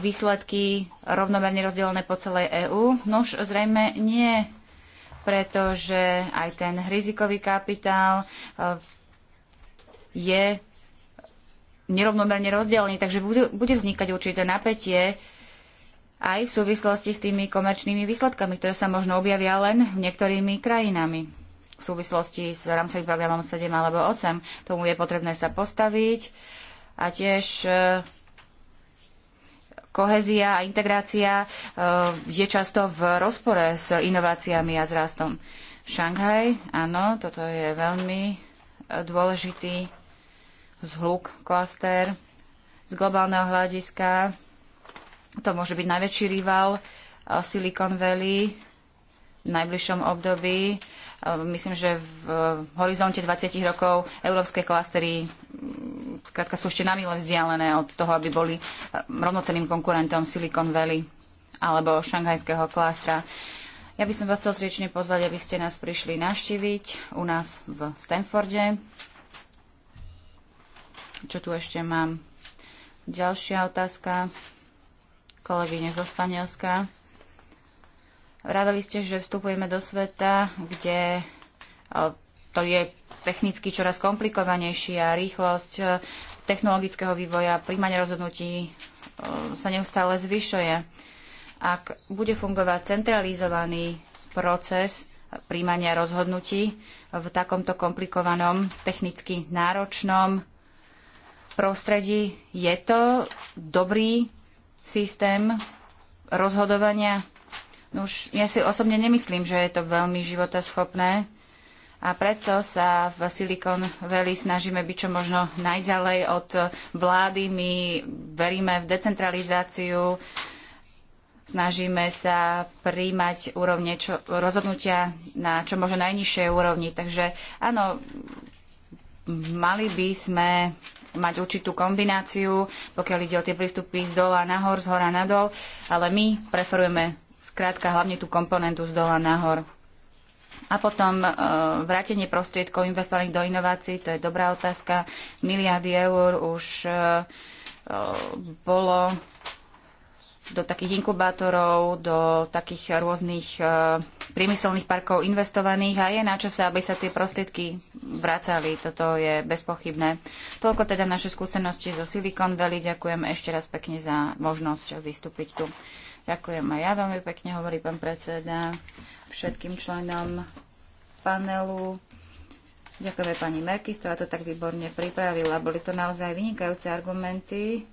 výsledky rovnomerne rozdelené po celej EÚ? Nož zrejme nie, pretože aj ten rizikový kapitál eh, je nerovnomerne rozdelený, takže bude, bude vznikať určité napätie aj v súvislosti s tými komerčnými výsledkami, ktoré sa možno objavia len niektorými krajinami v súvislosti s rámcovým programom 7 alebo 8. Tomu je potrebné sa postaviť a tiež e, kohézia a integrácia e, je často v rozpore s inováciami a s rastom. Šanghaj, áno, toto je veľmi e, dôležitý zhluk, klaster z globálneho hľadiska to môže byť najväčší rival eh, Silicon Valley v najbližšom období. Eh, myslím, že v eh, horizonte 20 rokov európske klastery mm, skrátka sú ešte namile vzdialené od toho, aby boli rovnocenným konkurentom Silicon Valley alebo šanghajského klastra. Ja by som vás chcel srdečne pozvať, aby ste nás prišli navštíviť u nás v Stanforde. Čo tu ešte mám? Ďalšia otázka kolegyne zo Španielska. Vraveli ste, že vstupujeme do sveta, kde e, to je technicky čoraz komplikovanejšia rýchlosť e, technologického vývoja, príjmanie rozhodnutí e, sa neustále zvyšuje. Ak bude fungovať centralizovaný proces príjmania rozhodnutí v takomto komplikovanom, technicky náročnom prostredí, je to dobrý systém rozhodovania. No už ja si osobne nemyslím, že je to veľmi životaschopné a preto sa v Silicon Valley snažíme byť čo možno najďalej od vlády. My veríme v decentralizáciu, snažíme sa príjmať úrovne čo, rozhodnutia na čo možno najnižšej úrovni. Takže áno, mali by sme mať určitú kombináciu, pokiaľ ide o tie prístupy z dola nahor, z hora nadol, ale my preferujeme skrátka hlavne tú komponentu z dola nahor. A potom e, vrátenie prostriedkov investovaných do inovácií, to je dobrá otázka. Miliardy eur už e, e bolo do takých inkubátorov, do takých rôznych e, priemyselných parkov investovaných a je na čase, aby sa tie prostriedky vracali. Toto je bezpochybné. Toľko teda naše skúsenosti zo Silicon Valley. Ďakujem ešte raz pekne za možnosť vystúpiť tu. Ďakujem aj ja veľmi pekne, hovorí pán predseda, všetkým členom panelu. Ďakujeme pani Merkis, ktorá to tak výborne pripravila. Boli to naozaj vynikajúce argumenty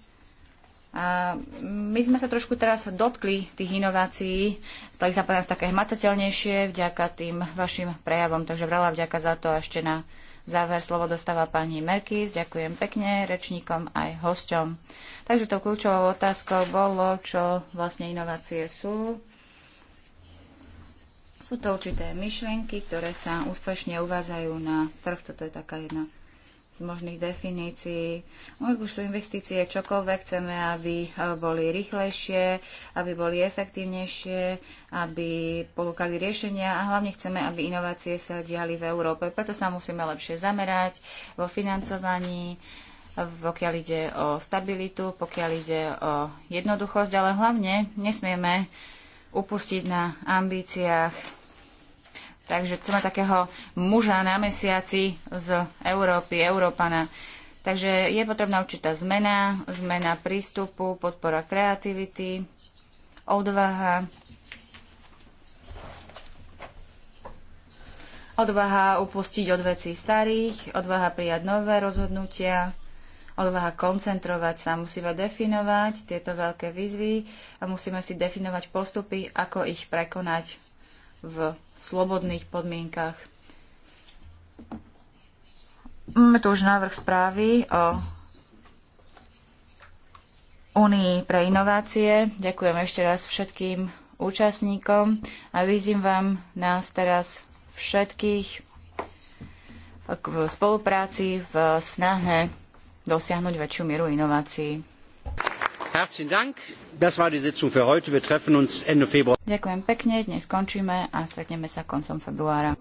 a my sme sa trošku teraz dotkli tých inovácií, stali sa pre nás také hmatateľnejšie vďaka tým vašim prejavom, takže veľa vďaka za to a ešte na záver slovo dostáva pani Merkis. Ďakujem pekne rečníkom aj hosťom. Takže tou kľúčovou otázkou bolo, čo vlastne inovácie sú. Sú to určité myšlienky, ktoré sa úspešne uvádzajú na trh. Toto je taká jedna z možných definícií. Môžu už sú investície čokoľvek, chceme, aby eh, boli rýchlejšie, aby boli efektívnejšie, aby polúkali riešenia a hlavne chceme, aby inovácie sa diali v Európe. Preto sa musíme lepšie zamerať vo financovaní, pokiaľ ide o stabilitu, pokiaľ ide o jednoduchosť, ale hlavne nesmieme upustiť na ambíciách Takže chceme takého muža na mesiaci z Európy, Európana. Takže je potrebná určitá zmena, zmena prístupu, podpora kreativity, odvaha, odvaha upustiť od vecí starých, odvaha prijať nové rozhodnutia, odvaha koncentrovať sa. Musíme definovať tieto veľké výzvy a musíme si definovať postupy, ako ich prekonať v slobodných podmienkach. Máme tu už návrh správy o Unii pre inovácie. Ďakujem ešte raz všetkým účastníkom a vyzývam vám nás teraz všetkých v spolupráci v snahe dosiahnuť väčšiu mieru inovácií. Herzlichen Dank. Ďakujem pekne, dnes končíme a stretneme sa koncom februára.